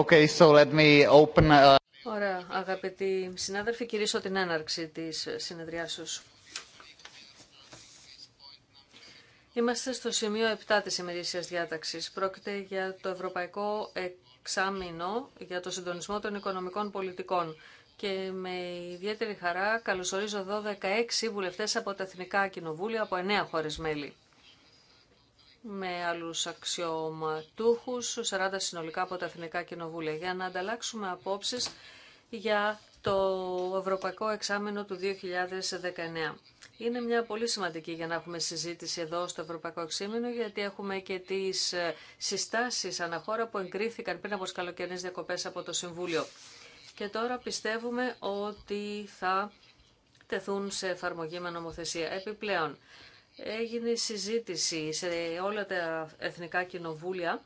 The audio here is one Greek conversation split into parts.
Okay, so let me open, uh... Ωραία, αγαπητοί συνάδελφοι, κυρίσω την έναρξη της συνεδριάσεως. Είμαστε στο σημείο 7 της ημερήσιας διάταξης. Πρόκειται για το Ευρωπαϊκό Εξάμεινο για το συντονισμό των οικονομικών πολιτικών. Και με ιδιαίτερη χαρά καλωσορίζω εδώ 16 βουλευτές από τα Εθνικά Κοινοβούλια από 9 χώρες μέλη με άλλους αξιωματούχους, 40 συνολικά από τα Εθνικά Κοινοβούλια, για να ανταλλάξουμε απόψεις για το Ευρωπαϊκό Εξάμεινο του 2019. Είναι μια πολύ σημαντική για να έχουμε συζήτηση εδώ στο Ευρωπαϊκό Εξάμεινο, γιατί έχουμε και τις ε, συστάσεις αναχώρα που εγκρίθηκαν πριν από τις καλοκαιρινές διακοπές από το Συμβούλιο. Και τώρα πιστεύουμε ότι θα τεθούν σε εφαρμογή με νομοθεσία. Επιπλέον, έγινε συζήτηση σε όλα τα εθνικά κοινοβούλια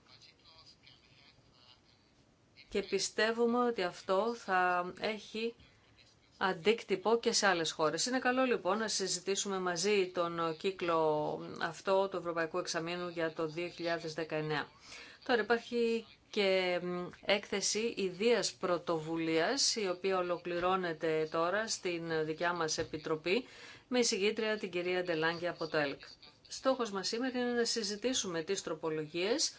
και πιστεύουμε ότι αυτό θα έχει αντίκτυπο και σε άλλες χώρες. Είναι καλό λοιπόν να συζητήσουμε μαζί τον κύκλο αυτό του Ευρωπαϊκού Εξαμήνου για το 2019. Τώρα υπάρχει και έκθεση ιδίας πρωτοβουλίας η οποία ολοκληρώνεται τώρα στην δικιά μας Επιτροπή με εισηγήτρια την κυρία Ντελάνγκη από το ΕΛΚ. Στόχος μας σήμερα είναι να συζητήσουμε τις τροπολογίες.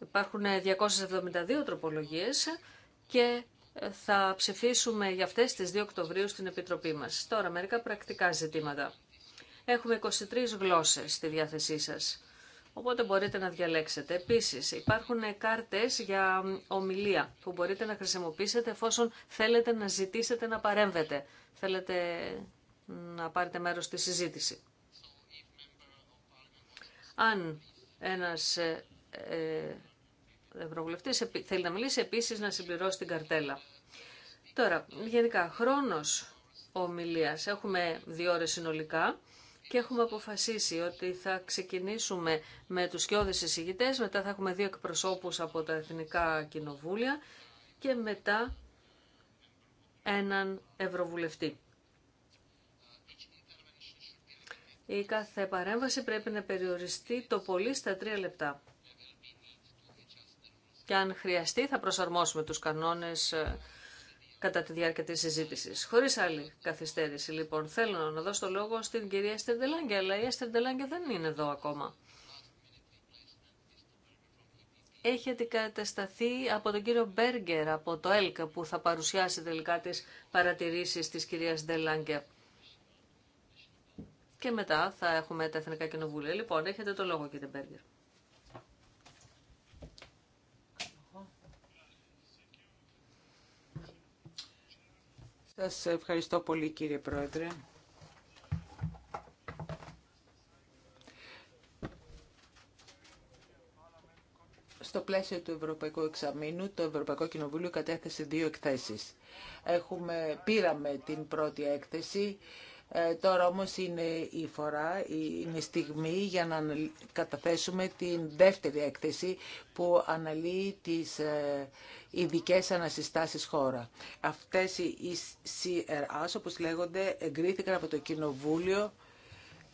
Υπάρχουν 272 τροπολογίες και θα ψηφίσουμε για αυτές τις 2 Οκτωβρίου στην Επιτροπή μας. Τώρα, μερικά πρακτικά ζητήματα. Έχουμε 23 γλώσσες στη διάθεσή σας, οπότε μπορείτε να διαλέξετε. Επίσης, υπάρχουν κάρτες για ομιλία που μπορείτε να χρησιμοποιήσετε εφόσον θέλετε να ζητήσετε να παρέμβετε. Θέλετε να πάρετε μέρος στη συζήτηση. Αν ένας ε, ε ευρωβουλευτής θέλει να μιλήσει, επίσης να συμπληρώσει την καρτέλα. Τώρα, γενικά, χρόνος ομιλίας. Έχουμε δύο ώρες συνολικά και έχουμε αποφασίσει ότι θα ξεκινήσουμε με τους σκιώδες εισηγητές, μετά θα έχουμε δύο εκπροσώπους από τα Εθνικά Κοινοβούλια και μετά έναν Ευρωβουλευτή. Η κάθε παρέμβαση πρέπει να περιοριστεί το πολύ στα τρία λεπτά. Και αν χρειαστεί θα προσαρμόσουμε τους κανόνες ε, κατά τη διάρκεια της συζήτησης. Χωρίς άλλη καθυστέρηση λοιπόν θέλω να δώσω το λόγο στην κυρία Εστερντελάνγκια, αλλά η Εστερντελάνγκια δεν είναι εδώ ακόμα. Έχει αντικατασταθεί από τον κύριο Μπέργκερ από το ΕΛΚΑ που θα παρουσιάσει τελικά τις παρατηρήσεις της κυρίας Ντελάνγκια και μετά θα έχουμε τα Εθνικά Κοινοβούλια. Λοιπόν, έχετε το λόγο κύριε Μπέργκερ. Σας ευχαριστώ πολύ κύριε Πρόεδρε. Στο πλαίσιο του Ευρωπαϊκού Εξαμήνου, το Ευρωπαϊκό Κοινοβούλιο κατέθεσε δύο εκθέσεις. Έχουμε, πήραμε την πρώτη έκθεση ε, τώρα όμως είναι η φορά, είναι η στιγμή για να καταθέσουμε την δεύτερη έκθεση που αναλύει τις ε, ειδικέ ανασυστάσεις χώρα. Αυτές οι CRAs, όπως λέγονται, εγκρίθηκαν από το Κοινοβούλιο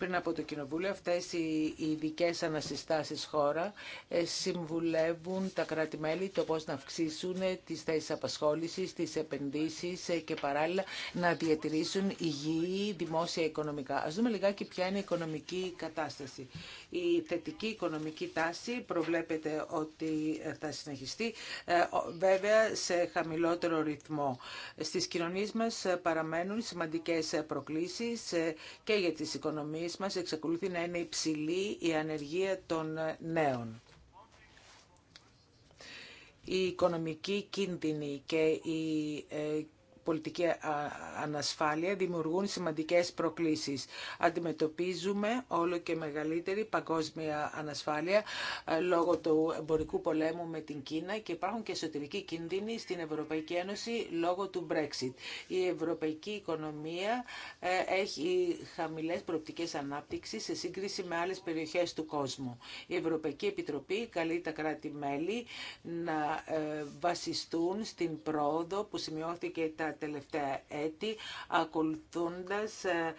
πριν από το Κοινοβούλιο. Αυτές οι ειδικέ ανασυστάσεις χώρα ε, συμβουλεύουν τα κράτη-μέλη το πώς να αυξήσουν τις θέσεις απασχόλησης, τις επενδύσεις ε, και παράλληλα να διατηρήσουν υγιή δημόσια οικονομικά. Ας δούμε λιγάκι ποια είναι η οικονομική κατάσταση. Η θετική οικονομική τάση προβλέπεται ότι θα συνεχιστεί ε, βέβαια σε χαμηλότερο ρυθμό. Στις κοινωνίες μας παραμένουν σημαντικές προκλήσεις και για τις οικονομίες κοινωνίες μας εξακολουθεί να είναι υψηλή η ανεργία των νέων. Η οικονομική κίνδυνη και η ε, πολιτική ανασφάλεια δημιουργούν σημαντικές προκλήσεις. Αντιμετωπίζουμε όλο και μεγαλύτερη παγκόσμια ανασφάλεια λόγω του εμπορικού πολέμου με την Κίνα και υπάρχουν και εσωτερικοί κίνδυνοι στην Ευρωπαϊκή Ένωση λόγω του Brexit. Η ευρωπαϊκή οικονομία έχει χαμηλές προοπτικές ανάπτυξης σε σύγκριση με άλλες περιοχές του κόσμου. Η Ευρωπαϊκή Επιτροπή καλεί τα κράτη-μέλη να ε, βασιστούν στην πρόοδο που σημειώθηκε τα τελευταία έτη, ακολουθώντας ε,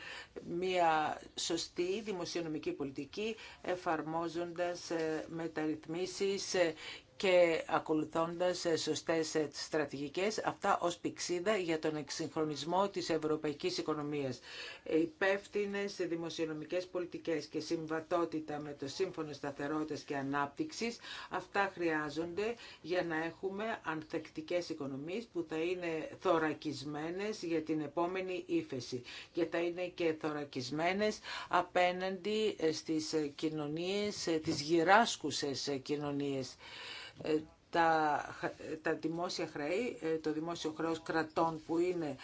μια σωστή δημοσιονομική πολιτική, εφαρμόζοντας ε, μεταρρυθμίσεις ε, και ακολουθώντας ε, σωστές ε, στρατηγικές, αυτά ως πηξίδα για τον εξυγχρονισμό της ευρωπαϊκής οικονομίας. Ε, Υπεύθυνε σε δημοσιονομικές πολιτικές και συμβατότητα με το Σύμφωνο Σταθερότητας και Ανάπτυξης, αυτά χρειάζονται για να έχουμε ανθεκτικές οικονομίες που θα είναι θωρακισμένες για την επόμενη ύφεση και θα είναι και θωρακισμένες απέναντι στις κοινωνίες, τις γυράσκουσες κοινωνίες. Ε, τα, ε, τα δημόσια χρέη, ε, το δημόσιο χρέος κρατών που είναι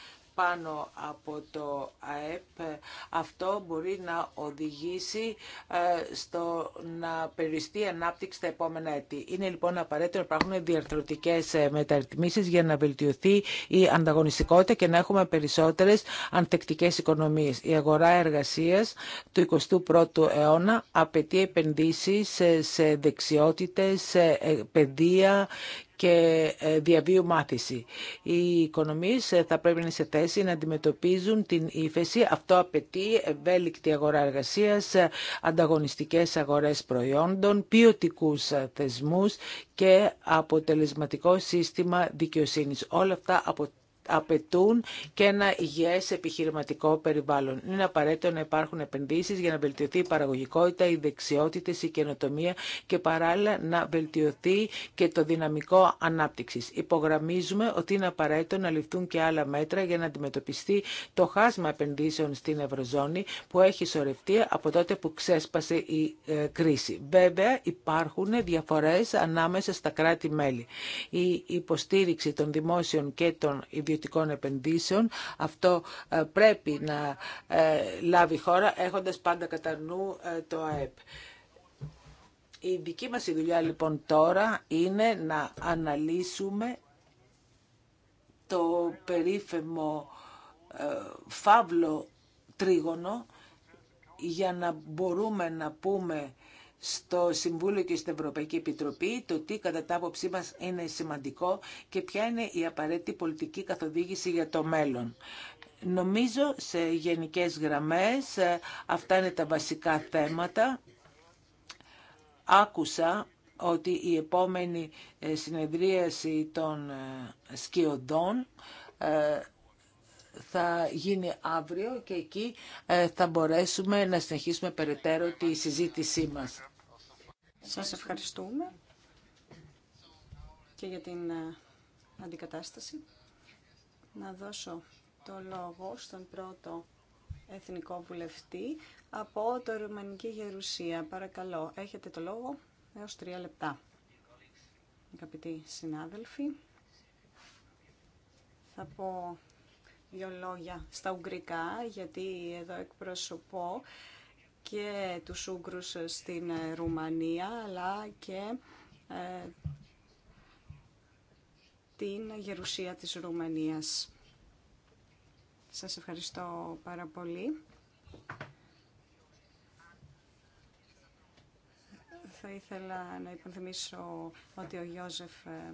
πάνω από το ΑΕΠ, αυτό μπορεί να οδηγήσει ε, στο να περιστεί ανάπτυξη τα επόμενα έτη. Είναι λοιπόν απαραίτητο να υπάρχουν διαρθρωτικέ ε, μεταρρυθμίσει για να βελτιωθεί η ανταγωνιστικότητα και να έχουμε περισσότερες αντεκτικές οικονομίες. Η αγορά εργασία του 21ου αιώνα απαιτεί επενδύσεις ε, σε δεξιότητε σε παιδεία και ε, διαβίου μάθηση. Οι οικονομίε ε, θα πρέπει να είναι σε θέση να αντιμετωπίζουν την ύφεση. Αυτό απαιτεί ευέλικτη αγορά εργασία, ε, ανταγωνιστικέ αγορέ προϊόντων, ποιοτικού θεσμού και αποτελεσματικό σύστημα δικαιοσύνη. Όλα αυτά αποτελούν απαιτούν και ένα υγιές επιχειρηματικό περιβάλλον. Είναι απαραίτητο να υπάρχουν επενδύσεις για να βελτιωθεί η παραγωγικότητα, οι δεξιότητες, η καινοτομία και παράλληλα να βελτιωθεί και το δυναμικό ανάπτυξης. Υπογραμμίζουμε ότι είναι απαραίτητο να ληφθούν και άλλα μέτρα για να αντιμετωπιστεί το χάσμα επενδύσεων στην Ευρωζώνη που έχει σωρευτεί από τότε που ξέσπασε η ε, κρίση. Βέβαια υπάρχουν διαφορές ανάμεσα στα κράτη-μέλη. Η υποστήριξη των δημόσιων και των ιδιωτικών ιδιωτικών επενδύσεων. Αυτό ε, πρέπει να ε, λάβει χώρα έχοντας πάντα κατά νου ε, το ΑΕΠ. Η δική μας δουλειά λοιπόν τώρα είναι να αναλύσουμε το περίφημο φαύλο τρίγωνο για να μπορούμε να πούμε στο Συμβούλιο και στην Ευρωπαϊκή Επιτροπή το τι κατά τα άποψή μας είναι σημαντικό και ποια είναι η απαραίτητη πολιτική καθοδήγηση για το μέλλον. Νομίζω σε γενικές γραμμές ε, αυτά είναι τα βασικά θέματα. Άκουσα ότι η επόμενη ε, συνεδρίαση των ε, σκιωδών θα γίνει αύριο και εκεί ε, θα μπορέσουμε να συνεχίσουμε περαιτέρω τη συζήτησή μας. Σας ευχαριστούμε και για την ε, αντικατάσταση. Να δώσω το λόγο στον πρώτο εθνικό βουλευτή από το Ρουμανική Γερουσία. Παρακαλώ, έχετε το λόγο έως τρία λεπτά. Αγαπητοί συνάδελφοι, θα πω δύο λόγια στα Ουγγρικά, γιατί εδώ εκπροσωπώ και τους Ούγγρους στην Ρουμανία, αλλά και ε, την γερουσία της Ρουμανίας. Σας ευχαριστώ πάρα πολύ. Θα ήθελα να υπενθυμίσω ότι ο Γιώζεφ ε,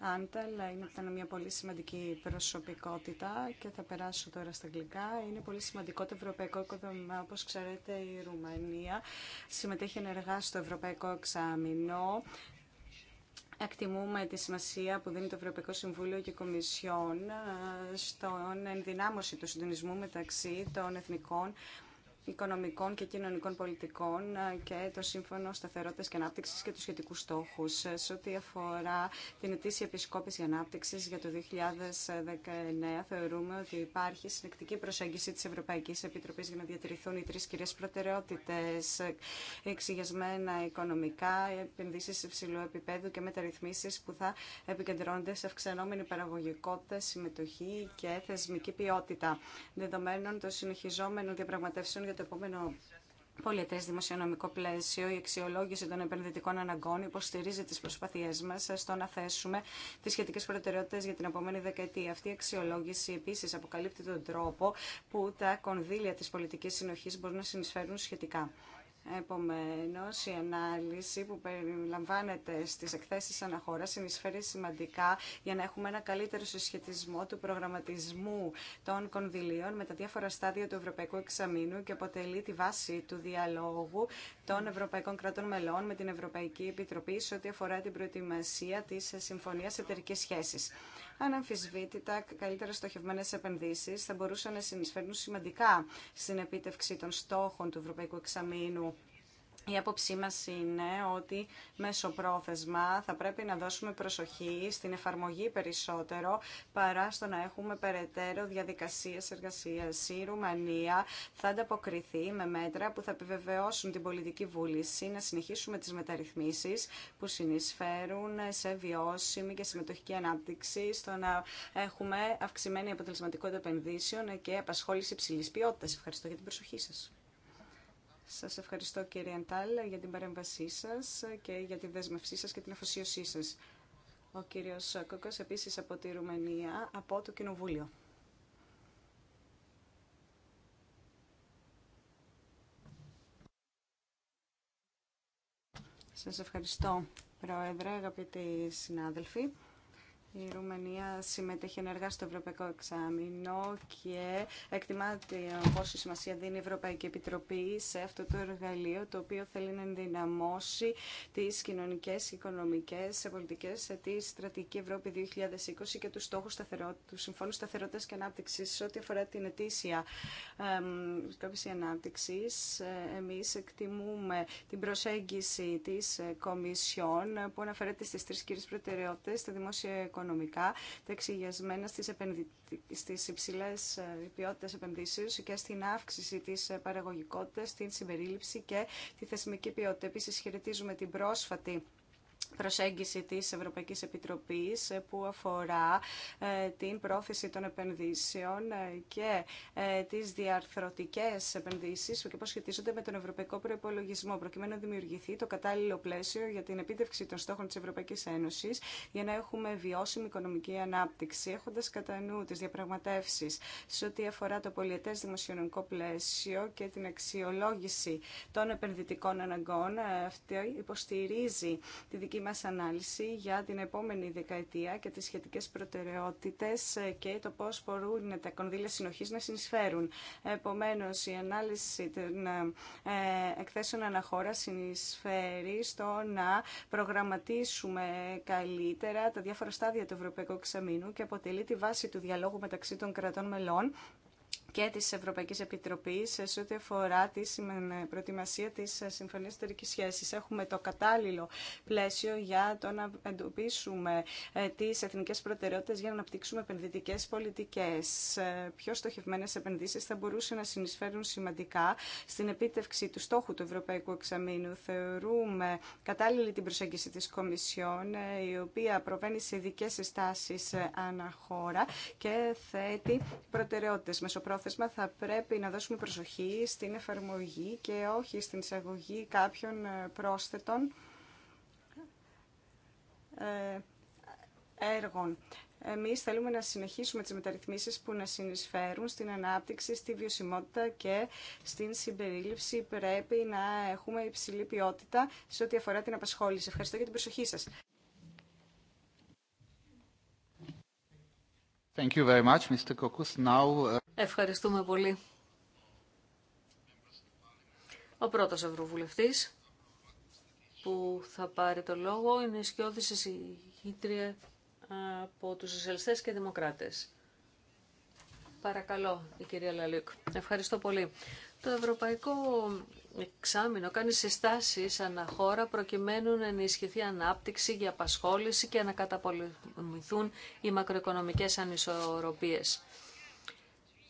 Άντελ είναι ήταν μια πολύ σημαντική προσωπικότητα και θα περάσω τώρα στα αγγλικά. Είναι πολύ σημαντικό το ευρωπαϊκό οικοδομήμα. Όπως ξέρετε η Ρουμανία συμμετέχει ενεργά στο ευρωπαϊκό εξάμεινο. Εκτιμούμε τη σημασία που δίνει το Ευρωπαϊκό Συμβούλιο και η Κομισιόν ε, στον ενδυνάμωση του συντονισμού μεταξύ των εθνικών οικονομικών και κοινωνικών πολιτικών ε, και το Σύμφωνο Σταθερότητα και Ανάπτυξη και του σχετικού στόχου. Ε, σε ό,τι αφορά την ετήσια επισκόπηση ανάπτυξη για το 2019, θεωρούμε ότι υπάρχει συνεκτική προσέγγιση τη Ευρωπαϊκή Επιτροπή για να διατηρηθούν οι τρει κυρίε προτεραιότητε. εξηγεσμένα οικονομικά, επενδύσει σε υψηλού επίπεδου και μεταρρυθμίσει που θα επικεντρώνονται σε αυξανόμενη παραγωγικότητα, συμμετοχή και θεσμική ποιότητα. Δεδομένων των συνεχιζόμενων διαπραγματεύσεων για το επόμενο πολιτέ δημοσιονομικό πλαίσιο, η αξιολόγηση των επενδυτικών αναγκών υποστηρίζει τις προσπαθίες μας στο να θέσουμε τις σχετικές προτεραιότητες για την επόμενη δεκαετία. Αυτή η αξιολόγηση επίση αποκαλύπτει τον τρόπο που τα κονδύλια της πολιτικής συνοχής μπορούν να συνεισφέρουν σχετικά. Επομένως, η ανάλυση που περιλαμβάνεται στις εκθέσεις αναχώρα συνεισφέρει σημαντικά για να έχουμε ένα καλύτερο συσχετισμό του προγραμματισμού των κονδυλίων με τα διάφορα στάδια του Ευρωπαϊκού Εξαμήνου και αποτελεί τη βάση του διαλόγου των Ευρωπαϊκών Κρατών Μελών με την Ευρωπαϊκή Επιτροπή σε ό,τι αφορά την προετοιμασία της Συμφωνίας Εταιρική Σχέσης. Αναμφισβήτητα, καλύτερα στοχευμένε επενδύσει θα μπορούσαν να συνεισφέρουν σημαντικά στην επίτευξη των στόχων του Ευρωπαϊκού Εξαμήνου η άποψή μα είναι ότι μέσω πρόθεσμα θα πρέπει να δώσουμε προσοχή στην εφαρμογή περισσότερο παρά στο να έχουμε περαιτέρω διαδικασίες εργασία. Η Ρουμανία θα ανταποκριθεί με μέτρα που θα επιβεβαιώσουν την πολιτική βούληση να συνεχίσουμε τι μεταρρυθμίσει που συνεισφέρουν σε βιώσιμη και συμμετοχική ανάπτυξη στο να έχουμε αυξημένη αποτελεσματικότητα επενδύσεων και απασχόληση υψηλή ποιότητα. Ευχαριστώ για την προσοχή σα. Σας ευχαριστώ κύριε Αντάλ για την παρέμβασή σας και για τη δέσμευσή σας και την αφοσίωσή σας. Ο κύριος Κόκος επίσης από τη Ρουμανία, από το Κοινοβούλιο. Σας ευχαριστώ, Πρόεδρε, αγαπητοί συνάδελφοι. Η Ρουμανία συμμετέχει ενεργά στο Ευρωπαϊκό Εξάμεινο και εκτιμάται πόση σημασία δίνει η Ευρωπαϊκή Επιτροπή σε αυτό το εργαλείο το οποίο θέλει να ενδυναμώσει τι κοινωνικέ, οικονομικέ, πολιτικέ τη Στρατηγική Ευρώπη 2020 και του στόχου του Συμφώνου Σταθερότητα και Ανάπτυξη. Σε ό,τι αφορά την ετήσια ε, ανάπτυξη, εμεί εκτιμούμε την προσέγγιση τη Κομισιόν που αναφέρεται στι τρει κύριε προτεραιότητε, τα δημόσια οικονομικά, τα εξηγιασμένα στις, επενδυ... στις υψηλές ε, ποιότητες επενδύσεως και στην αύξηση της ε, παραγωγικότητας, στην συμπερίληψη και τη θεσμική ποιότητα. Επίσης, χαιρετίζουμε την πρόσφατη προσέγγιση της Ευρωπαϊκής Επιτροπής ε, που αφορά ε, την πρόθεση των επενδύσεων ε, και τις διαρθρωτικές επενδύσεις που και σχετίζονται με τον Ευρωπαϊκό Προϋπολογισμό προκειμένου να δημιουργηθεί το κατάλληλο πλαίσιο για την επίτευξη των στόχων της Ευρωπαϊκής Ένωσης για να έχουμε βιώσιμη οικονομική ανάπτυξη έχοντας κατά νου τις διαπραγματεύσεις σε ό,τι αφορά το πολιετές δημοσιονομικό πλαίσιο και την αξιολόγηση των επενδυτικών αναγκών. Αυτή υποστηρίζει τη δική δική μας ανάλυση για την επόμενη δεκαετία και τις σχετικές προτεραιότητες ε, και το πώς μπορούν τα κονδύλια συνοχής να συνεισφέρουν. Επομένως, η ανάλυση των ε, ε, εκθέσεων αναχώρα συνεισφέρει στο να προγραμματίσουμε καλύτερα τα διάφορα στάδια του Ευρωπαϊκού Εξαμήνου και αποτελεί τη βάση του διαλόγου μεταξύ των κρατών μελών και τη Ευρωπαϊκή Επιτροπή σε ό,τι αφορά τη προετοιμασία τη Συμφωνία Ιστορική σχέση. Έχουμε το κατάλληλο πλαίσιο για το να εντοπίσουμε ε, τι εθνικέ προτεραιότητε για να αναπτύξουμε επενδυτικέ πολιτικέ. Ε, πιο στοχευμένε επενδύσει θα μπορούσαν να συνεισφέρουν σημαντικά στην επίτευξη του στόχου του Ευρωπαϊκού Εξαμήνου. Θεωρούμε κατάλληλη την προσέγγιση τη Κομισιόν, ε, η οποία προβαίνει σε ειδικέ ανά αναχώρα και θέτει προτεραιότητε θα πρέπει να δώσουμε προσοχή στην εφαρμογή και όχι στην εισαγωγή κάποιων ε, πρόσθετων ε, έργων. Εμείς θέλουμε να συνεχίσουμε τις μεταρρυθμίσεις που να συνεισφέρουν στην ανάπτυξη, στη βιωσιμότητα και στην συμπερίληψη. Πρέπει να έχουμε υψηλή ποιότητα σε ό,τι αφορά την απασχόληση. Ευχαριστώ για την προσοχή σας. Uh, Ευχαριστούμε πολύ. Ο πρώτος Ευρωβουλευτής που θα πάρει το λόγο είναι η σκιώδηση εισηγήτρια από τους Σοσιαλιστές και Δημοκράτες. Παρακαλώ, η κυρία Λαλίκ. Ευχαριστώ πολύ. Το Ευρωπαϊκό Εξάμεινο κάνει συστάσεις αναχώρα προκειμένου να ενισχυθεί ανάπτυξη για απασχόληση και να καταπολεμηθούν οι μακροοικονομικές ανισορροπίες.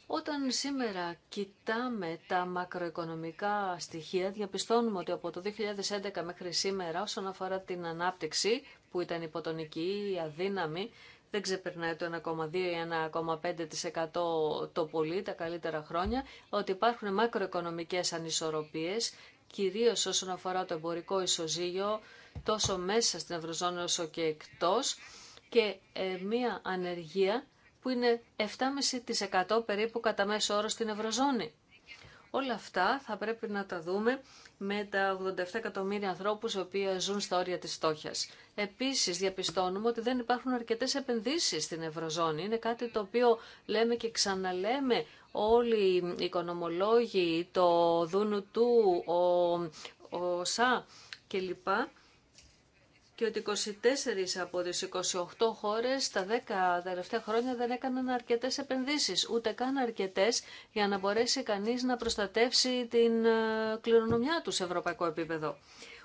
Όταν σήμερα κοιτάμε τα μακροοικονομικά στοιχεία, διαπιστώνουμε ότι από το 2011 μέχρι σήμερα, όσον αφορά την ανάπτυξη, που ήταν υποτονική, αδύναμη, δεν ξεπερνάει το 1,2 ή 1,5% το πολύ τα καλύτερα χρόνια, ότι υπάρχουν μακροοικονομικές ανισορροπίες, κυρίως όσον αφορά το εμπορικό ισοζύγιο, τόσο μέσα στην Ευρωζώνη όσο και εκτός, και ε, μία ανεργία που είναι 7,5% περίπου κατά μέσο όρο στην Ευρωζώνη. Όλα αυτά θα πρέπει να τα δούμε με τα 87 εκατομμύρια ανθρώπους οι οποίοι ζουν στα όρια της στόχιας. Επίσης διαπιστώνουμε ότι δεν υπάρχουν αρκετές επενδύσεις στην Ευρωζώνη. Είναι κάτι το οποίο λέμε και ξαναλέμε όλοι οι οικονομολόγοι, το Δούνου του, ο, ο ΣΑ κλπ και ότι 24 από τις 28 χώρες τα 10 τελευταία χρόνια δεν έκαναν αρκετές επενδύσεις, ούτε καν αρκετές για να μπορέσει κανείς να προστατεύσει την ε, κληρονομιά του σε ευρωπαϊκό επίπεδο.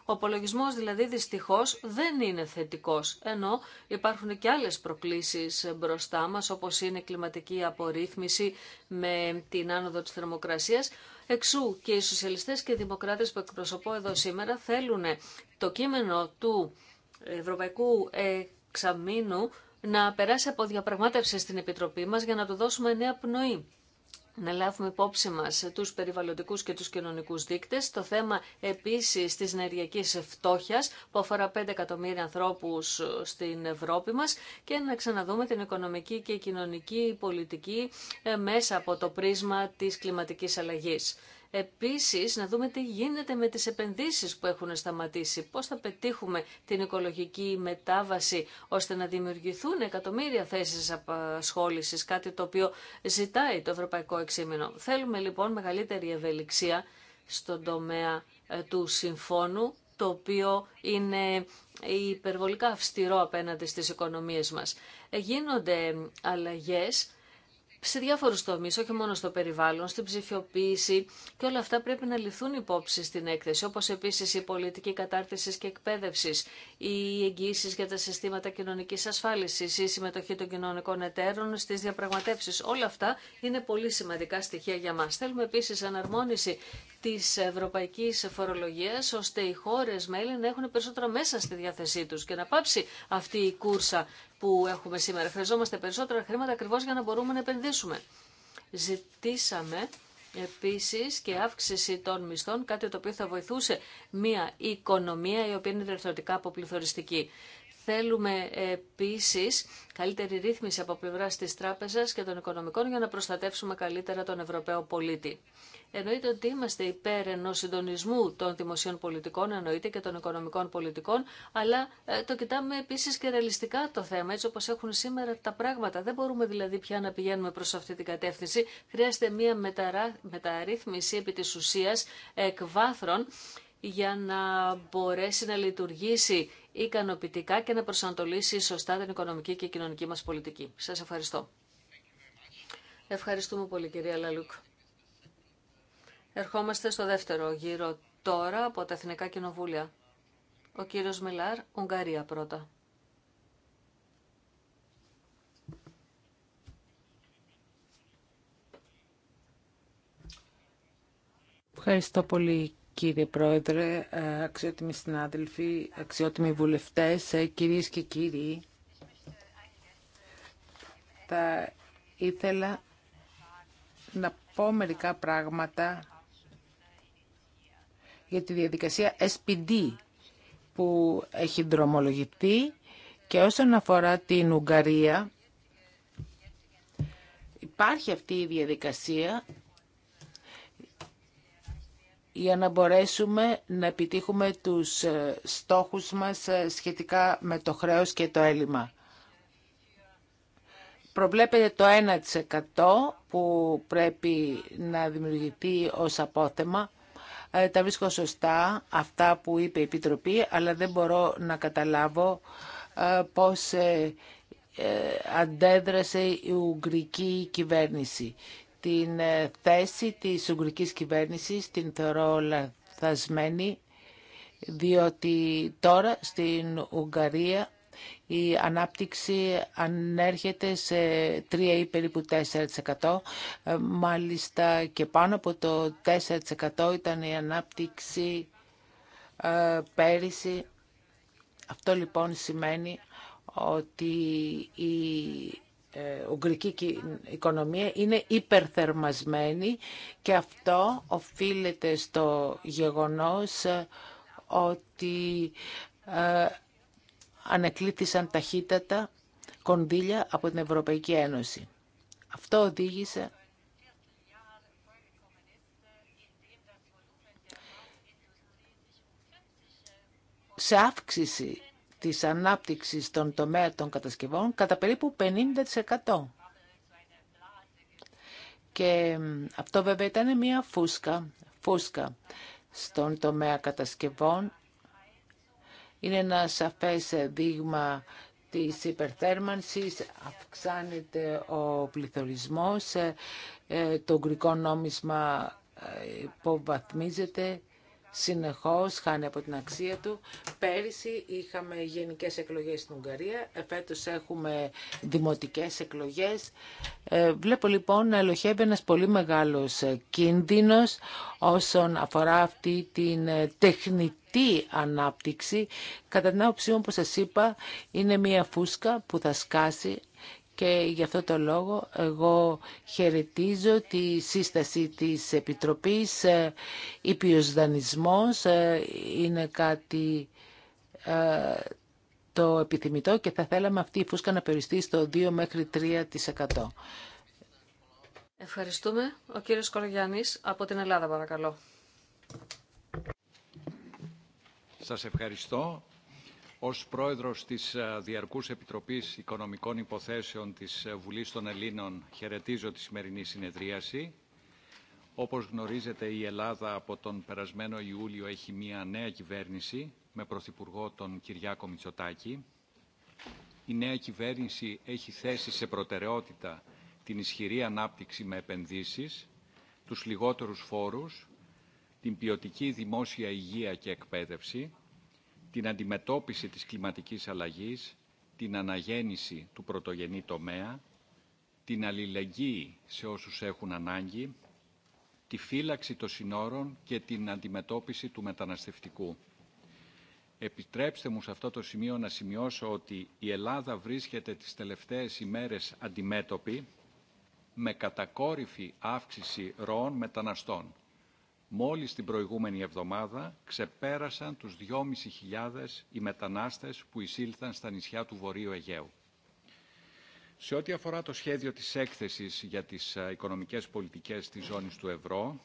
Ο απολογισμός δηλαδή δυστυχώ δεν είναι θετικό, ενώ υπάρχουν και άλλε προκλήσει μπροστά μα, όπω είναι η κλιματική απορρίθμιση με την άνοδο τη θερμοκρασία, Εξού και οι σοσιαλιστέ και οι δημοκράτε που εκπροσωπώ εδώ σήμερα θέλουν το κείμενο του Ευρωπαϊκού Εξαμήνου να περάσει από διαπραγμάτευση στην Επιτροπή μας για να του δώσουμε νέα πνοή. Να λάβουμε υπόψη μας τους περιβαλλοντικούς και τους κοινωνικούς δείκτες. Το θέμα επίσης της ενεργειακής φτώχειας που αφορά 5 εκατομμύρια ανθρώπους στην Ευρώπη μας και να ξαναδούμε την οικονομική και κοινωνική πολιτική ε, μέσα από το πρίσμα της κλιματικής αλλαγής. Επίσης, να δούμε τι γίνεται με τις επενδύσεις που έχουν σταματήσει. Πώς θα πετύχουμε την οικολογική μετάβαση ώστε να δημιουργηθούν εκατομμύρια θέσεις απασχόλησης, κάτι το οποίο ζητάει το Ευρωπαϊκό Εξήμενο. Θέλουμε λοιπόν μεγαλύτερη ευελιξία στον τομέα ε, του συμφώνου, το οποίο είναι υπερβολικά αυστηρό απέναντι στις οικονομίες μας. Ε, γίνονται ε, αλλαγές σε διάφορου τομεί, όχι μόνο στο περιβάλλον, στην ψηφιοποίηση και όλα αυτά πρέπει να ληφθούν υπόψη στην έκθεση, όπω επίση η πολιτική κατάρτιση και εκπαίδευση, οι εγγύσει για τα συστήματα κοινωνική ασφάλισης, η συμμετοχή των κοινωνικών εταίρων στι διαπραγματεύσει. Όλα αυτά είναι πολύ σημαντικά στοιχεία για μα. Θέλουμε επίση αναρμόνιση τη Ευρωπαϊκή φορολογία, ώστε οι χώρε μέλη να έχουν περισσότερα μέσα στη διάθεσή του και να πάψει αυτή η κούρσα που έχουμε σήμερα. Χρειαζόμαστε περισσότερα χρήματα ακριβώ για να μπορούμε να επενδύσουμε. Ζητήσαμε επίσης και αύξηση των μισθών, κάτι το οποίο θα βοηθούσε μια οικονομία η οποία είναι διαρθρωτικά αποπληθωριστική. Θέλουμε επίσης καλύτερη ρύθμιση από πλευρά τη τράπεζα και των οικονομικών για να προστατεύσουμε καλύτερα τον Ευρωπαίο πολίτη. Εννοείται ότι είμαστε υπέρ ενό συντονισμού των δημοσίων πολιτικών, εννοείται και των οικονομικών πολιτικών, αλλά ε, το κοιτάμε επίση και ρεαλιστικά το θέμα, έτσι όπω έχουν σήμερα τα πράγματα. Δεν μπορούμε δηλαδή πια να πηγαίνουμε προ αυτή την κατεύθυνση. Χρειάζεται μία μεταρρύθμιση επί τη ουσία εκ βάθρων για να μπορέσει να λειτουργήσει ικανοποιητικά και να προσανατολίσει σωστά την οικονομική και κοινωνική μας πολιτική. Σας ευχαριστώ. Ευχαριστούμε πολύ κυρία Λαλούκ. Ερχόμαστε στο δεύτερο γύρο τώρα από τα Εθνικά Κοινοβούλια. Ο κύριος Μιλάρ, Ουγγαρία πρώτα. Ευχαριστώ πολύ Κύριε Πρόεδρε, ε, αξιότιμοι συνάδελφοι, αξιότιμοι βουλευτές, ε, κυρίες και κύριοι, θα ήθελα να πω μερικά πράγματα για τη διαδικασία SPD που έχει δρομολογηθεί και όσον αφορά την Ουγγαρία υπάρχει αυτή η διαδικασία για να μπορέσουμε να επιτύχουμε τους ε, στόχους μας ε, σχετικά με το χρέος και το έλλειμμα. Προβλέπεται το 1% που πρέπει να δημιουργηθεί ως απόθεμα. Ε, τα βρίσκω σωστά αυτά που είπε η Επιτροπή, αλλά δεν μπορώ να καταλάβω πώς αντέδρασε η Ουγγρική κυβέρνηση την ε, θέση της Ουγγρικής κυβέρνησης, την θεωρώ λαθασμένη, διότι τώρα στην Ουγγαρία η ανάπτυξη ανέρχεται σε 3 ή περίπου 4%. Ε, μάλιστα και πάνω από το 4% ήταν η ανάπτυξη ε, πέρυσι. Αυτό λοιπόν σημαίνει ότι η ε, ουγγρική οικονομία είναι υπερθερμασμένη και αυτό οφείλεται στο γεγονός ε, ότι ε, ανεκλήθησαν ταχύτατα κονδύλια από την Ευρωπαϊκή Ένωση. Αυτό οδήγησε σε αύξηση της ανάπτυξης των τομέα των κατασκευών κατά περίπου 50%. Και αυτό βέβαια ήταν μια φούσκα, φούσκα στον τομέα κατασκευών. Είναι ένα σαφές δείγμα της υπερθέρμανσης, αυξάνεται ο πληθωρισμός, ε, ε, το γκρικό νόμισμα ε, υποβαθμίζεται συνεχώς χάνει από την αξία του. Πέρυσι είχαμε γενικές εκλογές στην Ουγγαρία, φέτος έχουμε δημοτικές εκλογές. Ε, βλέπω λοιπόν να ελοχεύει ένας πολύ μεγάλος ε, κίνδυνος όσον αφορά αυτή την ε, τεχνητή ανάπτυξη, κατά την άποψή μου, όπως σας είπα, είναι μια φούσκα που θα σκάσει και γι' αυτό το λόγο εγώ χαιρετίζω τη σύσταση της Επιτροπής. Ε, ήπιος δανεισμός ε, είναι κάτι ε, το επιθυμητό και θα θέλαμε αυτή η φούσκα να περιστεί στο 2 μέχρι 3%. Ευχαριστούμε. Ο κύριος Κορογιάννης από την Ελλάδα παρακαλώ. Σας ευχαριστώ ως πρόεδρος της ε, Διαρκούς Επιτροπής Οικονομικών Υποθέσεων της ε, Βουλής των Ελλήνων χαιρετίζω τη σημερινή συνεδρίαση. Όπως γνωρίζετε η Ελλάδα από τον περασμένο Ιούλιο έχει μια νέα κυβέρνηση με πρωθυπουργό τον Κυριάκο Μητσοτάκη. Η νέα κυβέρνηση έχει θέσει σε προτεραιότητα την ισχυρή ανάπτυξη με επενδύσεις, τους λιγότερους φόρους, την ποιοτική δημόσια υγεία και εκπαίδευση, την αντιμετώπιση της κλιματικής αλλαγής, την αναγέννηση του πρωτογενή τομέα, την αλληλεγγύη σε όσους έχουν ανάγκη, τη φύλαξη των συνόρων και την αντιμετώπιση του μεταναστευτικού. Επιτρέψτε μου σε αυτό το σημείο να σημειώσω ότι η Ελλάδα βρίσκεται τις τελευταίες ημέρες αντιμέτωπη με κατακόρυφη αύξηση ροών μεταναστών μόλις την προηγούμενη εβδομάδα ξεπέρασαν τους 2.500 οι μετανάστες που εισήλθαν στα νησιά του Βορείου Αιγαίου. Σε ό,τι αφορά το σχέδιο της έκθεσης για τις οικονομικές πολιτικές της ζώνης του ευρώ,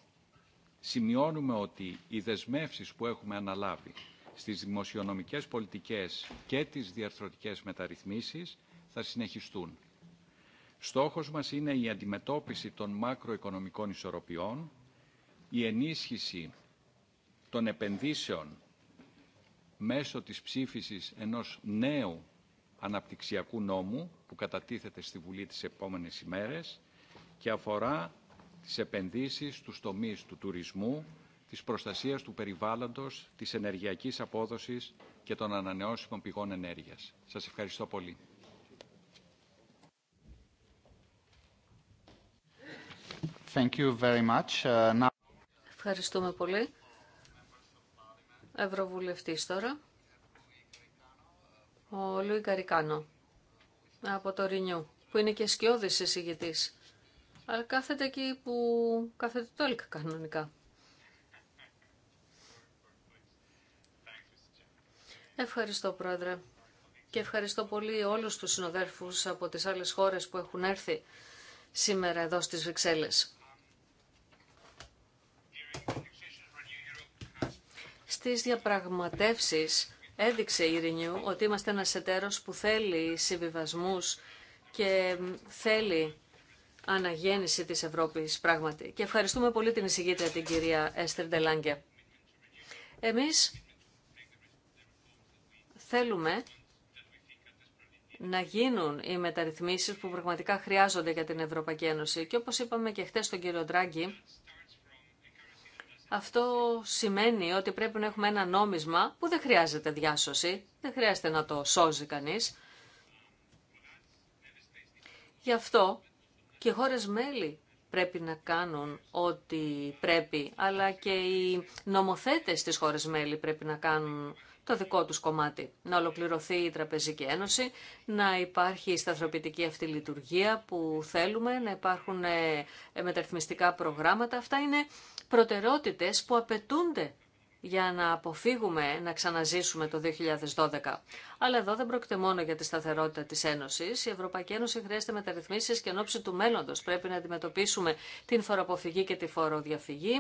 σημειώνουμε ότι οι δεσμεύσεις που έχουμε αναλάβει στις δημοσιονομικές πολιτικές και τις διαρθρωτικές μεταρρυθμίσεις θα συνεχιστούν. Στόχος μας είναι η αντιμετώπιση των μακροοικονομικών ισορροπιών, η ενίσχυση των επενδύσεων μέσω της ψήφισης ενός νέου αναπτυξιακού νόμου που κατατίθεται στη Βουλή τις επόμενες ημέρες και αφορά τις επενδύσεις του τομείς του τουρισμού, της προστασίας του περιβάλλοντος, της ενεργειακής απόδοσης και των ανανεώσιμων πηγών ενέργειας. Σας ευχαριστώ πολύ. Thank uh, Ευχαριστούμε πολύ. Ευρωβουλευτής τώρα. Ο Λουί Καρικάνο από το Ρινιού, που είναι και σκιώδης εισηγητής. Αλλά κάθεται εκεί που κάθεται το ΕΛΚ κανονικά. Ευχαριστώ, Πρόεδρε. Και ευχαριστώ πολύ όλους τους συνοδέρφους από τις άλλες χώρες που έχουν έρθει σήμερα εδώ στις Βρυξέλλες. Στις διαπραγματεύσεις έδειξε η Renew ότι είμαστε ένας εταίρος που θέλει συμβιβασμούς και θέλει αναγέννηση της Ευρώπης πράγματι. Και ευχαριστούμε πολύ την εισηγήτρια την κυρία Έστερ Ντελάνγκε. Εμείς θέλουμε να γίνουν οι μεταρρυθμίσεις που πραγματικά χρειάζονται για την Ευρωπαϊκή Ένωση. Και όπως είπαμε και χτες στον κύριο Ντράγκη, αυτό σημαίνει ότι πρέπει να έχουμε ένα νόμισμα που δεν χρειάζεται διάσωση, δεν χρειάζεται να το σώζει κανείς. Γι' αυτό και χώρες μέλη πρέπει να κάνουν ό,τι πρέπει, αλλά και οι νομοθέτες της χώρες μέλη πρέπει να κάνουν το δικό τους κομμάτι. Να ολοκληρωθεί η Τραπεζική Ένωση, να υπάρχει η σταθροποιητική αυτή λειτουργία που θέλουμε, να υπάρχουν ε, ε, μεταρρυθμιστικά προγράμματα. Αυτά είναι προτεραιότητες που απαιτούνται για να αποφύγουμε να ξαναζήσουμε το 2012. Αλλά εδώ δεν πρόκειται μόνο για τη σταθερότητα της Ένωσης. Η Ευρωπαϊκή Ένωση χρειάζεται μεταρρυθμίσεις και ενόψη του μέλλοντος. Πρέπει να αντιμετωπίσουμε την φοροαποφυγή και τη φοροδιαφυγή.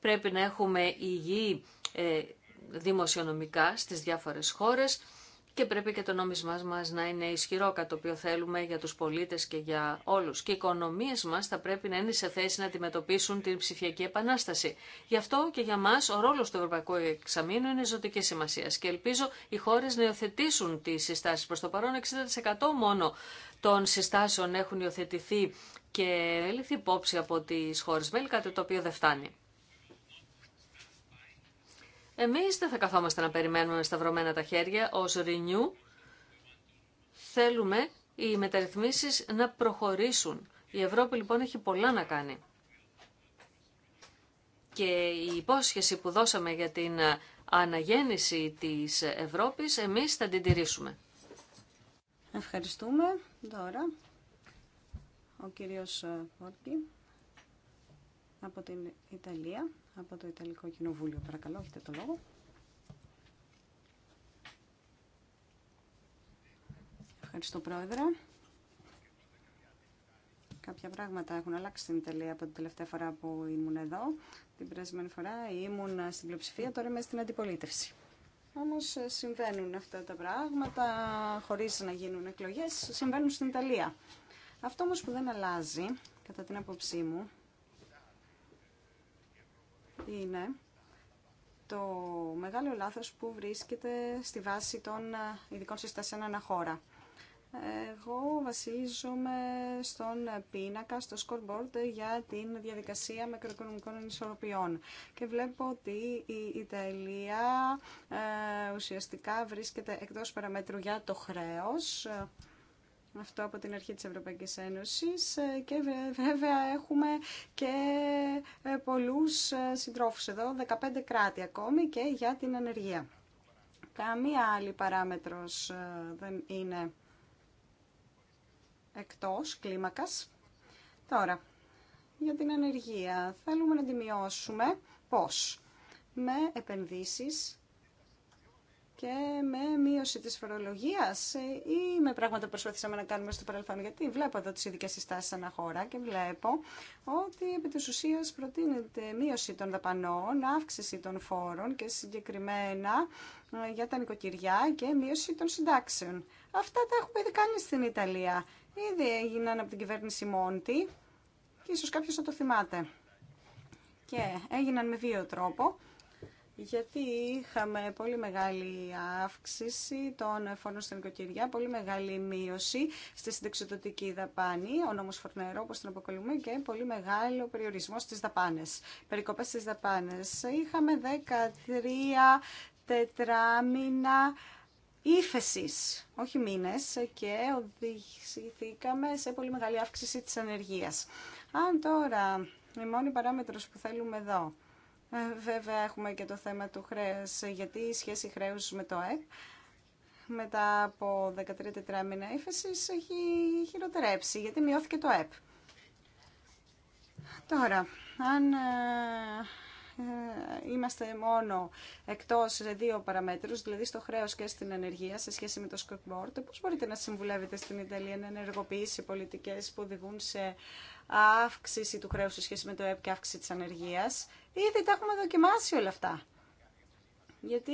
Πρέπει να έχουμε υγιή ε, δημοσιονομικά στις διάφορες χώρες και πρέπει και το νόμισμά μας να είναι ισχυρό, κατά το οποίο θέλουμε για τους πολίτες και για όλους. Και οι οικονομίες μας θα πρέπει να είναι σε θέση να αντιμετωπίσουν την ψηφιακή επανάσταση. Γι' αυτό και για μας ο ρόλος του Ευρωπαϊκού Εξαμήνου είναι ζωτική σημασία. Και ελπίζω οι χώρες να υιοθετήσουν τις συστάσεις. Προς το παρόν 60% μόνο των συστάσεων έχουν υιοθετηθεί και ληφθεί υπόψη από τις χώρες μέλη, το οποίο δεν φτάνει. Εμείς δεν θα καθόμαστε να περιμένουμε σταυρωμένα τα χέρια ως Renew. Θέλουμε οι μεταρρυθμίσεις να προχωρήσουν. Η Ευρώπη λοιπόν έχει πολλά να κάνει. Και η υπόσχεση που δώσαμε για την αναγέννηση της Ευρώπης, εμείς θα την τηρήσουμε. Ευχαριστούμε. Τώρα, ο κύριος Φόρκη από την Ιταλία από το Ιταλικό Κοινοβούλιο. Παρακαλώ, έχετε το λόγο. Ευχαριστώ, Πρόεδρε. Κάποια πράγματα έχουν αλλάξει στην Ιταλία από την τελευταία φορά που ήμουν εδώ. Την περασμένη φορά ήμουν στην πλειοψηφία, τώρα είμαι στην αντιπολίτευση. Όμω ε, συμβαίνουν αυτά τα πράγματα, Χωρί να γίνουν εκλογέ, συμβαίνουν στην Ιταλία. Αυτό όμω που δεν αλλάζει, κατά την άποψή μου, είναι το μεγάλο λάθος που βρίσκεται στη βάση των ε, ειδικών συστάσεων χώρα. Εγώ βασίζομαι στον πίνακα, στο scoreboard για την διαδικασία μακροοικονομικών ανισορροπιών και βλέπω ότι η Ιταλία ε, ουσιαστικά βρίσκεται εκτός παραμέτρου για το χρέος αυτό από την αρχή της Ευρωπαϊκής Ένωσης ε, και βέβαια έχουμε και ε, πολλούς ε, συντρόφους εδώ, 15 κράτη ακόμη και για την ανεργία. Καμία άλλη παράμετρος δεν είναι εκτός κλίμακας. Τώρα, για την ανεργία θέλουμε να τη μειώσουμε πώς. Με επενδύσεις και με μείωση της φορολογίας ή με πράγματα που προσπαθήσαμε να κάνουμε στο παρελθόν. Γιατί βλέπω εδώ τις ειδικές συστάσεις σαν χώρα και βλέπω ότι επί της ουσίας προτείνεται μείωση των δαπανών, αύξηση των φόρων και συγκεκριμένα ε, για τα νοικοκυριά και μείωση των συντάξεων. Αυτά τα έχουμε ήδη κάνει στην Ιταλία. Ήδη έγιναν από την κυβέρνηση Μόντι και ίσως κάποιος θα το θυμάται. Και έγιναν με βίαιο τρόπο γιατί είχαμε πολύ μεγάλη αύξηση των φόρων στην νοικοκυριά, πολύ μεγάλη μείωση στη συντεξιδοτική δαπάνη, ο νόμος Φορνερό, όπως τον αποκαλούμε, και πολύ μεγάλο περιορισμό στις δαπάνες, περικοπές στις δαπάνες. Είχαμε 13 τετράμινα ύφεση, όχι μήνες, και οδηγηθήκαμε σε πολύ μεγάλη αύξηση της ανεργίας. Αν τώρα η μόνη παράμετρος που θέλουμε εδώ ε, βέβαια έχουμε και το θέμα του χρέους, γιατί η σχέση χρέους με το ΕΠ μετά από 13 τετράμινα ύφεση έχει χειροτερέψει, γιατί μειώθηκε το ΕΠ Τώρα, αν ε, ε, είμαστε μόνο εκτός σε δύο παραμέτρους, δηλαδή στο χρέος και στην ενεργεία σε σχέση με το scoreboard, πώς μπορείτε να συμβουλεύετε στην Ιταλία να ενεργοποιήσει πολιτικές που οδηγούν σε αύξηση του χρέους σε σχέση με το ΕΠ και αύξηση της ανεργίας. Ήδη τα έχουμε δοκιμάσει όλα αυτά. Γιατί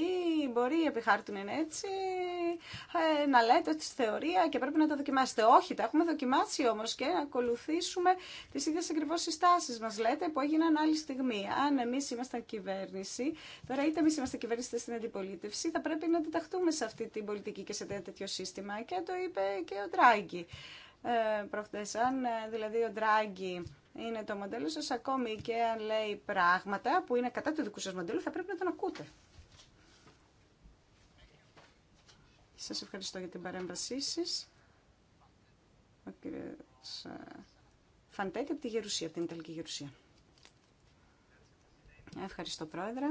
μπορεί επί χάρτου είναι έτσι ε, να λέτε ότι θεωρία και πρέπει να τα δοκιμάσετε. Όχι, τα έχουμε δοκιμάσει όμως και να ακολουθήσουμε τις ίδιες ακριβώς συστάσεις μας λέτε που έγιναν άλλη στιγμή. Αν εμείς ήμασταν κυβέρνηση, τώρα είτε εμείς είμαστε κυβέρνηση είτε στην αντιπολίτευση, θα πρέπει να αντιταχτούμε σε αυτή την πολιτική και σε τέτοιο σύστημα και το είπε και ο Τράγκη. Ε, προχθέσαν, ε, δηλαδή ο Ντράγκη είναι το μοντέλο σας, ακόμη και αν λέει πράγματα που είναι κατά του δικού σας μοντέλου, θα πρέπει να τον ακούτε. Σας ευχαριστώ για την παρέμβασή σας. Ο κύριος ε, από τη Γερουσία, από την Ιταλική Γερουσία. Ευχαριστώ, Πρόεδρε.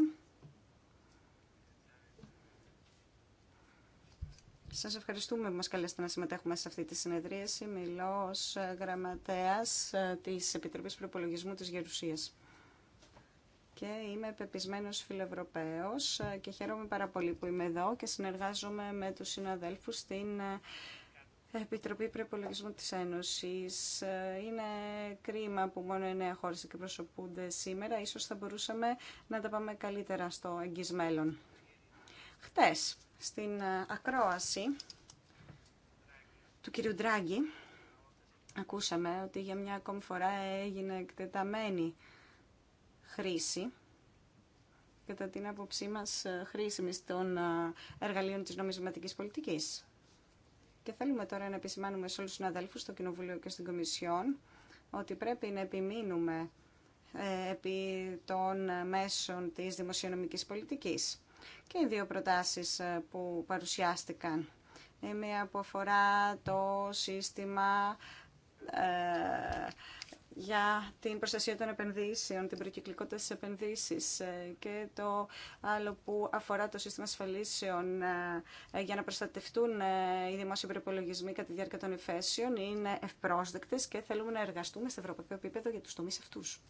Σας ευχαριστούμε που μα καλέσατε να συμμετέχουμε σε αυτή τη συνεδρίαση. Μιλώ ω ε, γραμματέας ε, της Επιτροπής Προπολογισμού της Γερουσίας. Και είμαι πεπισμένο φιλευρωπαίος ε, και χαίρομαι πάρα πολύ που είμαι εδώ και συνεργάζομαι με τους συναδέλφους στην Επιτροπή Προπολογισμού της Ένωσης. Είναι κρίμα που μόνο εννέα χώρες εκπροσωπούνται σήμερα. Ίσως θα μπορούσαμε να τα πάμε καλύτερα στο εγγύς μέλλον στην ε, ακρόαση του κυρίου Ντράγκη ακούσαμε ότι για μια ακόμη φορά έγινε εκτεταμένη χρήση κατά την άποψή μας ε, χρήσιμη των ε, εργαλείων της νομισματικής πολιτικής. Και θέλουμε τώρα να επισημάνουμε σε όλους τους συναδέλφους στο Κοινοβουλίο και στην Κομισιόν ότι πρέπει να επιμείνουμε επί των μέσων της δημοσιονομικής πολιτικής και οι δύο προτάσεις ε, που παρουσιάστηκαν. Η ε, μία που αφορά το σύστημα ε, για την προστασία των επενδύσεων, την προκυκλικότητα στις επενδύσεις ε, και το άλλο που αφορά το σύστημα ασφαλίσεων για να προστατευτούν οι δημόσιοι προπολογισμοί κατά τη διάρκεια των υφέσεων είναι ευπρόσδεκτες και θέλουμε να εργαστούμε σε ευρωπαϊκό επίπεδο για τους τομείς αυτούς.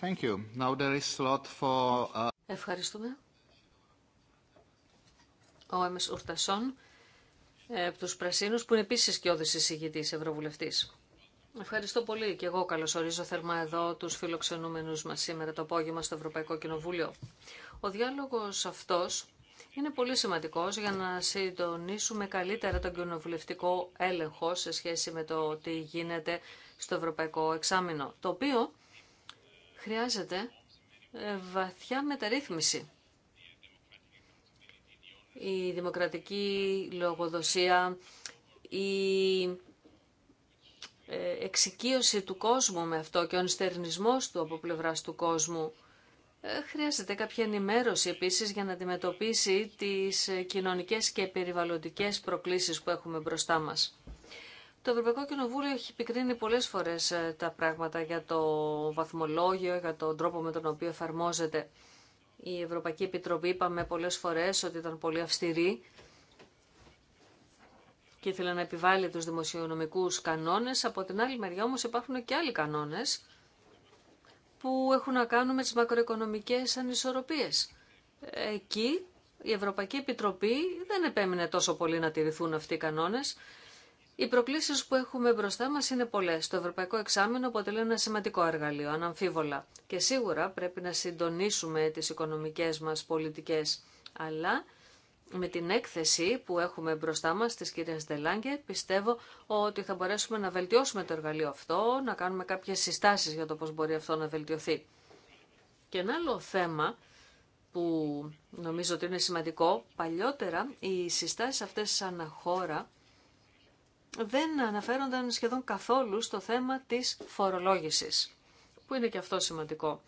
Uh, Ευχαριστούμε. Ο Έμες Ουρτασόν, ε, από τους Πρασίνους, που είναι επίσης και όδης εισηγητής Ευρωβουλευτής. Ευχαριστώ πολύ και εγώ καλωσορίζω θερμά εδώ τους φιλοξενούμενους μας σήμερα το απόγευμα στο Ευρωπαϊκό Κοινοβούλιο. Ο διάλογος αυτός είναι πολύ σημαντικός για να συντονίσουμε καλύτερα τον κοινοβουλευτικό έλεγχο σε σχέση με το τι γίνεται στο Ευρωπαϊκό Εξάμεινο, το οποίο χρειάζεται ε, βαθιά μεταρρύθμιση. Η δημοκρατική λογοδοσία, η ε, εξοικείωση του κόσμου με αυτό και ο ενστερνισμός του από πλευράς του κόσμου. Ε, χρειάζεται κάποια ενημέρωση επίσης για να αντιμετωπίσει τις κοινωνικές και περιβαλλοντικές προκλήσεις που έχουμε μπροστά μας. Το Ευρωπαϊκό Κοινοβούλιο έχει επικρίνει πολλές φορές ε, τα πράγματα για το βαθμολόγιο, για τον τρόπο με τον οποίο εφαρμόζεται. Η Ευρωπαϊκή Επιτροπή είπαμε πολλές φορές ότι ήταν πολύ αυστηρή και ήθελε να επιβάλλει τους δημοσιονομικούς κανόνες. Από την άλλη μεριά όμως υπάρχουν και άλλοι κανόνες που έχουν να κάνουν με τις μακροοικονομικές ανισορροπίες. Εκεί η Ευρωπαϊκή Επιτροπή δεν επέμεινε τόσο πολύ να τηρηθούν αυτοί οι κανόνες οι προκλήσει που έχουμε μπροστά μα είναι πολλέ. Το Ευρωπαϊκό Εξάμεινο αποτελεί ένα σημαντικό εργαλείο, αναμφίβολα. Και σίγουρα πρέπει να συντονίσουμε τι οικονομικέ μα πολιτικέ. Αλλά με την έκθεση που έχουμε μπροστά μα τη κυρίας Δελάνγκε πιστεύω ότι θα μπορέσουμε να βελτιώσουμε το εργαλείο αυτό, να κάνουμε κάποιε συστάσει για το πώ μπορεί αυτό να βελτιωθεί. Και ένα άλλο θέμα που νομίζω ότι είναι σημαντικό, παλιότερα οι συστάσεις αυτές σαν χώρα δεν αναφέρονταν σχεδόν καθόλου στο θέμα της φορολόγησης, που είναι και αυτό σημαντικό.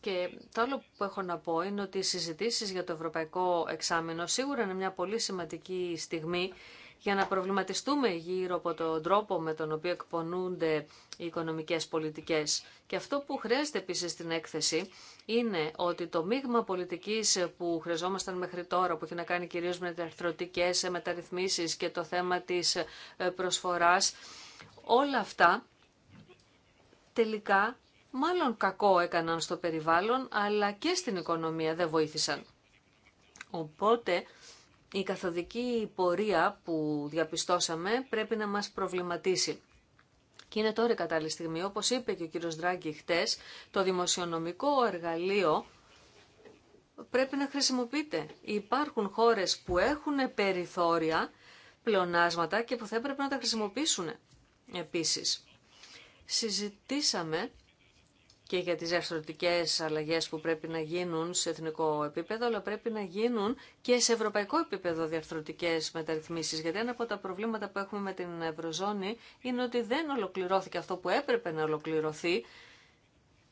Και το άλλο που έχω να πω είναι ότι οι συζητήσεις για το Ευρωπαϊκό Εξάμεινο σίγουρα είναι μια πολύ σημαντική στιγμή για να προβληματιστούμε γύρω από τον τρόπο με τον οποίο εκπονούνται οι οικονομικές πολιτικές. Και αυτό που χρειάζεται επίσης στην έκθεση είναι ότι το μείγμα πολιτικής που χρειαζόμασταν μέχρι τώρα, που έχει να κάνει κυρίως με τα διαρθρωτικές μεταρρυθμίσεις και το θέμα της ε, προσφοράς, όλα αυτά τελικά μάλλον κακό έκαναν στο περιβάλλον, αλλά και στην οικονομία δεν βοήθησαν. Οπότε η καθοδική πορεία που διαπιστώσαμε πρέπει να μας προβληματίσει. Και είναι τώρα η κατάλληλη στιγμή. Όπως είπε και ο κύριος Δράγκη χτες, το δημοσιονομικό εργαλείο πρέπει να χρησιμοποιείται. Υπάρχουν χώρες που έχουν περιθώρια, πλεονάσματα και που θα έπρεπε να τα χρησιμοποιήσουν επίσης. Συζητήσαμε και για τις διαφθορτικέ αλλαγές που πρέπει να γίνουν σε εθνικό επίπεδο, αλλά πρέπει να γίνουν και σε ευρωπαϊκό επίπεδο διαφθορτικέ μεταρρυθμίσεις. Γιατί ένα από τα προβλήματα που έχουμε με την Ευρωζώνη είναι ότι δεν ολοκληρώθηκε αυτό που έπρεπε να ολοκληρωθεί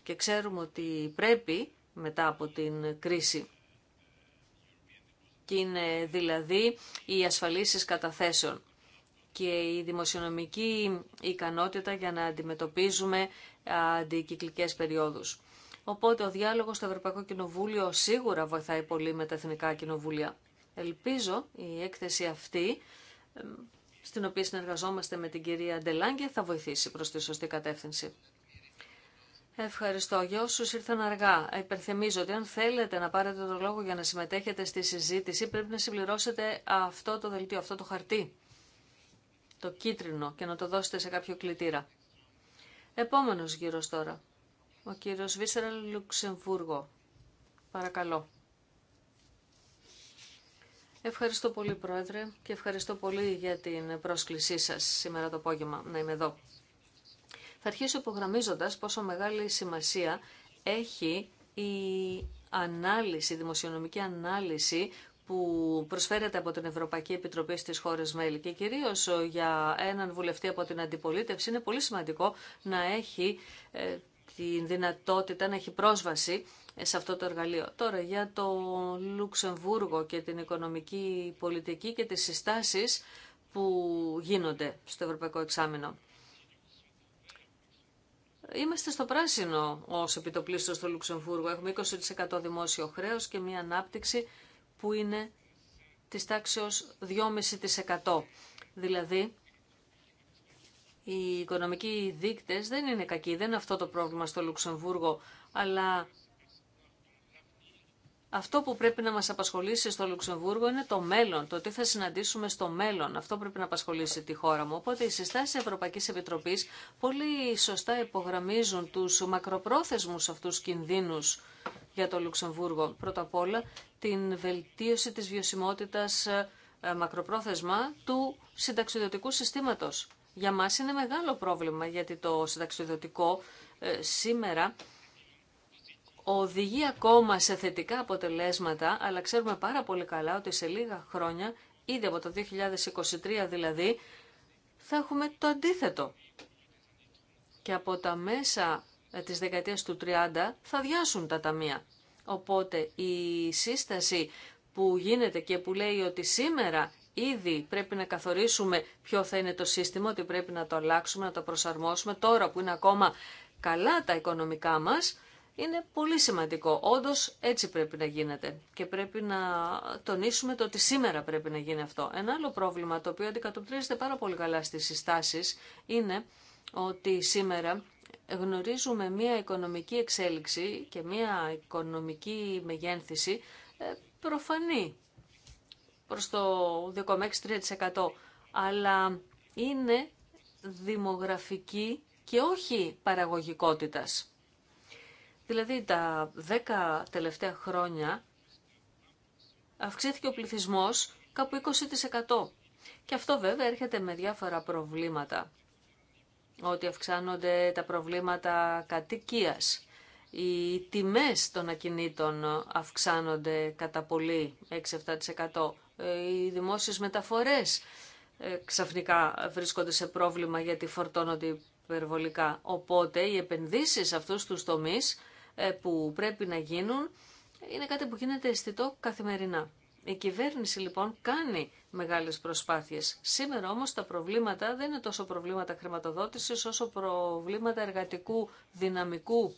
και ξέρουμε ότι πρέπει μετά από την κρίση. Και είναι δηλαδή οι ασφαλίσεις καταθέσεων και η δημοσιονομική ικανότητα για να αντιμετωπίζουμε αντικυκλικές περιόδους. Οπότε ο διάλογος στο Ευρωπαϊκό Κοινοβούλιο σίγουρα βοηθάει πολύ με τα εθνικά κοινοβούλια. Ελπίζω η έκθεση αυτή, στην οποία συνεργαζόμαστε με την κυρία Ντελάνγκε, θα βοηθήσει προς τη σωστή κατεύθυνση. Ευχαριστώ. Για όσου ήρθαν αργά, υπενθυμίζω ότι αν θέλετε να πάρετε το λόγο για να συμμετέχετε στη συζήτηση, πρέπει να συμπληρώσετε αυτό το δελτίο, αυτό το χαρτί, το κίτρινο, και να το δώσετε σε κάποιο κλητήρα. Επόμενος γύρος τώρα. Ο κύριος Βίσσερα Λουξεμβούργο. Παρακαλώ. Ευχαριστώ πολύ Πρόεδρε και ευχαριστώ πολύ για την πρόσκλησή σας σήμερα το απόγευμα να είμαι εδώ. Θα αρχίσω υπογραμμίζοντας πόσο μεγάλη σημασία έχει η ανάλυση, δημοσιονομική ανάλυση που προσφέρεται από την Ευρωπαϊκή Επιτροπή στις χώρες μέλη και κυρίως ε, για έναν βουλευτή από την αντιπολίτευση είναι πολύ σημαντικό να έχει ε, την δυνατότητα να έχει πρόσβαση σε αυτό το εργαλείο. Τώρα για το Λουξεμβούργο και την οικονομική πολιτική και τις συστάσεις που γίνονται στο Ευρωπαϊκό Εξάμεινο. Είμαστε στο πράσινο ως επιτοπλίστος στο Λουξεμβούργο. Έχουμε 20% δημόσιο χρέος και μια ανάπτυξη που είναι της τάξεως 2,5%. Δηλαδή, οι οικονομικοί δείκτες δεν είναι κακοί, δεν είναι αυτό το πρόβλημα στο Λουξεμβούργο, αλλά αυτό που πρέπει να μας απασχολήσει στο Λουξεμβούργο είναι το μέλλον, το τι θα συναντήσουμε στο μέλλον. Αυτό πρέπει να απασχολήσει τη χώρα μου. Οπότε οι συστάσεις Ευρωπαϊκής Επιτροπής πολύ σωστά υπογραμμίζουν τους μακροπρόθεσμους αυτούς κινδύνους για το Λουξεμβούργο. Πρώτα απ' όλα την βελτίωση της βιωσιμότητας ε, μακροπρόθεσμα του συνταξιδοτικού συστήματος. Για μας είναι μεγάλο πρόβλημα γιατί το συνταξιδοτικό ε, σήμερα οδηγεί ακόμα σε θετικά αποτελέσματα, αλλά ξέρουμε πάρα πολύ καλά ότι σε λίγα χρόνια, ήδη από το 2023 δηλαδή, θα έχουμε το αντίθετο. Και από τα μέσα ε, της δεκαετίας του 30 θα διάσουν τα ταμεία. Οπότε η σύσταση που γίνεται και που λέει ότι σήμερα ήδη πρέπει να καθορίσουμε ποιο θα είναι το σύστημα, ότι πρέπει να το αλλάξουμε, να το προσαρμόσουμε τώρα που είναι ακόμα καλά τα οικονομικά μας, είναι πολύ σημαντικό. Όντω έτσι πρέπει να γίνεται και πρέπει να τονίσουμε το ότι σήμερα πρέπει να γίνει αυτό. Ένα άλλο πρόβλημα το οποίο αντικατοπτρίζεται πάρα πολύ καλά στις συστάσεις είναι ότι σήμερα γνωρίζουμε μία οικονομική εξέλιξη και μία οικονομική μεγένθηση ε, προφανή προς το 2,6-3% αλλά είναι δημογραφική και όχι παραγωγικότητας. Δηλαδή τα 10 τελευταία χρόνια αυξήθηκε ο πληθυσμός κάπου 20%. Και αυτό βέβαια έρχεται με διάφορα προβλήματα ότι αυξάνονται τα προβλήματα κατοικίας. Οι τιμές των ακινήτων αυξάνονται κατά πολύ, 6-7%. Ε, οι δημόσιες μεταφορές ε, ξαφνικά βρίσκονται σε πρόβλημα γιατί φορτώνονται υπερβολικά. Οπότε οι επενδύσεις σε αυτούς τους τομείς ε, που πρέπει να γίνουν είναι κάτι που γίνεται αισθητό καθημερινά. Η κυβέρνηση λοιπόν κάνει μεγάλες προσπάθειες. Σήμερα όμως τα προβλήματα δεν είναι τόσο προβλήματα χρηματοδότησης όσο προβλήματα εργατικού δυναμικού.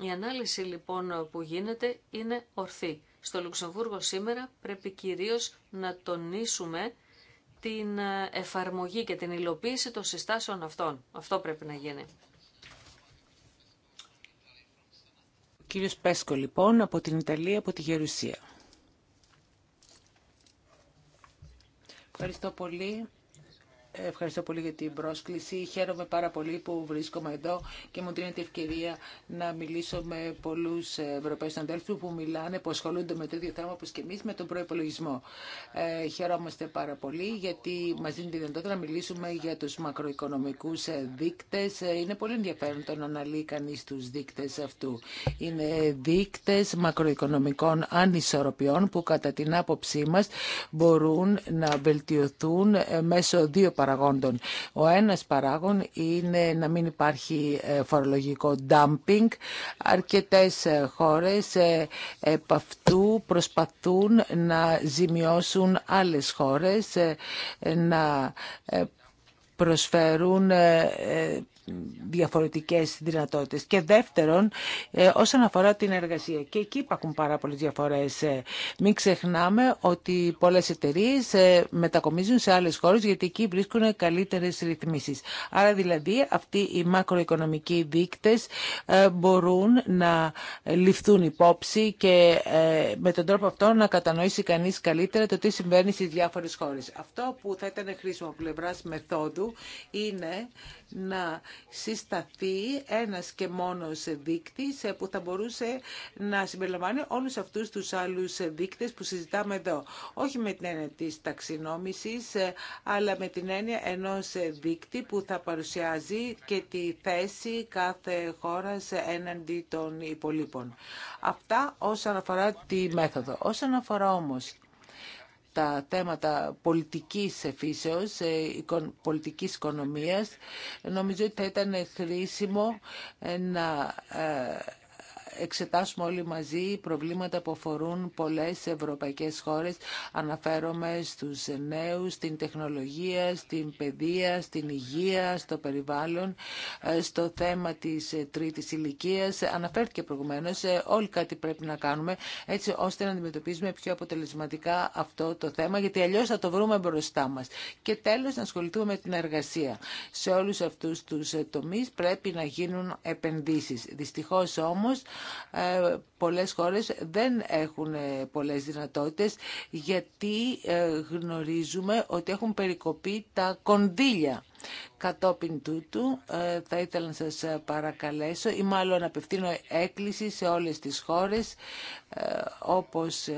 Η ανάλυση λοιπόν που γίνεται είναι ορθή. Στο Λουξεμβούργο σήμερα πρέπει κυρίως να τονίσουμε την ε, εφαρμογή και την υλοποίηση των συστάσεων αυτών. Αυτό πρέπει να γίνει. Κύριος Πέσκο λοιπόν από την Ιταλία, από τη Γερουσία. Ευχαριστώ πολύ. Ευχαριστώ πολύ για την πρόσκληση. Χαίρομαι πάρα πολύ που βρίσκομαι εδώ και μου δίνεται ευκαιρία να μιλήσω με πολλού Ευρωπαίου συναδέλφου που μιλάνε, που ασχολούνται με το ίδιο θέμα όπω και εμεί, με τον προπολογισμό. Ε, χαιρόμαστε πάρα πολύ γιατί μα δίνει τη δυνατότητα να μιλήσουμε για του μακροοικονομικού δείκτε. Είναι πολύ ενδιαφέρον το να αναλύει κανεί του δείκτε αυτού. Είναι δείκτε μακροοικονομικών ανισορροπιών που κατά την άποψή μα μπορούν να βελτιωθούν ε, μέσω δύο ο ένας παράγον είναι να μην υπάρχει ε, φορολογικό dumping. Αρκετές ε, χώρες ε, επ' αυτού προσπαθούν να ζημιώσουν άλλες χώρες, να προσφέρουν διαφορετικές δυνατότητες. Και δεύτερον, ε, όσον αφορά την εργασία. Και εκεί υπάρχουν πάρα πολλέ διαφορές. Ε. Μην ξεχνάμε ότι πολλές εταιρείε ε, μετακομίζουν σε άλλες χώρες γιατί εκεί βρίσκουν καλύτερες ρυθμίσεις. Άρα δηλαδή αυτοί οι μακροοικονομικοί δείκτες μπορούν να ληφθούν υπόψη και με τον τρόπο αυτό να κατανοήσει κανείς καλύτερα το τι συμβαίνει στις διάφορες χώρες. Αυτό που θα ήταν χρήσιμο πλευράς μεθόδου είναι να συσταθεί ένας και μόνος δείκτης ε, που θα μπορούσε να συμπεριλαμβάνει όλους αυτούς τους άλλους δείκτες που συζητάμε εδώ. Όχι με την έννοια της ταξινόμησης, ε, αλλά με την έννοια ενός δείκτη που θα παρουσιάζει και τη θέση κάθε χώρας έναντι των υπολείπων. Αυτά όσον αφορά τη μέθοδο. Όσον αφορά όμως τα θέματα πολιτικής εφήσεως, ε, πολιτικής οικονομίας, νομίζω ότι θα ήταν χρήσιμο ε, να ε, εξετάσουμε όλοι μαζί προβλήματα που αφορούν πολλές ευρωπαϊκές χώρες. Αναφέρομαι στους νέους, στην τεχνολογία, στην παιδεία, στην υγεία, στο περιβάλλον, ε, στο θέμα της ε, τρίτης ηλικία. Αναφέρθηκε προηγουμένως, ε, όλοι κάτι πρέπει να κάνουμε έτσι ώστε να αντιμετωπίζουμε πιο αποτελεσματικά αυτό το θέμα, γιατί αλλιώς θα το βρούμε μπροστά μας. Και τέλος, να ασχοληθούμε με την εργασία. Σε όλους αυτούς τους τομείς πρέπει να γίνουν επενδύσεις. Δυστυχώς όμως ε, πολλές χώρες δεν έχουν ε, πολλές δυνατότητες γιατί ε, γνωρίζουμε ότι έχουν περικοπεί τα κονδύλια. Κατόπιν τούτου θα ήθελα να σας παρακαλέσω ή μάλλον απευθύνω έκκληση σε όλες τις χώρες όπως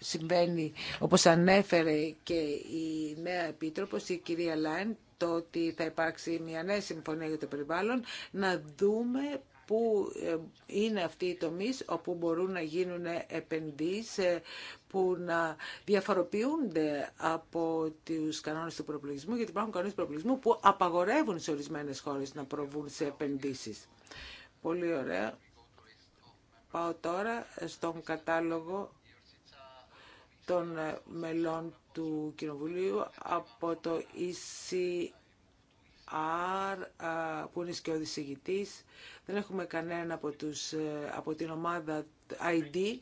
συμβαίνει, όπως ανέφερε και η νέα επίτροπος, η κυρία Λάιν, το ότι θα υπάρξει μια νέα συμφωνία για το περιβάλλον, να δούμε πού ε, είναι αυτοί οι τομείς όπου μπορούν να γίνουν επενδύσεις ε, που να διαφοροποιούνται από τους κανόνες του προπλογισμού, γιατί υπάρχουν κανόνες του που απαγορεύουν σε ορισμένες χώρες να προβούν σε επενδύσεις. Πολύ ωραία. Πάω τώρα στον κατάλογο των μελών του Κοινοβουλίου από το ECI. Άρ, που είναι και ο Δεν έχουμε κανένα από, τους, ε, από την ομάδα ID,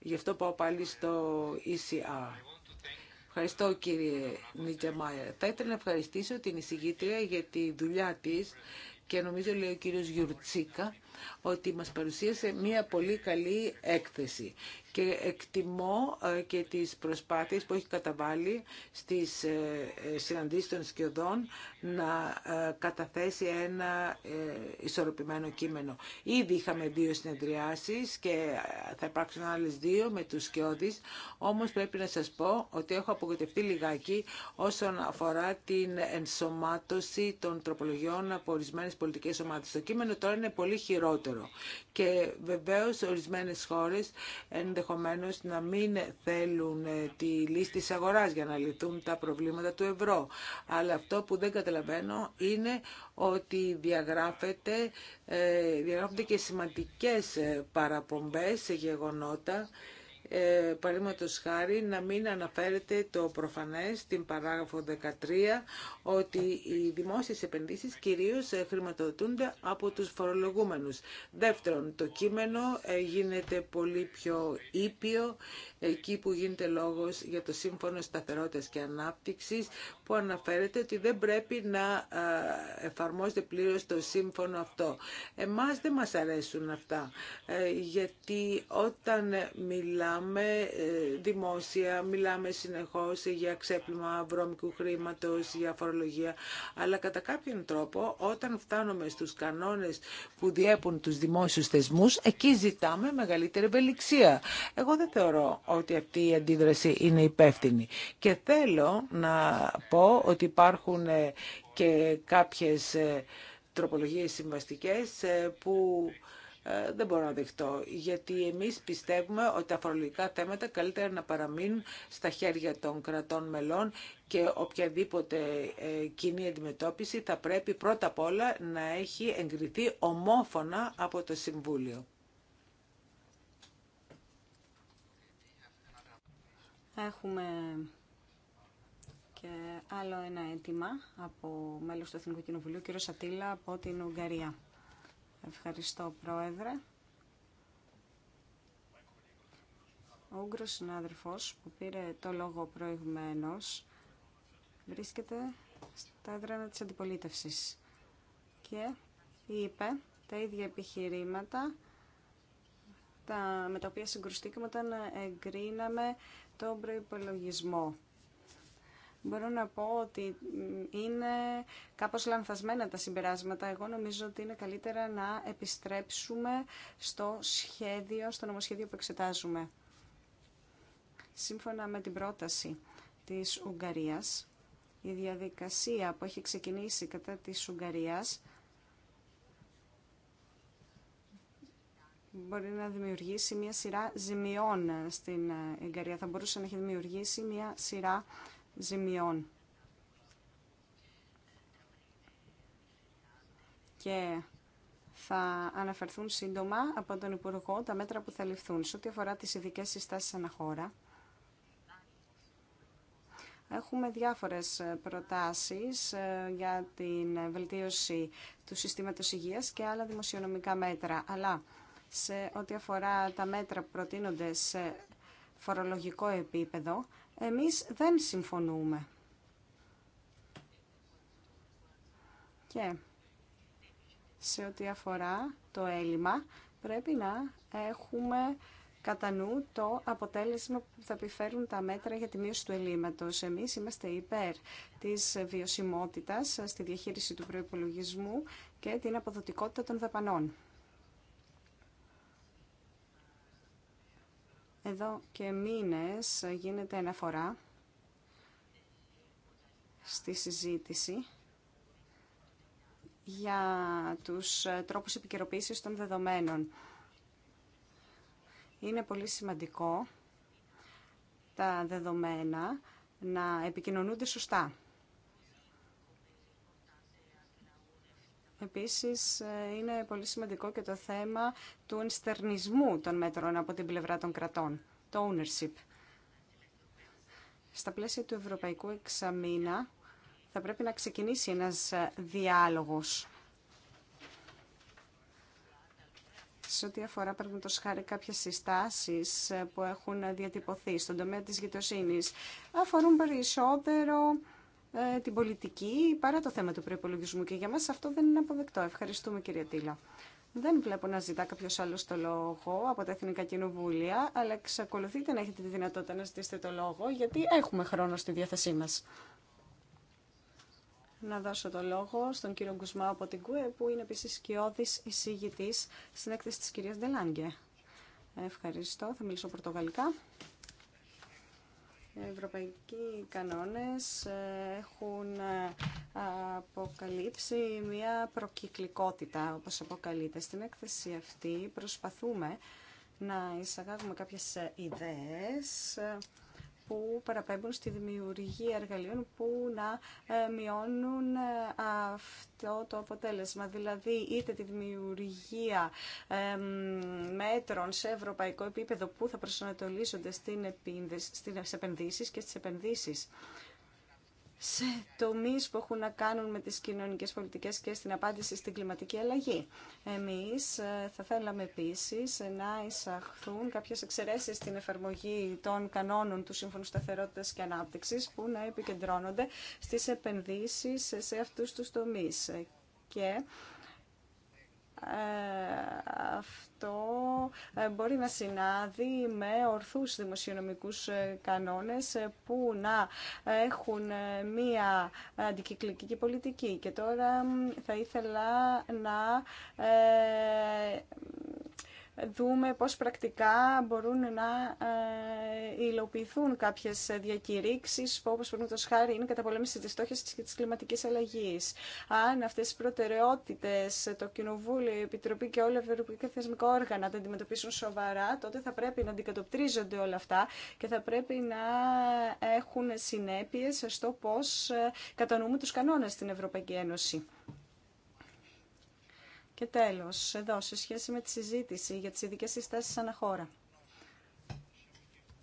γι' αυτό πάω πάλι στο ECR. Ευχαριστώ κύριε Μάιερ. Θα ήθελα να ευχαριστήσω την εισηγήτρια για τη δουλειά της και νομίζω λέει ο κύριος Γιουρτσίκα ότι μας παρουσίασε μια πολύ καλή έκθεση και εκτιμώ ε, και τις προσπάθειες που έχει καταβάλει στις ε, ε, συναντήσεις των σκιωδών να καταθέσει ένα ισορροπημένο κείμενο. Ήδη είχαμε δύο συνεδριάσεις και θα υπάρξουν άλλες δύο με τους σκιώδεις, όμως πρέπει να σας πω ότι έχω απογοητευτεί λιγάκι όσον αφορά την ενσωμάτωση των τροπολογιών από ορισμένε πολιτικές ομάδες. Το κείμενο τώρα είναι πολύ χειρότερο και βεβαίως ορισμένες χώρες ενδεχομένως να μην θέλουν ε, τη λύση της αγοράς για να λυθούν τα προβλήματα του ευρώ. Αλλά αυτό που δεν καταλαβαίνω είναι ότι διαγράφεται, ε, διαγράφονται και σημαντικές ε, παραπομπές σε γεγονότα ε, παραδείγματος χάρη να μην αναφέρεται το προφανές στην παράγραφο 13 ότι οι δημόσιες επενδύσεις κυρίως ε, χρηματοδοτούνται από τους φορολογούμενους. Δεύτερον, το κείμενο ε, γίνεται πολύ πιο ήπιο εκεί που γίνεται λόγος για το Σύμφωνο Σταθερότητας και Ανάπτυξης που αναφέρεται ότι δεν πρέπει να εφαρμόζεται πλήρως το σύμφωνο αυτό. Εμάς δεν μας αρέσουν αυτά, ε, γιατί όταν μιλάμε ε, δημόσια, μιλάμε συνεχώς για ξέπλυμα βρώμικου χρήματος, για φορολογία, αλλά κατά κάποιον τρόπο όταν φτάνουμε στους κανόνες που διέπουν τους δημόσιους θεσμούς, εκεί ζητάμε μεγαλύτερη ευελιξία. Εγώ δεν θεωρώ ότι αυτή η αντίδραση είναι υπεύθυνη. Και θέλω να πω ότι υπάρχουν ε, και κάποιες ε, τροπολογίες συμβαστικές ε, που δεν μπορώ να δεχτώ, γιατί εμείς πιστεύουμε ότι τα φορολογικά θέματα καλύτερα να παραμείνουν στα χέρια των κρατών μελών και οποιαδήποτε κοινή αντιμετώπιση θα πρέπει πρώτα απ' όλα να έχει εγκριθεί ομόφωνα από το Συμβούλιο. Έχουμε και άλλο ένα αίτημα από μέλος του Εθνικού Κοινοβουλίου, κύριο Σατήλα, από την Ουγγαρία. Ευχαριστώ, Πρόεδρε. Ο Ούγγρος συνάδελφος που πήρε το λόγο προηγουμένως βρίσκεται στα έδρανα της αντιπολίτευσης και είπε τα ίδια επιχειρήματα τα, με τα οποία συγκρουστήκαμε όταν εγκρίναμε τον προϋπολογισμό. Μπορώ να πω ότι είναι κάπως λανθασμένα τα συμπεράσματα. Εγώ νομίζω ότι είναι καλύτερα να επιστρέψουμε στο σχέδιο, στο νομοσχέδιο που εξετάζουμε. Σύμφωνα με την πρόταση της Ουγγαρίας, η διαδικασία που έχει ξεκινήσει κατά της Ουγγαρίας μπορεί να δημιουργήσει μια σειρά ζημιών στην εγκαρία. Θα μπορούσε να έχει δημιουργήσει μια σειρά ζημιών. Και θα αναφερθούν σύντομα από τον Υπουργό τα μέτρα που θα ληφθούν. Σε ό,τι αφορά τις ειδικές συστάσεις αναχώρα, Έχουμε διάφορες ε, προτάσεις ε, για την ε, βελτίωση του συστήματος υγείας και άλλα δημοσιονομικά μέτρα. Αλλά σε ό,τι αφορά τα μέτρα που προτείνονται σε φορολογικό επίπεδο, εμείς δεν συμφωνούμε. Και σε ό,τι αφορά το έλλειμμα, πρέπει να έχουμε κατά νου το αποτέλεσμα που θα επιφέρουν τα μέτρα για τη μείωση του ελλείμματος. Εμείς είμαστε υπέρ της βιωσιμότητας στη διαχείριση του προϋπολογισμού και την αποδοτικότητα των δαπανών. Εδώ και μήνες γίνεται αναφορά στη συζήτηση για τους τρόπους επικαιροποίησης των δεδομένων. Είναι πολύ σημαντικό τα δεδομένα να επικοινωνούνται σωστά. Επίσης, ε, είναι πολύ σημαντικό και το θέμα του ενστερνισμού των μέτρων από την πλευρά των κρατών, το ownership. Στα πλαίσια του Ευρωπαϊκού Εξαμήνα θα πρέπει να ξεκινήσει ένας ε, διάλογος σε ό,τι αφορά παραδείγματο χάρη κάποιε συστάσει ε, που έχουν διατυπωθεί στον τομέα τη γειτοσύνη αφορούν περισσότερο ε, την πολιτική παρά το θέμα του προπολογισμού και για μας αυτό δεν είναι αποδεκτό. Ευχαριστούμε κυρία Τίλα. Δεν βλέπω να ζητά κάποιο άλλο το λόγο από τα Εθνικά Κοινοβούλια, αλλά εξακολουθείτε να έχετε τη δυνατότητα να ζητήσετε το λόγο, γιατί έχουμε χρόνο στη διάθεσή μα. Να δώσω το λόγο στον κύριο Γκουσμά από την ΚΟΕ, που είναι επίση σκιώδη εισηγητή στην έκθεση τη κυρία Ντελάνγκε. Ευχαριστώ. Θα μιλήσω πορτογαλικά. Οι ευρωπαϊκοί κανόνες ε, έχουν ε, αποκαλύψει μια προκυκλικότητα, όπως αποκαλείται. Στην έκθεση αυτή προσπαθούμε να εισαγάγουμε κάποιες ε, ιδέες που παραπέμπουν στη δημιουργία εργαλείων που να ε, μειώνουν ε, αυτό το αποτέλεσμα. Δηλαδή, είτε τη δημιουργία μέτρων σε ευρωπαϊκό επίπεδο που θα προσανατολίζονται στις επενδύσεις και στις επενδύσεις σε τομεί που έχουν να κάνουν με τις κοινωνικές πολιτικές και στην απάντηση στην κλιματική αλλαγή. Εμείς ε, θα θέλαμε επίσης να εισαχθούν κάποιες εξαιρεσει στην εφαρμογή των κανόνων του Σύμφωνου σταθερότητα και Ανάπτυξης που να επικεντρώνονται στι επενδύσει σε αυτούς τους τομείς. Και ε, αυτό ε, μπορεί να συνάδει με ορθούς δημοσιονομικούς ε, κανόνες που να έχουν μία αντικυκλική πολιτική. Και τώρα θα ήθελα να δούμε πώς πρακτικά μπορούν να ε, υλοποιηθούν κάποιες διακηρύξεις που όπως πρέπει το χάρη είναι πολέμηση της στόχης και της κλιματικής αλλαγής. Αν αυτές οι προτεραιότητες, το Κοινοβούλιο, η Επιτροπή και όλα τα ευρωπαϊκά θεσμικά όργανα τα αντιμετωπίσουν σοβαρά, τότε θα πρέπει να αντικατοπτρίζονται όλα αυτά και θα πρέπει να έχουν συνέπειες στο πώς ε, κατανοούμε τους κανόνες στην Ευρωπαϊκή Ένωση. Και τέλος, εδώ, σε σχέση με τη συζήτηση για τις ειδικές συστάσεις αναχώρα.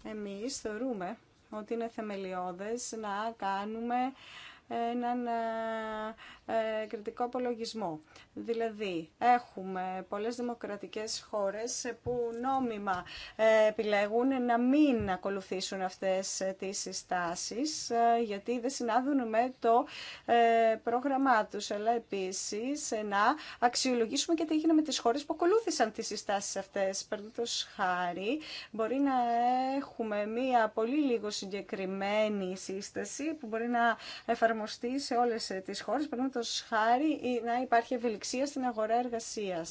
Εμείς θεωρούμε ότι είναι θεμελιώδες να κάνουμε έναν ε, ε, κριτικό απολογισμό. Δηλαδή, έχουμε πολλές δημοκρατικές χώρες που νόμιμα ε, επιλέγουν να μην ακολουθήσουν αυτές τις συστάσεις, γιατί δεν συνάδουν με το πρόγραμμά τους. Αλλά επίσης να αξιολογήσουμε και τι έγινε με τις χώρες που ακολούθησαν τις συστάσεις αυτές. το χάρη, μπορεί να έχουμε μία πολύ λίγο συγκεκριμένη σύσταση που μπορεί να εφαρμοστεί εφαρμοστεί σε όλες ε, τις χώρες, παραδείγματο χάρη να υπάρχει ευελιξία στην αγορά εργασία.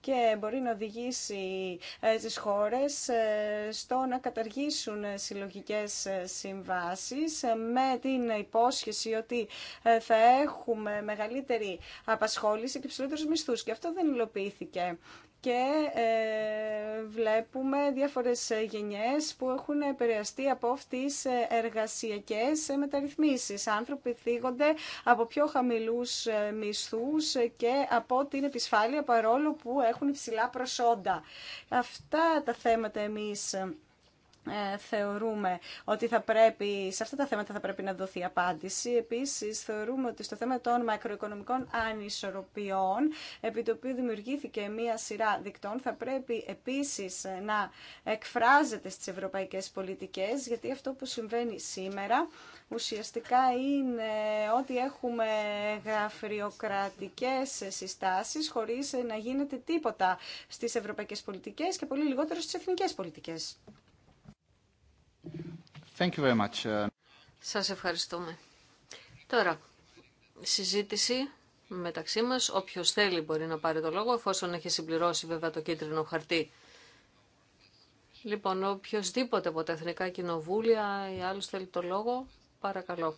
και μπορεί να οδηγήσει ε, τις χώρες ε, στο να καταργήσουν συλλογικές συμβάσεις με την υπόσχεση ότι θα έχουμε μεγαλύτερη απασχόληση και ψηλότερους μισθούς. Και αυτό δεν υλοποιήθηκε και ε, βλέπουμε διάφορες γενιές που έχουν επηρεαστεί από αυτές εργασιακές μεταρρυθμίσεις. Άνθρωποι θίγονται από πιο χαμηλούς ε, μισθούς και από την επισφάλεια παρόλο που έχουν υψηλά προσόντα. Αυτά τα θέματα εμείς ε, θεωρούμε ότι θα πρέπει, σε αυτά τα θέματα θα πρέπει να δοθεί απάντηση. Επίσης, θεωρούμε ότι στο θέμα των μακροοικονομικών ανισορροπιών, επί το οποίο δημιουργήθηκε μία σειρά δικτών, θα πρέπει επίσης να εκφράζεται στις ευρωπαϊκές πολιτικές, γιατί αυτό που συμβαίνει σήμερα ουσιαστικά είναι ότι έχουμε γραφειοκρατικές συστάσεις χωρίς να γίνεται τίποτα στις ευρωπαϊκές πολιτικές και πολύ λιγότερο στις εθνικές πολιτικές. Thank you uh, Σας ευχαριστούμε. Τώρα, συζήτηση μεταξύ μας. Όποιος θέλει μπορεί να πάρει το λόγο, εφόσον έχει συμπληρώσει βέβαια το κίτρινο χαρτί. Λοιπόν, οποιοδήποτε από τα Εθνικά Κοινοβούλια ή άλλος θέλει το λόγο, παρακαλώ.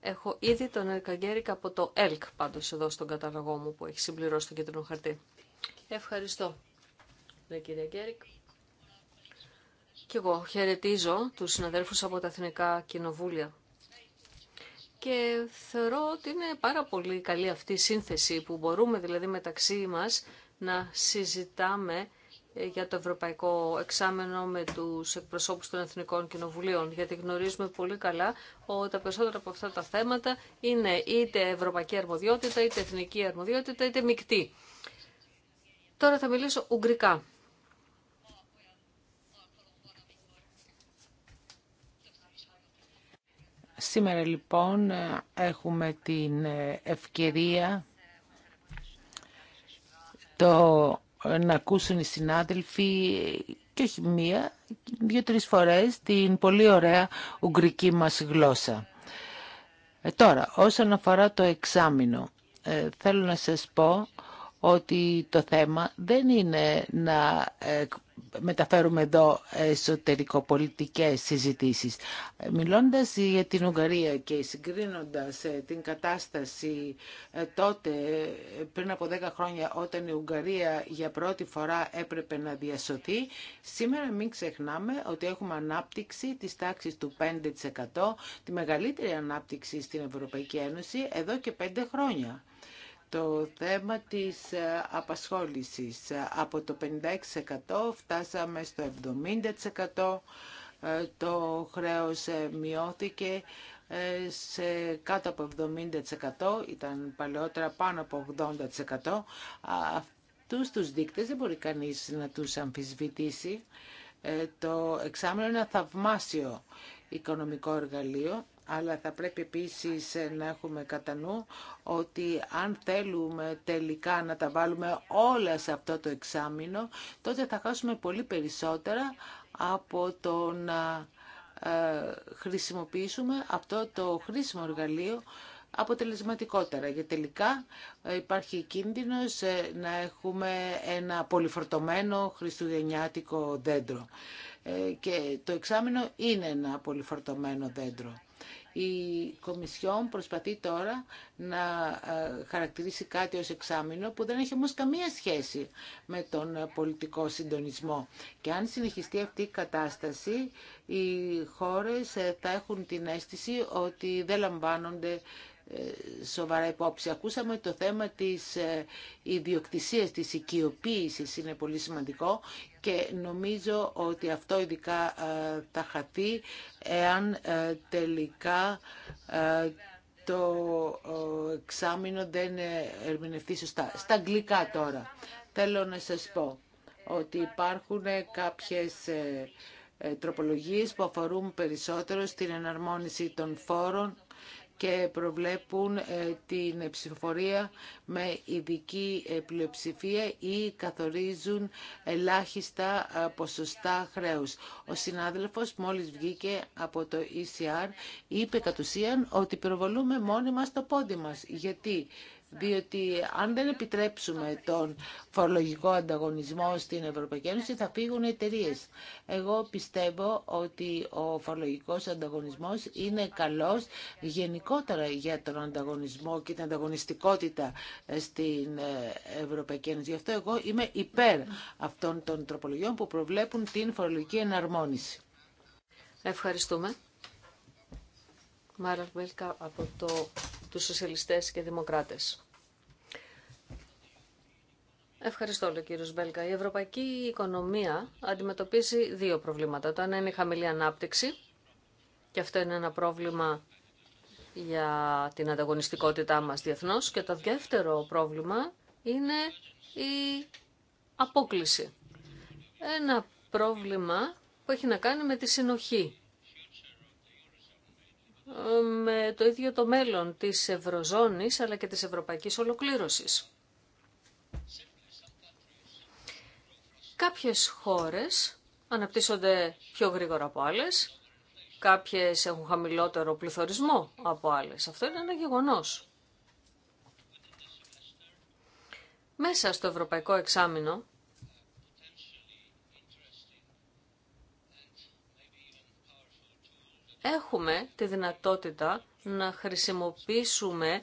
Έχω ήδη τον Ερκαγκέρικα από το ΕΛΚ πάντως εδώ στον καταλογό μου που έχει συμπληρώσει το κίτρινο χαρτί. Ευχαριστώ, ναι, κύριε και εγώ χαιρετίζω τους συναδέλφους από τα Εθνικά Κοινοβούλια. Και θεωρώ ότι είναι πάρα πολύ καλή αυτή η σύνθεση που μπορούμε δηλαδή μεταξύ μας να συζητάμε ε, για το Ευρωπαϊκό Εξάμενο με τους εκπροσώπους των Εθνικών Κοινοβουλίων, γιατί γνωρίζουμε πολύ καλά ότι τα περισσότερα από αυτά τα θέματα είναι είτε ευρωπαϊκή αρμοδιότητα, είτε εθνική αρμοδιότητα, είτε μεικτή. Τώρα θα μιλήσω ουγγρικά. Σήμερα λοιπόν έχουμε την ευκαιρία το να ακούσουν οι συνάδελφοι και όχι μία, δύο-τρεις φορές την πολύ ωραία ουγγρική μας γλώσσα. Ε, τώρα, όσον αφορά το εξάμεινο, ε, θέλω να σας πω ότι το θέμα δεν είναι να ε, μεταφέρουμε εδώ εσωτερικοπολιτικές συζητήσεις. Μιλώντας για την Ουγγαρία και συγκρίνοντας ε, την κατάσταση ε, τότε ε, πριν από 10 χρόνια όταν η Ουγγαρία για πρώτη φορά έπρεπε να διασωθεί, σήμερα μην ξεχνάμε ότι έχουμε ανάπτυξη της τάξης του 5%, τη μεγαλύτερη ανάπτυξη στην Ευρωπαϊκή Ένωση εδώ και 5 χρόνια το θέμα της ε, απασχόλησης. Από το 56% φτάσαμε στο 70%. Ε, το χρέος ε, μειώθηκε σε κάτω από 70%, ήταν παλαιότερα πάνω από 80%. Αυτούς τους δείκτες δεν μπορεί κανείς να τους αμφισβητήσει. Το εξάμεινο είναι ένα θαυμάσιο οικονομικό εργαλείο αλλά θα πρέπει επίσης να έχουμε κατά νου ότι αν θέλουμε τελικά να τα βάλουμε όλα σε αυτό το εξάμεινο, τότε θα χάσουμε πολύ περισσότερα από το να ε, χρησιμοποιήσουμε αυτό το χρήσιμο εργαλείο αποτελεσματικότερα. Γιατί τελικά ε, υπάρχει κίνδυνος ε, να έχουμε ένα πολυφορτωμένο χριστουγεννιάτικο δέντρο. Και το εξάμεινο είναι ένα πολυφορτωμένο δέντρο. Η Κομισιόν προσπαθεί τώρα να ε, χαρακτηρίσει κάτι ως εξάμεινο που δεν έχει όμως καμία σχέση με τον πολιτικό συντονισμό. Και αν συνεχιστεί αυτή η κατάσταση, οι χώρες ε, θα έχουν την αίσθηση ότι δεν λαμβάνονται σοβαρά υπόψη. Ακούσαμε το θέμα της ε, ιδιοκτησίας, της οικειοποίησης είναι πολύ σημαντικό και νομίζω ότι αυτό ειδικά ε, θα χαθεί εάν ε, τελικά το εξάμεινο δεν ερμηνευτεί σωστά. Στα αγγλικά τώρα θέλω να σας πω ότι υπάρχουν κάποιες τροπολογίες που αφορούν περισσότερο στην εναρμόνιση των φόρων και προβλέπουν ε, την ψηφοφορία με ειδική ε, πλειοψηφία ή καθορίζουν ελάχιστα ε, ποσοστά χρέους. Ο συνάδελφος μόλις βγήκε από το ECR είπε κατ' ουσίαν ότι προβολούμε μόνοι μας το πόντι μας. Γιατί διότι αν δεν επιτρέψουμε τον φορολογικό ανταγωνισμό στην Ευρωπαϊκή Ένωση θα φύγουν εταιρείε. Εγώ πιστεύω ότι ο φορολογικός ανταγωνισμός είναι καλός γενικότερα για τον ανταγωνισμό και την ανταγωνιστικότητα στην ε, Ευρωπαϊκή Ένωση. Γι' αυτό εγώ είμαι υπέρ αυτών των τροπολογιών που προβλέπουν την φορολογική εναρμόνιση. Ευχαριστούμε τους σοσιαλιστές και δημοκράτες. Ευχαριστώ, λέει ο κύριος Μπέλκα. Η ευρωπαϊκή οικονομία αντιμετωπίζει δύο προβλήματα. Το ένα είναι η χαμηλή ανάπτυξη και αυτό είναι ένα πρόβλημα για την ανταγωνιστικότητά μας διεθνώς και το δεύτερο πρόβλημα είναι η απόκληση. Ένα πρόβλημα που έχει να κάνει με τη συνοχή με το ίδιο το μέλλον της Ευρωζώνης αλλά και της Ευρωπαϊκής Ολοκλήρωσης. Κάποιες χώρες αναπτύσσονται πιο γρήγορα από άλλες, κάποιες έχουν χαμηλότερο πληθωρισμό από άλλες. Αυτό είναι ένα γεγονός. Μέσα στο ευρωπαϊκό εξάμεινο έχουμε τη δυνατότητα να χρησιμοποιήσουμε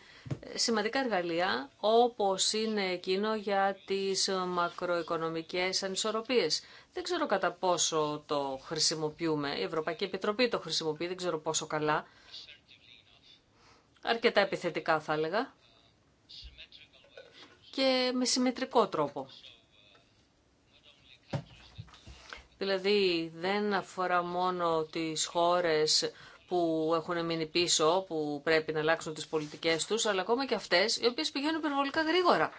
σημαντικά εργαλεία όπως είναι εκείνο για τις μακροοικονομικές ανισορροπίες. Δεν ξέρω κατά πόσο το χρησιμοποιούμε. Η Ευρωπαϊκή Επιτροπή το χρησιμοποιεί, δεν ξέρω πόσο καλά. Αρκετά επιθετικά θα έλεγα και με συμμετρικό τρόπο. Δηλαδή δεν αφορά μόνο τις χώρες που έχουν μείνει πίσω, που πρέπει να αλλάξουν τις πολιτικές τους, αλλά ακόμα και αυτές οι οποίες πηγαίνουν υπερβολικά γρήγορα.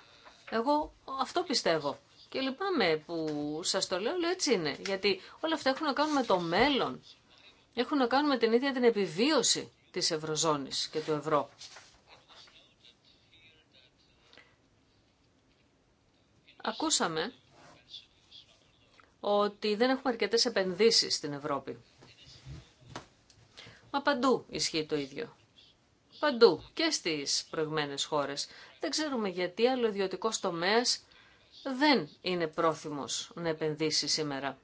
Εγώ αυτό πιστεύω. Και λυπάμαι που σας το λέω, λέω έτσι είναι. Γιατί όλα αυτά έχουν να κάνουν με το μέλλον. Έχουν να κάνουν με την ίδια την επιβίωση της Ευρωζώνης και του ευρώ. Ακούσαμε ότι δεν έχουμε αρκετές επενδύσεις στην Ευρώπη. Μα παντού ισχύει το ίδιο. Παντού και στις προηγμένες χώρες. Δεν ξέρουμε γιατί, άλλο ιδιωτικό τομέα δεν είναι πρόθυμος να επενδύσει σήμερα.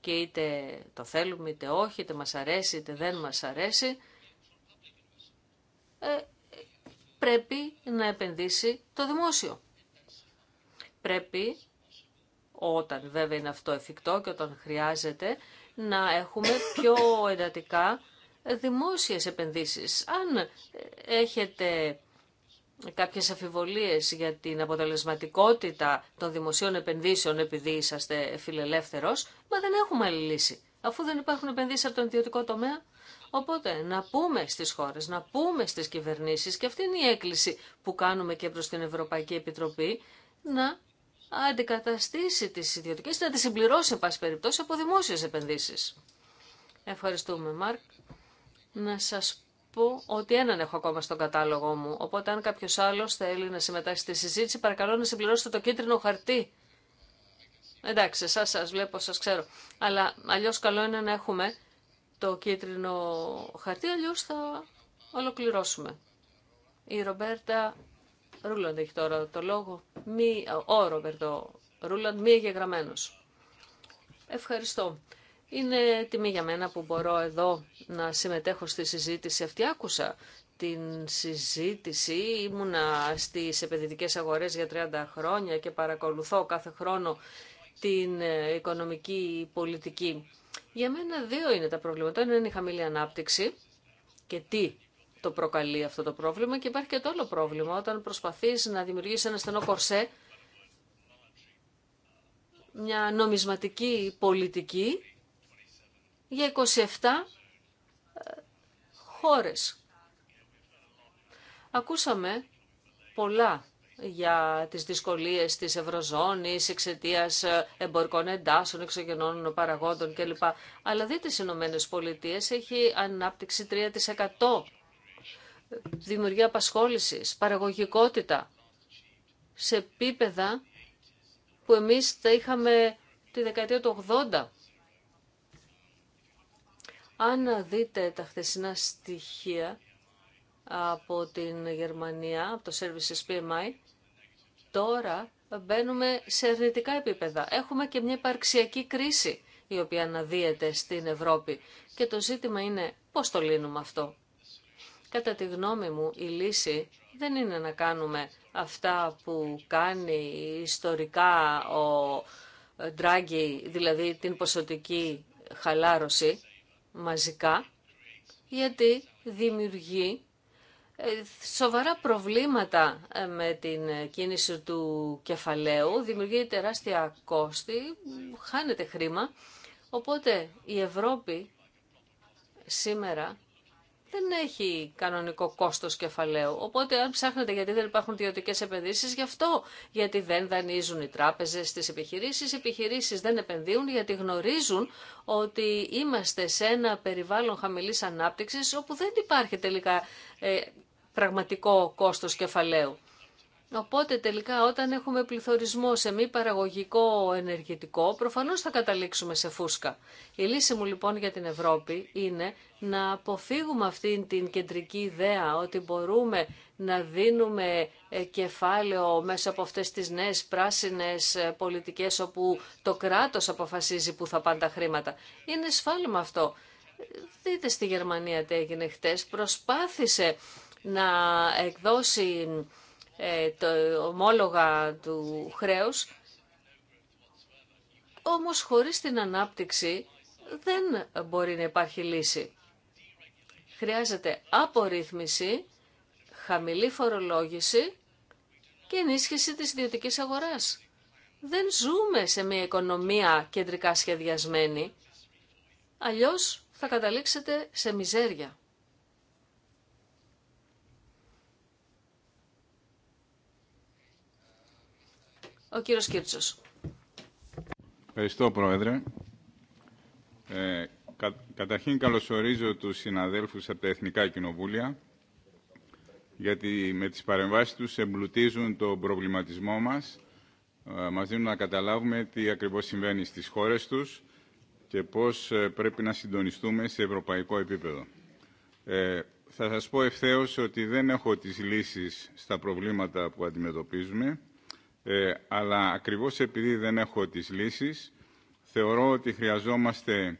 Και είτε το θέλουμε, είτε όχι, είτε μας αρέσει, είτε δεν μας αρέσει, ε, πρέπει να επενδύσει το δημόσιο. Πρέπει όταν βέβαια είναι αυτό εφικτό και όταν χρειάζεται, να έχουμε πιο εντατικά δημόσιες επενδύσεις. Αν έχετε κάποιες αφιβολίες για την αποτελεσματικότητα των δημοσίων επενδύσεων επειδή είσαστε φιλελεύθερος, μα δεν έχουμε άλλη λύση, αφού δεν υπάρχουν επενδύσεις από τον ιδιωτικό τομέα. Οπότε να πούμε στις χώρες, να πούμε στις κυβερνήσεις και αυτή είναι η έκκληση που κάνουμε και προς την Ευρωπαϊκή Επιτροπή να αντικαταστήσει τις ιδιωτικές, να τι συμπληρώσει, εν πάση περιπτώσει, από δημόσιες επενδύσεις. Ευχαριστούμε, Μάρκ. Να σα πω ότι έναν έχω ακόμα στον κατάλογο μου, οπότε αν κάποιο άλλος θέλει να συμμετάσχει στη συζήτηση, παρακαλώ να συμπληρώσετε το κίτρινο χαρτί. Εντάξει, εσά σας βλέπω, σα ξέρω. Αλλά αλλιώ καλό είναι να έχουμε το κίτρινο χαρτί, αλλιώ θα ολοκληρώσουμε. Η Ρομπέρτα Ρούλαντ έχει τώρα το λόγο. Μη, ο Ρόμπερτο Ρούλαντ, μη εγγεγραμμένο. Ευχαριστώ. Είναι τιμή για μένα που μπορώ εδώ να συμμετέχω στη συζήτηση αυτή. Άκουσα την συζήτηση, ήμουνα στις επενδυτικές αγορές για 30 χρόνια και παρακολουθώ κάθε χρόνο την ε, οικονομική πολιτική. Για μένα δύο είναι τα προβλήματα. Ένα είναι η χαμηλή ανάπτυξη και τι το προκαλεί αυτό το πρόβλημα και υπάρχει και το άλλο πρόβλημα όταν προσπαθείς να δημιουργήσεις ένα στενό κορσέ μια νομισματική πολιτική για 27 ε, χώρες. Ακούσαμε πολλά για τις δυσκολίες της Ευρωζώνης εξαιτία ε, εμπορικών εντάσσεων, εξωγενών παραγόντων κλπ. Αλλά δείτε στις Ηνωμένε Πολιτείες έχει ανάπτυξη 3% δημιουργία απασχόλησης, παραγωγικότητα σε επίπεδα που εμείς τα είχαμε τη δεκαετία του 80. Αν δείτε τα χθεσινά στοιχεία από την Γερμανία, από το Services PMI, τώρα μπαίνουμε σε αρνητικά επίπεδα. Έχουμε και μια υπαρξιακή κρίση η οποία αναδύεται στην Ευρώπη. Και το ζήτημα είναι πώς το λύνουμε αυτό. Κατά τη γνώμη μου, η λύση δεν είναι να κάνουμε αυτά που κάνει ιστορικά ο Ντράγκη, δηλαδή την ποσοτική χαλάρωση μαζικά, γιατί δημιουργεί ε, σοβαρά προβλήματα ε, με την κίνηση του κεφαλαίου, δημιουργεί τεράστια κόστη, χάνεται χρήμα. Οπότε η Ευρώπη σήμερα δεν έχει κανονικό κόστος κεφαλαίου. Οπότε αν ψάχνετε γιατί δεν υπάρχουν ιδιωτικέ επενδύσεις, γι' αυτό. Γιατί δεν δανείζουν οι τράπεζε στι επιχειρήσεις, οι επιχειρήσεις δεν επενδύουν γιατί γνωρίζουν ότι είμαστε σε ένα περιβάλλον χαμηλής ανάπτυξη όπου δεν υπάρχει τελικά ε, πραγματικό κόστο κεφαλαίου. Οπότε τελικά όταν έχουμε πληθωρισμό σε μη παραγωγικό ενεργητικό, προφανώς θα καταλήξουμε σε φούσκα. Η λύση μου λοιπόν για την Ευρώπη είναι να αποφύγουμε αυτήν την κεντρική ιδέα ότι μπορούμε να δίνουμε ε, κεφάλαιο μέσα από αυτές τις νέες πράσινες ε, πολιτικές όπου το κράτος αποφασίζει που θα πάνε τα χρήματα. Είναι σφάλμα αυτό. Δείτε στη Γερμανία τι έγινε χτες. Προσπάθησε να εκδώσει ε, το ομόλογα του χρέους, όμως χωρίς την ανάπτυξη δεν μπορεί να υπάρχει λύση. Χρειάζεται απορρίθμιση, χαμηλή φορολόγηση και ενίσχυση της ιδιωτικής αγοράς. Δεν ζούμε σε μια οικονομία κεντρικά σχεδιασμένη, αλλιώς θα καταλήξετε σε μιζέρια. Ο κύριος Κίρτσος. Ευχαριστώ, Πρόεδρε. Ε, καταρχήν καλωσορίζω τους συναδέλφους από τα Εθνικά Κοινοβούλια γιατί με τις παρεμβάσεις τους εμπλουτίζουν τον προβληματισμό μας ε, μας δίνουν να καταλάβουμε τι ακριβώς συμβαίνει στις χώρες τους και πώς ε, πρέπει να συντονιστούμε σε ευρωπαϊκό επίπεδο. Ε, θα σας πω ευθέως ότι δεν έχω τις λύσεις στα προβλήματα που αντιμετωπίζουμε ε, αλλά ακριβώς επειδή δεν έχω τις λύσεις, θεωρώ ότι χρειαζόμαστε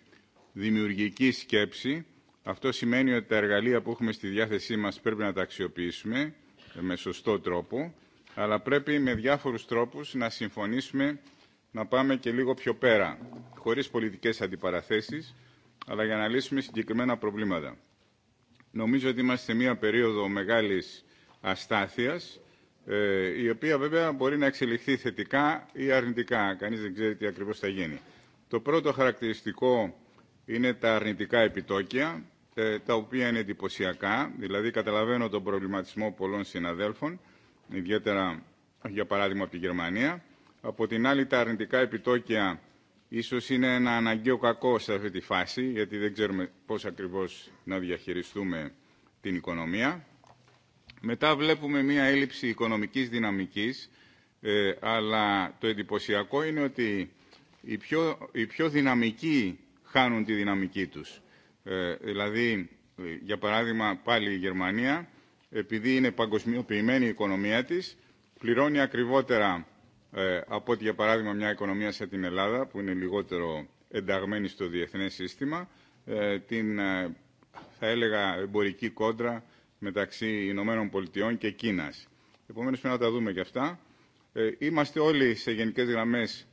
δημιουργική σκέψη. Αυτό σημαίνει ότι τα εργαλεία που έχουμε στη διάθεσή μας πρέπει να τα αξιοποιήσουμε με σωστό τρόπο, αλλά πρέπει με διάφορους τρόπους να συμφωνήσουμε να πάμε και λίγο πιο πέρα, χωρίς πολιτικές αντιπαραθέσεις, αλλά για να λύσουμε συγκεκριμένα προβλήματα. Νομίζω ότι είμαστε σε μία περίοδο μεγάλης αστάθειας, ε, η οποία βέβαια μπορεί να εξελιχθεί θετικά ή αρνητικά. Κανείς δεν ξέρει τι ακριβώς θα γίνει. Το πρώτο χαρακτηριστικό είναι τα αρνητικά επιτόκια, ε, τα οποία είναι εντυπωσιακά. Δηλαδή καταλαβαίνω τον προβληματισμό πολλών συναδέλφων, ιδιαίτερα για παράδειγμα από τη Γερμανία. Από την άλλη τα αρνητικά επιτόκια ίσως είναι ένα αναγκαίο κακό σε αυτή τη φάση, γιατί δεν ξέρουμε πώς ακριβώς να διαχειριστούμε την οικονομία. Μετά βλέπουμε μία έλλειψη οικονομικής δυναμικής, ε, αλλά το εντυπωσιακό είναι ότι οι πιο, οι πιο δυναμικοί χάνουν τη δυναμική τους. Ε, δηλαδή, ε, για παράδειγμα, πάλι η Γερμανία, επειδή είναι παγκοσμιοποιημένη η οικονομία της, πληρώνει ακριβότερα ε, από ότι, για παράδειγμα, μια οικονομία σαν την Ελλάδα, που είναι λιγότερο ενταγμένη στο διεθνές σύστημα, την, θα έλεγα, εμπορική κόντρα μεταξύ Ηνωμένων Πολιτειών και Κίνας. Επομένως πρέπει να τα δούμε και αυτά. Ε, είμαστε όλοι σε γενικές γραμμές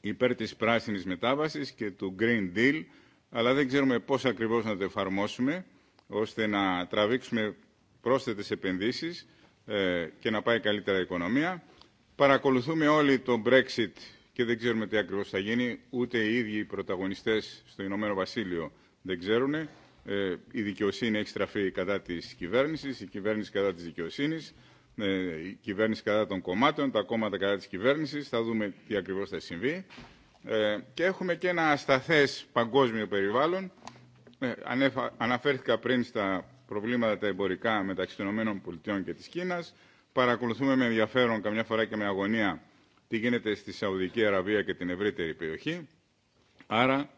υπέρ της πράσινης μετάβασης και του Green Deal, αλλά δεν ξέρουμε πώς ακριβώς να το εφαρμόσουμε, ώστε να τραβήξουμε πρόσθετες επενδύσεις ε, και να πάει καλύτερα η οικονομία. Παρακολουθούμε όλοι τον Brexit και δεν ξέρουμε τι ακριβώς θα γίνει, ούτε οι ίδιοι οι πρωταγωνιστές στο Ηνωμένο Βασίλειο δεν ξέρουν. Ε, η δικαιοσύνη έχει στραφεί κατά τη κυβέρνηση, η κυβέρνηση κατά της δικαιοσύνης, ε, η κυβέρνηση κατά των κομμάτων, τα κόμματα κατά τη κυβέρνηση, Θα δούμε τι ακριβώ θα συμβεί. Ε, και έχουμε και ένα ασταθές παγκόσμιο περιβάλλον. Αναφέρθηκα πριν στα προβλήματα τα εμπορικά μεταξύ των ΗΠΑ και τη Κίνα. Παρακολουθούμε με ενδιαφέρον, καμιά φορά και με αγωνία, τι γίνεται στη Σαουδική Αραβία και την ευρύτερη περιοχή. Άρα,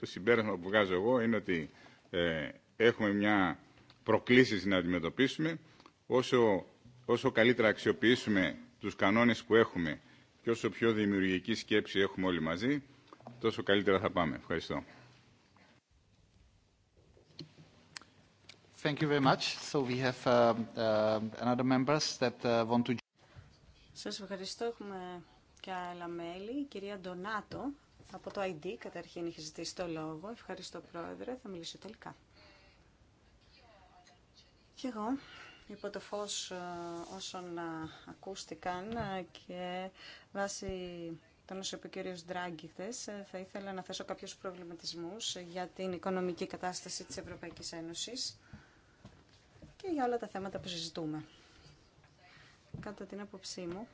το συμπέρασμα που βγάζω εγώ είναι ότι ε, έχουμε μια προκλήση να αντιμετωπίσουμε, όσο, όσο καλύτερα αξιοποιήσουμε τους κανόνες που έχουμε και όσο πιο δημιουργική σκέψη έχουμε όλοι μαζί, τόσο καλύτερα θα πάμε. Ευχαριστώ. Thank you very much. So we have uh, uh, another members that uh, want to. Σας ευχαριστώ. Έχουμε και άλλα μέλη. κυρία Ντονάτο από το ID καταρχήν είχε ζητήσει το λόγο. Ευχαριστώ πρόεδρε, θα μιλήσω τελικά. Και εγώ υπό το φως ε, όσων ε, ακούστηκαν ε, και βάσει τον όσο είπε ο θα ήθελα να θέσω κάποιους προβληματισμούς για την οικονομική κατάσταση της Ευρωπαϊκής Ένωσης και για όλα τα θέματα που συζητούμε. Κατά την άποψή μου,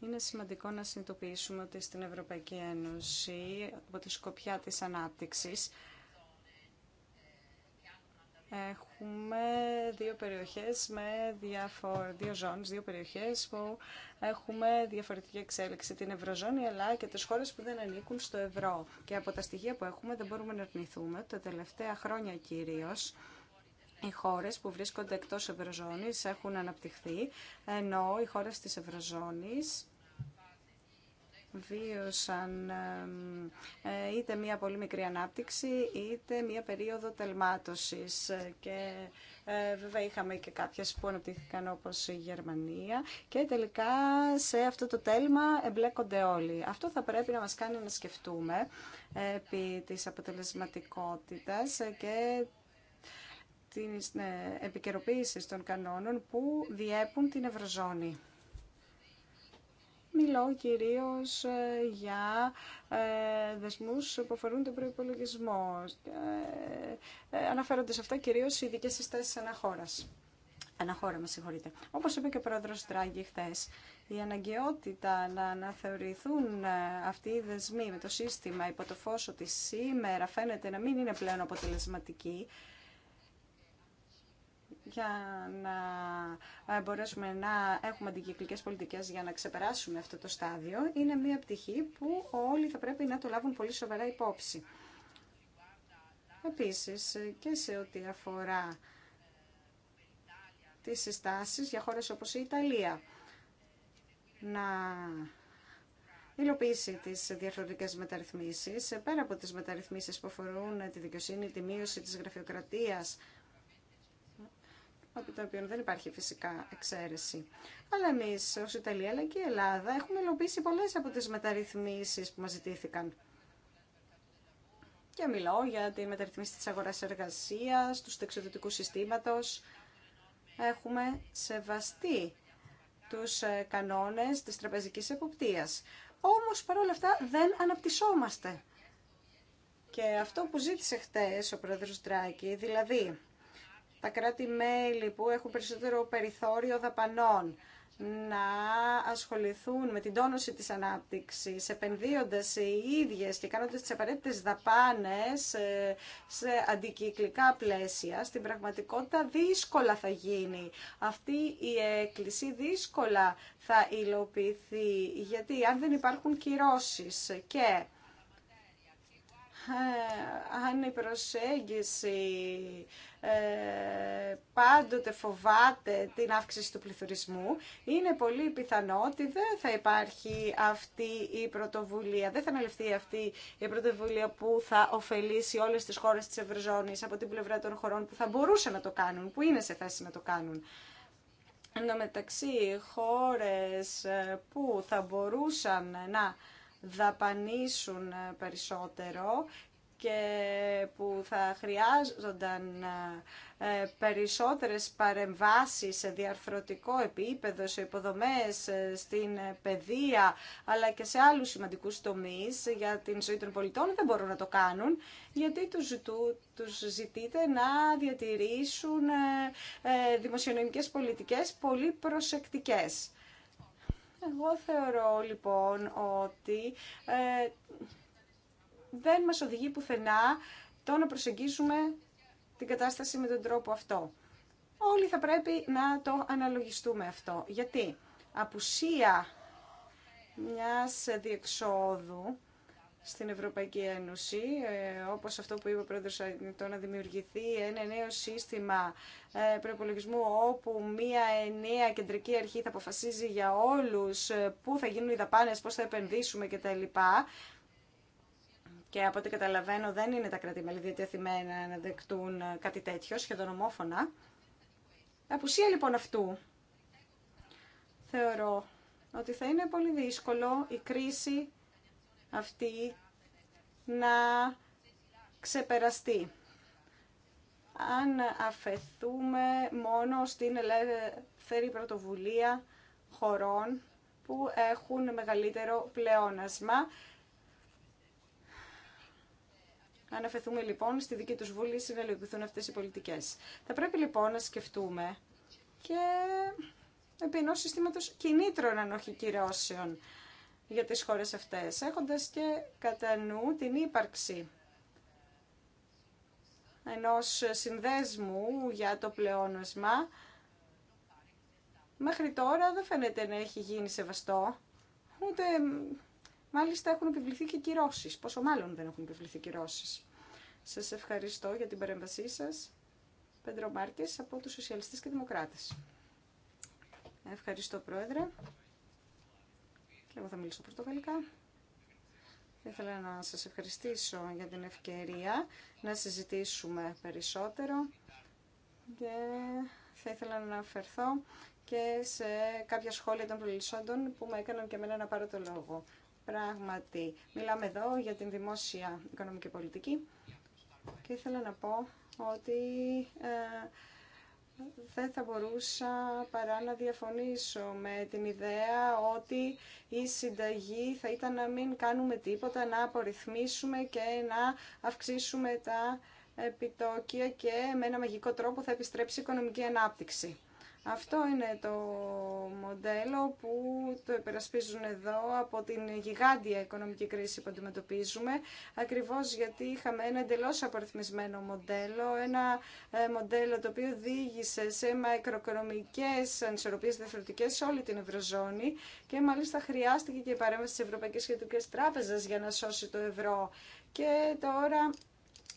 είναι σημαντικό να συνειδητοποιήσουμε ότι στην Ευρωπαϊκή Ένωση, από τη σκοπιά της ανάπτυξης, Έχουμε δύο περιοχές με διαφορ... δύο ζώνες, δύο περιοχές που έχουμε διαφορετική εξέλιξη. Την Ευρωζώνη αλλά και τις χώρες που δεν ανήκουν στο ευρώ. Και από τα στοιχεία που έχουμε δεν μπορούμε να αρνηθούμε. Τα τελευταία χρόνια κυρίως οι χώρε που βρίσκονται εκτό Ευρωζώνης έχουν αναπτυχθεί, ενώ οι χώρες της ευρωζώνη βίωσαν ε, είτε μία πολύ μικρή ανάπτυξη είτε μία περίοδο τελμάτωσης και ε, βέβαια είχαμε και κάποιες που αναπτύχθηκαν όπως η Γερμανία και τελικά σε αυτό το τέλμα εμπλέκονται όλοι. Αυτό θα πρέπει να μας κάνει να σκεφτούμε ε, επί της αποτελεσματικότητας και την ε, επικαιροποίηση των κανόνων που διέπουν την Ευρωζώνη. Μιλώ κυρίως ε, για ε, δεσμούς που αφορούν τον προϋπολογισμό. Αναφέρονται σε αυτά κυρίως οι ειδικές συστάσεις αναχώρας. Αναχώρα, με συγχωρείτε. Όπως είπε και ο πρόεδρος Τράγκη χθες, η αναγκαιότητα να αναθεωρηθούν αυτοί οι δεσμοί με το σύστημα υπό το φως ότι σήμερα φαίνεται να μην είναι πλέον αποτελεσματική, για να ε, μπορέσουμε να έχουμε αντικυκλικές πολιτικές για να ξεπεράσουμε αυτό το στάδιο είναι μια πτυχή που όλοι θα πρέπει να το λάβουν πολύ σοβαρά υπόψη. Επίσης και σε ό,τι αφορά τις συστάσεις για χώρες όπως η Ιταλία να υλοποιήσει τις διαφορετικέ μεταρρυθμίσεις πέρα από τις μεταρρυθμίσεις που αφορούν τη δικαιοσύνη, τη μείωση της γραφειοκρατίας από τα οποίο δεν υπάρχει φυσικά εξαίρεση. Αλλά εμεί ω Ιταλία αλλά και η Ελλάδα έχουμε υλοποιήσει πολλέ από τις μεταρρυθμίσει που μα ζητήθηκαν. Και μιλώ για τη μεταρρυθμίση της αγορά εργασία, του τεξιδοτικού συστήματος. Έχουμε σεβαστεί τους ε, κανόνες τη τραπεζική εποπτεία. Όμως παρόλα αυτά δεν αναπτυσσόμαστε. Και αυτό που ζήτησε χτες ο πρόεδρος Τράκη, δηλαδή τα κράτη-μέλη που έχουν περισσότερο περιθώριο δαπανών να ασχοληθούν με την τόνωση της ανάπτυξης, επενδύοντας οι ίδιες και κάνοντας τις απαραίτητες δαπάνες σε αντικυκλικά πλαίσια, στην πραγματικότητα δύσκολα θα γίνει. Αυτή η έκκληση δύσκολα θα υλοποιηθεί, γιατί αν δεν υπάρχουν κυρώσεις και αν η προσέγγιση ε, πάντοτε φοβάται την αύξηση του πληθωρισμού, είναι πολύ πιθανό ότι δεν θα υπάρχει αυτή η πρωτοβουλία, δεν θα αναλυφθεί αυτή η πρωτοβουλία που θα ωφελήσει όλες τις χώρες της Ευρωζώνης από την πλευρά των χωρών που θα μπορούσαν να το κάνουν, που είναι σε θέση να το κάνουν. Εν μεταξύ, χώρες ε, που θα μπορούσαν να δαπανίσουν ε, περισσότερο και που θα χρειάζονταν ε, ε, περισσότερες παρεμβάσεις σε διαρθρωτικό επίπεδο, σε υποδομές, στην παιδεία, αλλά και σε άλλους σημαντικούς τομείς για την ζωή των πολιτών, δεν μπορούν να το κάνουν, γιατί τους, ζητού, τους ζητείτε να διατηρήσουν δημοσιονομικές πολιτικές πολύ προσεκτικές. Εγώ θεωρώ λοιπόν ότι ε, δεν μας οδηγεί πουθενά το να προσεγγίσουμε την κατάσταση με τον τρόπο αυτό. Όλοι θα πρέπει να το αναλογιστούμε αυτό. Γιατί απουσία μιας διεξόδου στην Ευρωπαϊκή Ένωση, ε, όπως αυτό που είπε ο Πρόεδρος, το να δημιουργηθεί ένα νέο σύστημα ε, προπολογισμού όπου μία νέα κεντρική αρχή θα αποφασίζει για όλους ε, πού θα γίνουν οι δαπάνες, πώς θα επενδύσουμε κτλ. Και από ό,τι καταλαβαίνω δεν είναι τα κρατημέλη διατεθειμένα να δεκτούν κάτι τέτοιο, σχεδόν ομόφωνα. Απουσία λοιπόν αυτού θεωρώ ότι θα είναι πολύ δύσκολο η κρίση αυτή να ξεπεραστεί. Αν αφαιθούμε μόνο στην ελεύθερη πρωτοβουλία χωρών που έχουν μεγαλύτερο πλεόνασμα, αν αφαιθούμε λοιπόν στη δική τους βουλή να αυτές οι πολιτικές. Θα πρέπει λοιπόν να σκεφτούμε και επί ενός συστήματος κινήτρων αν όχι για τις χώρες αυτές, έχοντας και κατά νου την ύπαρξη ενός συνδέσμου για το πλεόνασμα, μέχρι τώρα δεν φαίνεται να έχει γίνει σεβαστό, ούτε μάλιστα έχουν επιβληθεί και κυρώσει. πόσο μάλλον δεν έχουν επιβληθεί κυρώσει. Σας ευχαριστώ για την παρέμβασή σας. Πέντρο από τους Σοσιαλιστές και Δημοκράτες. Ευχαριστώ Πρόεδρε εγώ θα μιλήσω πορτογαλικά. Θα ήθελα να σας ευχαριστήσω για την ευκαιρία να συζητήσουμε περισσότερο και θα ήθελα να αναφερθώ και σε κάποια σχόλια των προλησόντων που με έκαναν και εμένα να πάρω το λόγο. Πράγματι, μιλάμε εδώ για την δημόσια οικονομική πολιτική και ήθελα να πω ότι ε, δεν θα μπορούσα παρά να διαφωνήσω με την ιδέα ότι η συνταγή θα ήταν να μην κάνουμε τίποτα, να απορριθμίσουμε και να αυξήσουμε τα επιτόκια και με ένα μαγικό τρόπο θα επιστρέψει η οικονομική ανάπτυξη. Αυτό είναι το μοντέλο που το επερασπίζουν εδώ από την γιγάντια οικονομική κρίση που αντιμετωπίζουμε, ακριβώς γιατί είχαμε ένα εντελώς απορριθμισμένο μοντέλο, ένα ε, μοντέλο το οποίο οδήγησε σε μακροοικονομικές ανισορροπίες διαφορετικές σε όλη την Ευρωζώνη και μάλιστα χρειάστηκε και η παρέμβαση της Ευρωπαϊκής Κεντρικής Τράπεζας για να σώσει το ευρώ. Και τώρα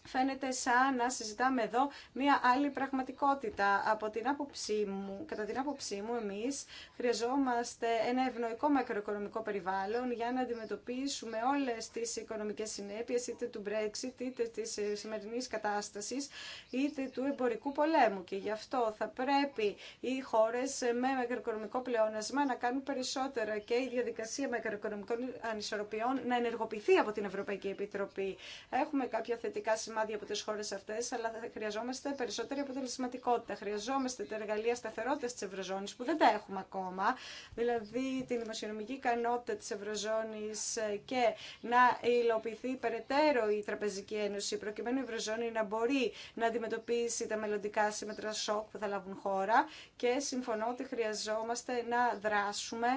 φαίνεται σαν να συζητάμε εδώ μία άλλη πραγματικότητα. Από την άποψή μου, κατά την άποψή μου, εμείς χρειαζόμαστε ένα ευνοϊκό μακροοικονομικό περιβάλλον για να αντιμετωπίσουμε όλες τις οικονομικές συνέπειες είτε του Brexit, είτε της ε, σημερινής κατάστασης, είτε του εμπορικού πολέμου. Και γι' αυτό θα πρέπει οι χώρες με μακροοικονομικό πλεόνασμα να κάνουν περισσότερα και η διαδικασία μακροοικονομικών ανισορροπιών να ενεργοποιηθεί από την Ευρωπαϊκή Επιτροπή. Έχουμε κάποια θετικά σημάδια από τις χώρες αυτές, αλλά χρειαζόμαστε περισσότερη αποτελεσματικότητα. Χρειαζόμαστε τα εργαλεία σταθερότητα τη Ευρωζώνη που δεν τα έχουμε ακόμα, δηλαδή την δημοσιονομική ικανότητα τη Ευρωζώνη ε, και να υλοποιηθεί περαιτέρω η Τραπεζική Ένωση, προκειμένου η Ευρωζώνη να μπορεί να αντιμετωπίσει τα μελλοντικά σύμμετρα σοκ που θα λάβουν χώρα και συμφωνώ ότι χρειαζόμαστε να δράσουμε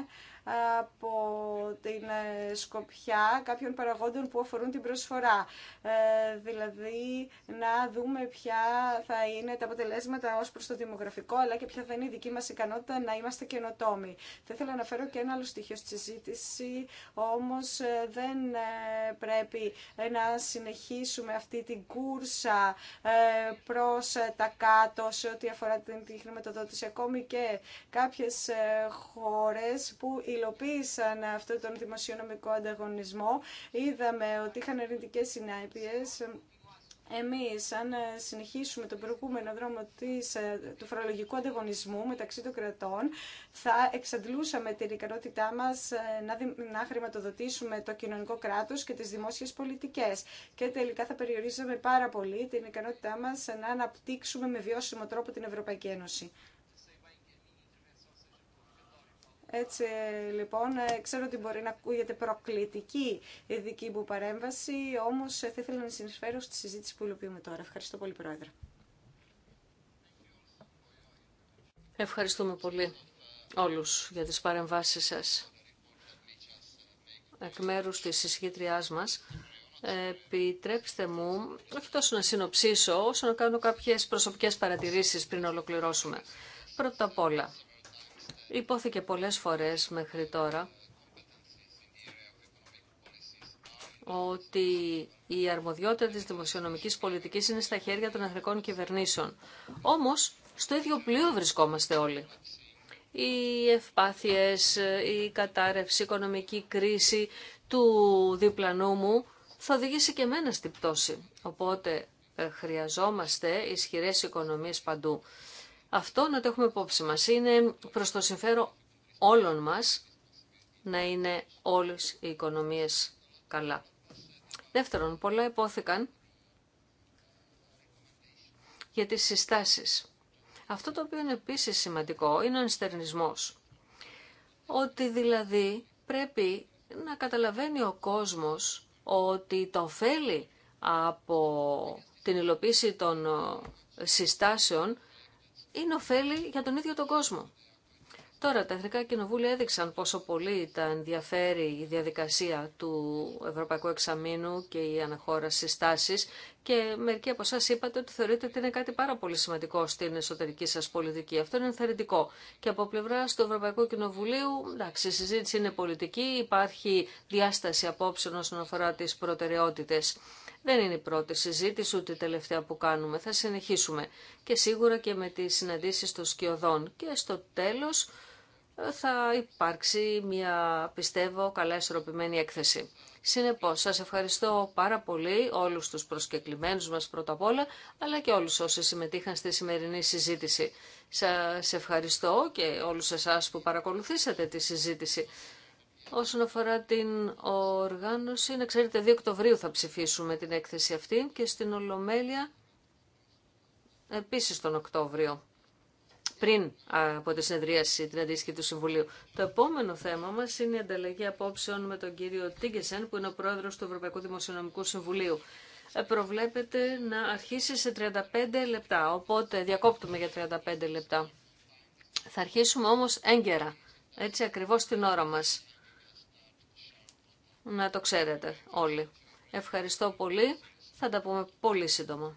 από την ε, σκοπιά κάποιων παραγόντων που αφορούν την προσφορά. Ε, δηλαδή να δούμε ποια θα είναι τα αποτελέσματα ως προς το δημογραφικό αλλά και ποια θα είναι η δική μας ικανότητα να είμαστε καινοτόμοι. Θα ήθελα να φέρω και ένα άλλο στοιχείο στη συζήτηση, όμως ε, δεν πρέπει να συνεχίσουμε αυτή την κούρσα προς τα κάτω σε ό,τι αφορά την χρηματοδότηση. Ακόμη και κάποιες χώρες που υλοποίησαν αυτό τον δημοσιονομικό ανταγωνισμό. Είδαμε ότι είχαν αρνητικές συνέπειε. εμείς αν συνεχίσουμε τον προηγούμενο δρόμο της, ε, του φορολογικού ανταγωνισμού μεταξύ των κρατών θα εξαντλούσαμε την ικανότητά μας ε, να, να χρηματοδοτήσουμε το κοινωνικό κράτος και τις δημόσιες πολιτικές και τελικά θα περιορίζαμε πάρα πολύ την ικανότητά μας να αναπτύξουμε με βιώσιμο τρόπο την Ευρωπαϊκή Ένωση. Έτσι λοιπόν, ε, ξέρω ότι μπορεί να ακούγεται προκλητική η δική μου παρέμβαση, όμως ε, θα ήθελα να συνεισφέρω στη συζήτηση που υλοποιούμε τώρα. Ευχαριστώ πολύ, Πρόεδρε. Ευχαριστούμε πολύ όλους για τις παρεμβάσεις σας. Εκ μέρους της συσχήτριά μας, επιτρέψτε μου όχι τόσο να συνοψίσω, όσο να κάνω κάποιες προσωπικές παρατηρήσεις πριν ολοκληρώσουμε. Πρώτα απ' όλα, Υπόθηκε πολλές φορές μέχρι τώρα ότι η αρμοδιότητα της δημοσιονομικής πολιτικής είναι στα χέρια των εθνικών κυβερνήσεων. Όμως, στο ίδιο πλοίο βρισκόμαστε όλοι. Οι ευπάθειες, η κατάρρευση, η οικονομική κρίση του διπλανού μου θα οδηγήσει και εμένα στην πτώση. Οπότε, ε, χρειαζόμαστε ισχυρές οικονομίες παντού. Αυτό να το έχουμε υπόψη μας. Είναι προς το συμφέρον όλων μας να είναι όλες οι οικονομίες καλά. Δεύτερον, πολλά υπόθηκαν για τις συστάσεις. Αυτό το οποίο είναι επίσης σημαντικό είναι ο ενστερνισμός. Ότι δηλαδή πρέπει να καταλαβαίνει ο κόσμος ότι το ωφέλει από την υλοποίηση των ε, συστάσεων είναι ωφέλη για τον ίδιο τον κόσμο. Τώρα, τα Εθνικά Κοινοβούλια έδειξαν πόσο πολύ τα ενδιαφέρει η διαδικασία του Ευρωπαϊκού Εξαμήνου και η αναχώραση στάσης και μερικοί από εσά είπατε ότι θεωρείτε ότι είναι κάτι πάρα πολύ σημαντικό στην εσωτερική σα πολιτική. Αυτό είναι ενθαρρυντικό. Και από πλευρά του Ευρωπαϊκού Κοινοβουλίου, εντάξει, η συζήτηση είναι πολιτική, υπάρχει διάσταση απόψεων όσον αφορά τι προτεραιότητε. Δεν είναι η πρώτη συζήτηση, ούτε η τελευταία που κάνουμε. Θα συνεχίσουμε και σίγουρα και με τι συναντήσει των σκιωδών. Και στο τέλο ε, θα υπάρξει μια, πιστεύω, καλά ισορροπημένη έκθεση. Συνεπώς, σας ευχαριστώ πάρα πολύ όλους τους προσκεκλημένους μας πρώτα απ' όλα, αλλά και όλους όσοι συμμετείχαν στη σημερινή συζήτηση. Σας ευχαριστώ και όλους εσάς που παρακολουθήσατε τη συζήτηση. Όσον αφορά την οργάνωση, να ξέρετε 2 Οκτωβρίου θα ψηφίσουμε την έκθεση αυτή και στην Ολομέλεια επίσης τον Οκτώβριο πριν από τη συνεδρίαση την αντίστοιχη του Συμβουλίου. Το επόμενο θέμα μας είναι η ανταλλαγή απόψεων με τον κύριο Τίγκεσεν, που είναι ο πρόεδρος του Ευρωπαϊκού Δημοσιονομικού Συμβουλίου. Ε, προβλέπεται να αρχίσει σε 35 λεπτά, οπότε διακόπτουμε για 35 λεπτά. Θα αρχίσουμε όμως έγκαιρα, έτσι ακριβώς την ώρα μα. Να το ξέρετε όλοι. Ευχαριστώ πολύ. Θα τα πούμε πολύ σύντομα.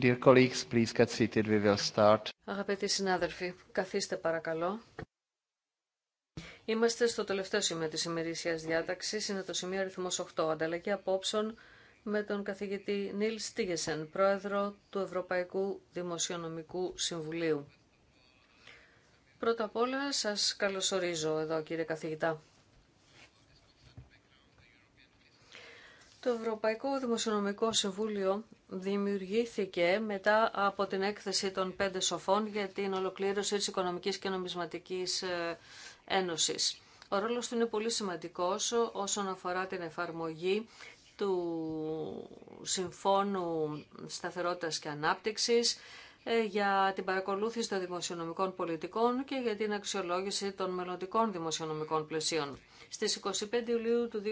Dear colleagues, start. Αγαπητοί συνάδελφοι, καθίστε παρακαλώ. Είμαστε στο τελευταίο σημείο της ημερήσιας διάταξης, είναι το σημείο αριθμός 8, ανταλλαγή απόψεων με τον καθηγητή Νίλ Στίγεσεν, πρόεδρο του Ευρωπαϊκού Δημοσιονομικού Συμβουλίου. Πρώτα απ' όλα σας καλωσορίζω εδώ κύριε καθηγητά. Το Ευρωπαϊκό Δημοσιονομικό Συμβούλιο δημιουργήθηκε μετά από την έκθεση των πέντε σοφών για την ολοκλήρωση της Οικονομικής και Νομισματικής ε, Ένωσης. Ο ρόλος του είναι πολύ σημαντικός όσον αφορά την εφαρμογή του Συμφώνου Σταθερότητας και Ανάπτυξης ε, για την παρακολούθηση των δημοσιονομικών πολιτικών και για την αξιολόγηση των μελλοντικών δημοσιονομικών πλαισίων. Στις 25 Ιουλίου του 2019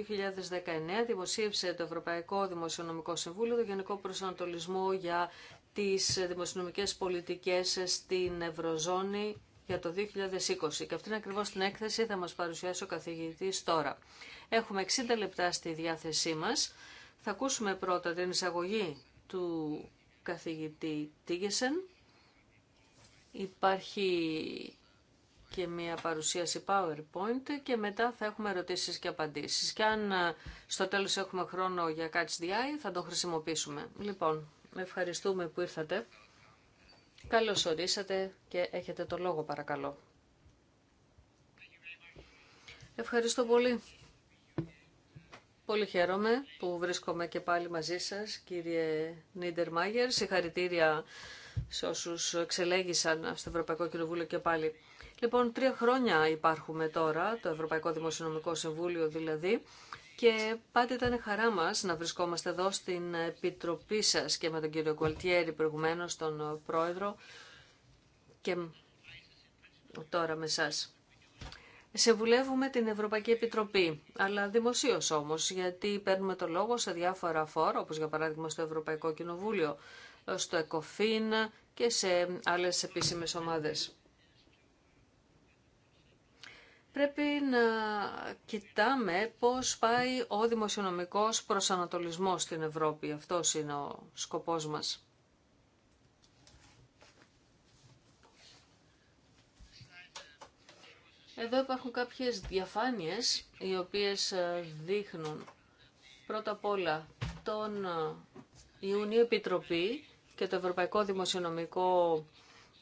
δημοσίευσε το Ευρωπαϊκό Δημοσιονομικό Συμβούλιο το Γενικό Προσανατολισμό για τις δημοσιονομικές πολιτικές στην Ευρωζώνη για το 2020. Και αυτήν ακριβώς την έκθεση θα μας παρουσιάσει ο καθηγητής τώρα. Έχουμε 60 λεπτά στη διάθεσή μας. Θα ακούσουμε πρώτα την εισαγωγή του καθηγητή Τίγεσεν. Υπάρχει και μια παρουσίαση PowerPoint και μετά θα έχουμε ερωτήσεις και απαντήσεις. Και αν ε, στο τέλος έχουμε χρόνο για κάτι Eye, θα το χρησιμοποιήσουμε. Λοιπόν, ευχαριστούμε που ήρθατε. Καλώς ορίσατε και έχετε το λόγο παρακαλώ. Ευχαριστώ πολύ. Πολύ χαίρομαι που βρίσκομαι και πάλι μαζί σας, κύριε Νίντερ Μάγερ. Συγχαρητήρια σε όσους εξελέγησαν στο Ευρωπαϊκό Κοινοβούλιο και πάλι. Λοιπόν, τρία χρόνια υπάρχουμε τώρα, το Ευρωπαϊκό Δημοσιονομικό Συμβούλιο δηλαδή, και πάντα ήταν χαρά μας να βρισκόμαστε εδώ στην Επιτροπή σας και με τον κύριο Γκουαλτιέρη προηγουμένω, τον Πρόεδρο, και τώρα με εσάς. Σεβουλεύουμε την Ευρωπαϊκή Επιτροπή, αλλά δημοσίω όμω, γιατί παίρνουμε το λόγο σε διάφορα φόρα, όπω για παράδειγμα στο Ευρωπαϊκό Κοινοβούλιο, στο ΕΚΟΦΗΝ και σε άλλε επίσημε ομάδε πρέπει να κοιτάμε πώς πάει ο δημοσιονομικός προσανατολισμός στην Ευρώπη. Αυτός είναι ο σκοπός μας. Εδώ υπάρχουν κάποιες διαφάνειες οι οποίες ε, δείχνουν πρώτα απ' όλα τον ε, Ιουνίου Επιτροπή και το Ευρωπαϊκό Δημοσιονομικό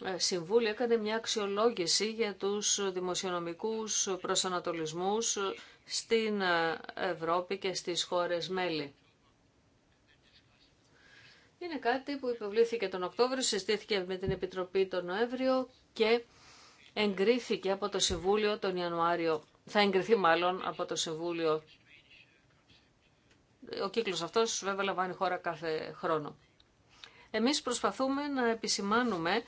ε, Συμβούλιο έκανε μια αξιολόγηση για τους δημοσιονομικούς προσανατολισμούς στην ε, Ευρώπη και στις χώρες μέλη. Είναι κάτι που υποβλήθηκε τον Οκτώβριο, συστήθηκε με την Επιτροπή τον Νοέμβριο και εγκρίθηκε από το Συμβούλιο τον Ιανουάριο. Θα εγκριθεί μάλλον από το Συμβούλιο. Ο κύκλος αυτός βέβαια λαμβάνει χώρα κάθε χρόνο. Εμείς προσπαθούμε να επισημάνουμε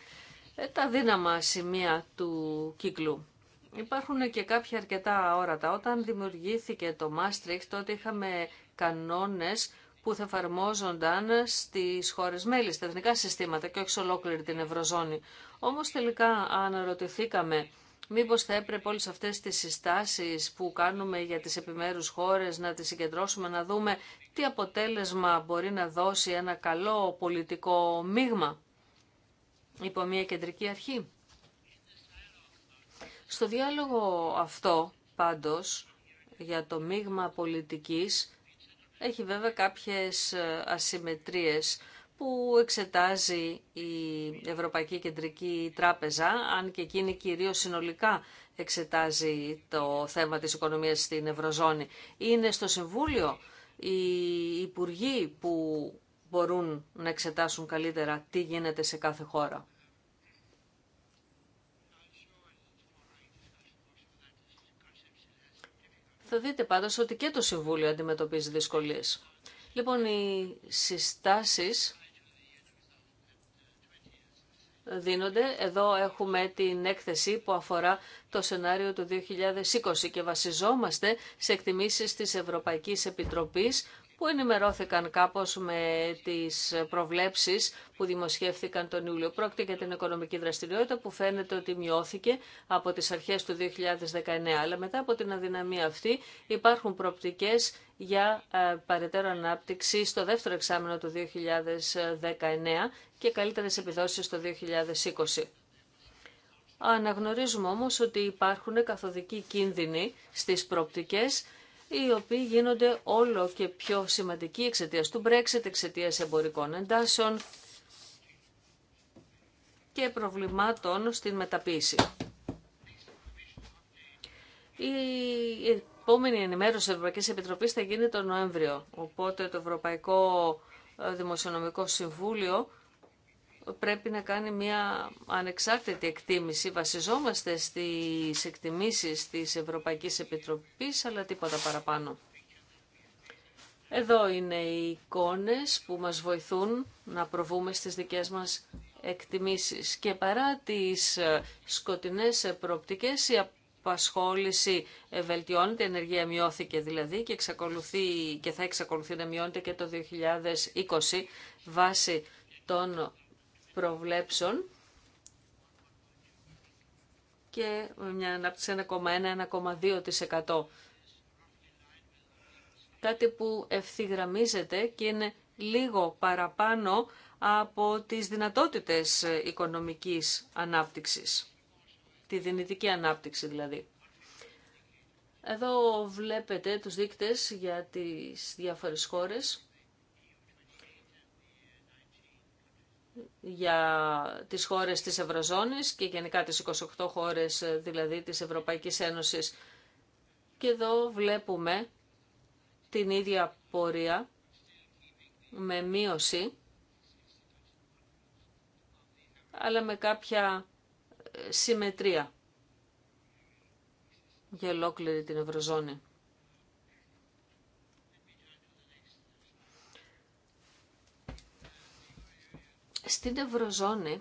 ε, τα δύναμα σημεία του κύκλου. Υπάρχουν και κάποια αρκετά όρατα. Όταν δημιουργήθηκε το Μάστριχ, τότε είχαμε κανόνες που θα εφαρμόζονταν στις χώρες μέλη, στα εθνικά συστήματα και όχι σε ολόκληρη την Ευρωζώνη. Όμως τελικά αναρωτηθήκαμε μήπως θα έπρεπε όλες αυτές τις συστάσεις που κάνουμε για τις επιμέρους χώρες να τις συγκεντρώσουμε, να δούμε τι αποτέλεσμα μπορεί να δώσει ένα καλό πολιτικό μείγμα υπό μια κεντρική αρχή. Στο διάλογο αυτό πάντως για το μείγμα πολιτικής έχει βέβαια κάποιες ε, ασυμμετρίες που εξετάζει η Ευρωπαϊκή Κεντρική Τράπεζα, αν και εκείνη κυρίως συνολικά εξετάζει το θέμα της οικονομίας στην Ευρωζώνη. Είναι στο Συμβούλιο οι υπουργοί που μπορούν να εξετάσουν καλύτερα τι γίνεται σε κάθε χώρα. Θα δείτε πάντως ότι και το Συμβούλιο αντιμετωπίζει δυσκολίες. Λοιπόν, οι συστάσεις δίνονται. Εδώ έχουμε την έκθεση που αφορά το σενάριο του 2020 και βασιζόμαστε σε εκτιμήσεις της Ευρωπαϊκής Επιτροπής που ενημερώθηκαν κάπως με τις προβλέψεις που δημοσιεύθηκαν τον Ιούλιο. Πρόκειται για την οικονομική δραστηριότητα που φαίνεται ότι μειώθηκε από τις αρχές του 2019. Αλλά μετά από την αδυναμία αυτή υπάρχουν προοπτικές για ε, παρετέρω ανάπτυξη στο δεύτερο εξάμεινο του 2019 και καλύτερες επιδόσεις το 2020. Αναγνωρίζουμε όμως ότι υπάρχουν καθοδικοί κίνδυνοι στις προπτικές οι οποίοι γίνονται όλο και πιο σημαντικοί εξαιτίας του Brexit, εξαιτίας εμπορικών εντάσεων και προβλημάτων στην μεταποίηση. Η επόμενη ενημέρωση της Ευρωπαϊκής Επιτροπής θα γίνει τον Νοέμβριο, οπότε το Ευρωπαϊκό Δημοσιονομικό Συμβούλιο πρέπει να κάνει μια ανεξάρτητη εκτίμηση. Βασιζόμαστε στις εκτιμήσεις της Ευρωπαϊκής Επιτροπής, αλλά τίποτα παραπάνω. Εδώ είναι οι εικόνες που μας βοηθούν να προβούμε στις δικές μας εκτιμήσεις. Και παρά τις ε, σκοτεινές προοπτικές, η απασχόληση βελτιώνεται, η ενεργεία μειώθηκε δηλαδή και, και θα εξακολουθεί να μειώνεται και το 2020 βάσει των προβλέψεων και μια ανάπτυξη 1,1-1,2%. Κάτι που ευθυγραμμίζεται και είναι λίγο παραπάνω από τις δυνατότητες οικονομικής ανάπτυξης, τη δυνητική ανάπτυξη δηλαδή. Εδώ βλέπετε τους δείκτες για τις διάφορες χώρες. για τις χώρες της Ευρωζώνης και γενικά τις 28 χώρες ε, δηλαδή της Ευρωπαϊκής Ένωσης. Και εδώ βλέπουμε την ίδια πορεία με μείωση αλλά με κάποια ε, συμμετρία για ολόκληρη την Ευρωζώνη. Στην Ευρωζώνη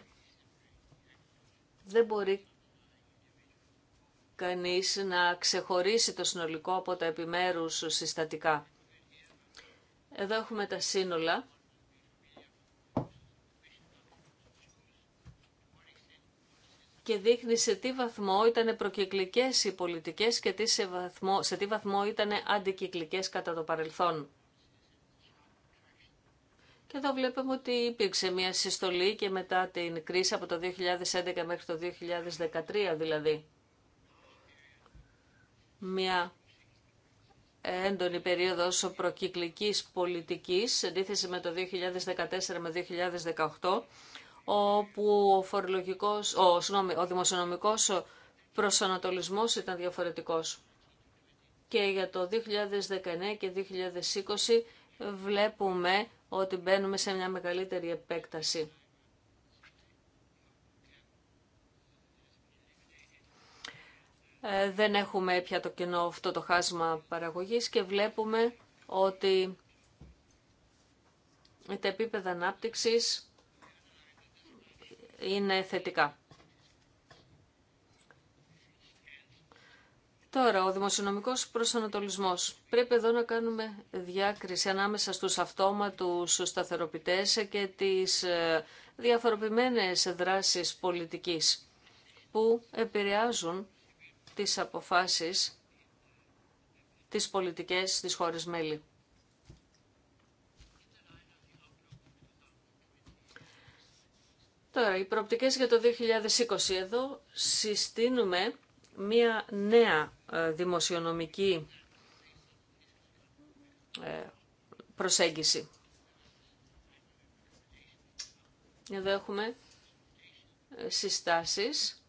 δεν μπορεί κανείς να ξεχωρίσει το συνολικό από τα επιμέρους συστατικά. Εδώ έχουμε τα σύνολα. και δείχνει σε τι βαθμό ήταν προκυκλικές οι πολιτικές και σε, βαθμό, σε τι βαθμό ήταν αντικυκλικές κατά το παρελθόν. Και εδώ βλέπουμε ότι υπήρξε μια συστολή και μετά την κρίση από το 2011 μέχρι το 2013 δηλαδή. Μια έντονη περίοδος προκυκλικής πολιτικής, αντίθεση με το 2014 με 2018, όπου ο, φορολογικός, ο, συγνώμη, ο δημοσιονομικός προσανατολισμός ήταν διαφορετικός. Και για το 2019 και 2020 βλέπουμε ότι μπαίνουμε σε μια μεγαλύτερη επέκταση. Ε, δεν έχουμε πια το κενό αυτό το χάσμα παραγωγής και βλέπουμε ότι τα επίπεδα ανάπτυξης είναι θετικά. Τώρα, ο δημοσιονομικός προσανατολισμός. Πρέπει εδώ να κάνουμε διάκριση ανάμεσα στους αυτόματους σταθεροποιητέ και τις ε, διαφοροποιημένε δράσεις πολιτικής που επηρεάζουν τις αποφάσεις, τι πολιτικές της χώρες μέλη. Τώρα, οι προοπτικές για το 2020. Εδώ συστήνουμε μία νέα ε, δημοσιονομική ε, προσέγγιση. Εδώ έχουμε ε, συστάσεις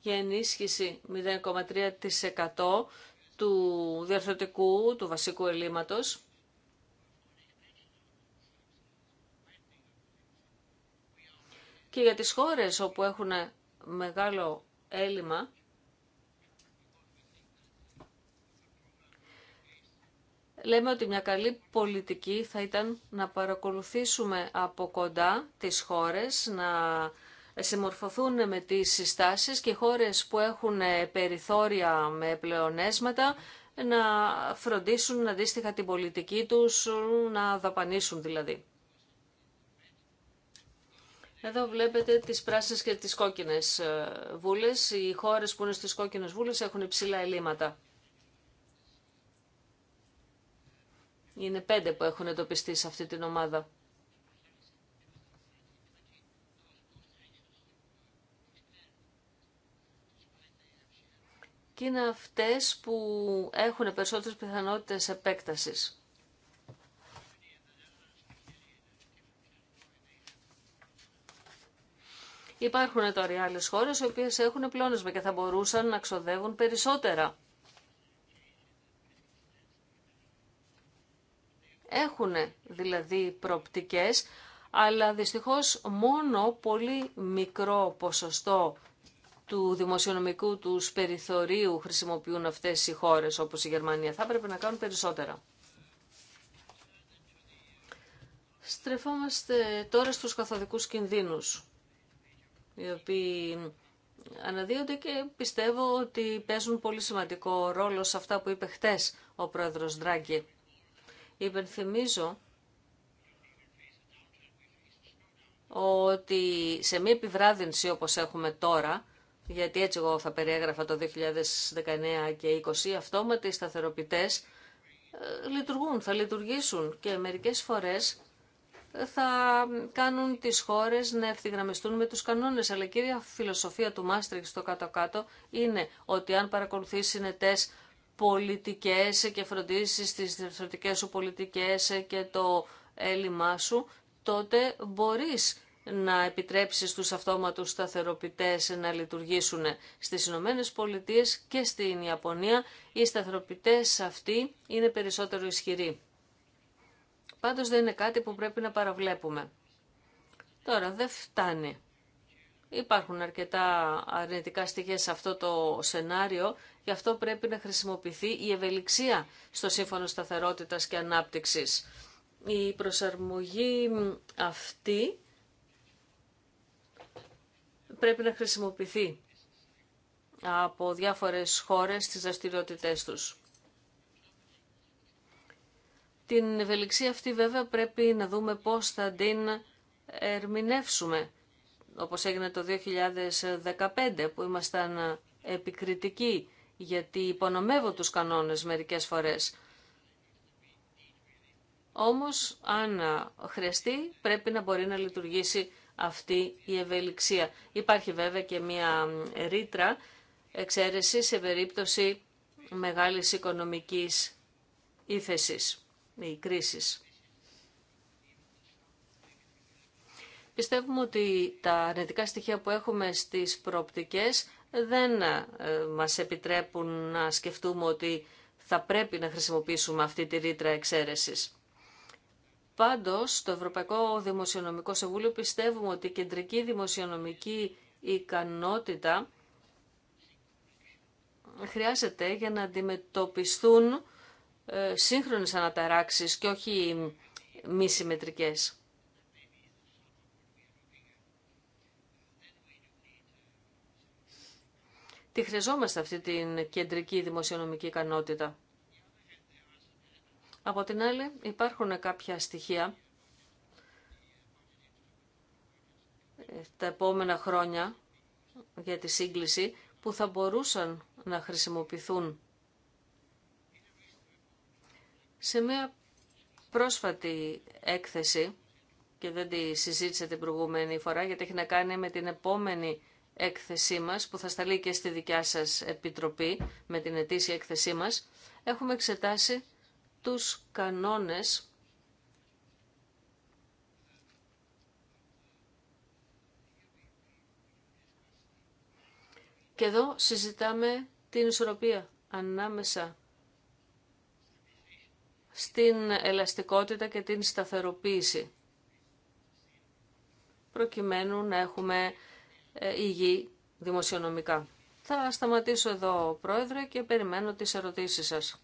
για ενίσχυση 0,3% του διαρθρωτικού, του βασικού ελλείμματος. Και για τις χώρες όπου έχουν μεγάλο έλλειμμα λέμε ότι μια καλή πολιτική θα ήταν να παρακολουθήσουμε από κοντά τις χώρες, να συμμορφωθούν με τις συστάσεις και χώρες που έχουν περιθώρια με πλεονέσματα να φροντίσουν αντίστοιχα την πολιτική τους, να δαπανίσουν δηλαδή. Εδώ βλέπετε τις πράσινες και τις κόκκινες ε, βούλες. Οι χώρες που είναι στις κόκκινες βούλες έχουν υψηλά ελλείμματα. Είναι πέντε που έχουν εντοπιστεί σε αυτή την ομάδα. Και είναι αυτές που έχουν περισσότερες πιθανότητες επέκτασης. Υπάρχουν τώρα άλλες χώρες οι οποίες έχουν πλεόνασμα και θα μπορούσαν να ξοδεύουν περισσότερα. Έχουν δηλαδή προπτικές, αλλά δυστυχώς μόνο πολύ μικρό ποσοστό του δημοσιονομικού του περιθωρίου χρησιμοποιούν αυτές οι χώρες όπως η Γερμανία. Θα έπρεπε να κάνουν περισσότερα. Στρεφόμαστε τώρα στους καθοδικούς κινδύνους οι οποίοι αναδύονται και πιστεύω ότι παίζουν πολύ σημαντικό ρόλο σε αυτά που είπε χτες ο πρόεδρος Ντράγκη. Υπενθυμίζω ότι σε μία επιβράδυνση όπως έχουμε τώρα, γιατί έτσι εγώ θα περιέγραφα το 2019 και 2020, αυτόματοι σταθεροποιητές ε, λειτουργούν, θα λειτουργήσουν και μερικές φορές θα κάνουν τις χώρες να ευθυγραμμιστούν με τους κανόνες. Αλλά η κύρια φιλοσοφία του Μάστριξ στο κάτω-κάτω είναι ότι αν παρακολουθείς συνετές πολιτικές και φροντίσεις τις διευθυντικές σου πολιτικές και το έλλειμμά σου, τότε μπορείς να επιτρέψεις τους αυτόματους σταθεροποιητές να λειτουργήσουν στις Ηνωμένε Πολιτείε και στην Ιαπωνία. Οι σταθεροποιητές αυτοί είναι περισσότερο ισχυροί. Πάντως δεν είναι κάτι που πρέπει να παραβλέπουμε. Τώρα δεν φτάνει. Υπάρχουν αρκετά αρνητικά στοιχεία σε αυτό το σενάριο, γι' αυτό πρέπει να χρησιμοποιηθεί η ευελιξία στο Σύμφωνο Σταθερότητας και Ανάπτυξης. Η προσαρμογή αυτή πρέπει να χρησιμοποιηθεί από διάφορες χώρες στις δραστηριότητές τους. Την ευελιξία αυτή βέβαια πρέπει να δούμε πώς θα την ερμηνεύσουμε, όπως έγινε το 2015 που ήμασταν επικριτικοί γιατί υπονομεύω τους κανόνες μερικές φορές. Όμως, αν χρειαστεί, πρέπει να μπορεί να λειτουργήσει αυτή η ευελιξία. Υπάρχει βέβαια και μια ρήτρα εξαίρεση σε περίπτωση μεγάλης οικονομικής ύφεσης. Ναι, οι κρίσεις. Πιστεύουμε ότι τα αρνητικά στοιχεία που έχουμε στις προοπτικές δεν ε, μας επιτρέπουν να σκεφτούμε ότι θα πρέπει να χρησιμοποιήσουμε αυτή τη ρήτρα εξαίρεσης. Πάντως, το Ευρωπαϊκό Δημοσιονομικό Συμβούλιο πιστεύουμε ότι η κεντρική δημοσιονομική ικανότητα χρειάζεται για να αντιμετωπιστούν ε, σύγχρονες αναταράξεις και όχι μη συμμετρικές. Τι χρειαζόμαστε αυτή την κεντρική δημοσιονομική ικανότητα. Από την άλλη υπάρχουν κάποια στοιχεία ε, τα επόμενα χρόνια για τη σύγκληση που θα μπορούσαν να χρησιμοποιηθούν σε μια πρόσφατη έκθεση, και δεν τη συζήτησα την προηγούμενη φορά, γιατί έχει να κάνει με την επόμενη έκθεσή μας, που θα σταλεί και στη δικιά σας επιτροπή, με την ετήσια έκθεσή μας, έχουμε εξετάσει τους κανόνες Και εδώ συζητάμε την ισορροπία ανάμεσα στην ελαστικότητα και την σταθεροποίηση, προκειμένου να έχουμε ε, υγιή δημοσιονομικά. Θα σταματήσω εδώ, Πρόεδρε, και περιμένω τις ερωτήσεις σας.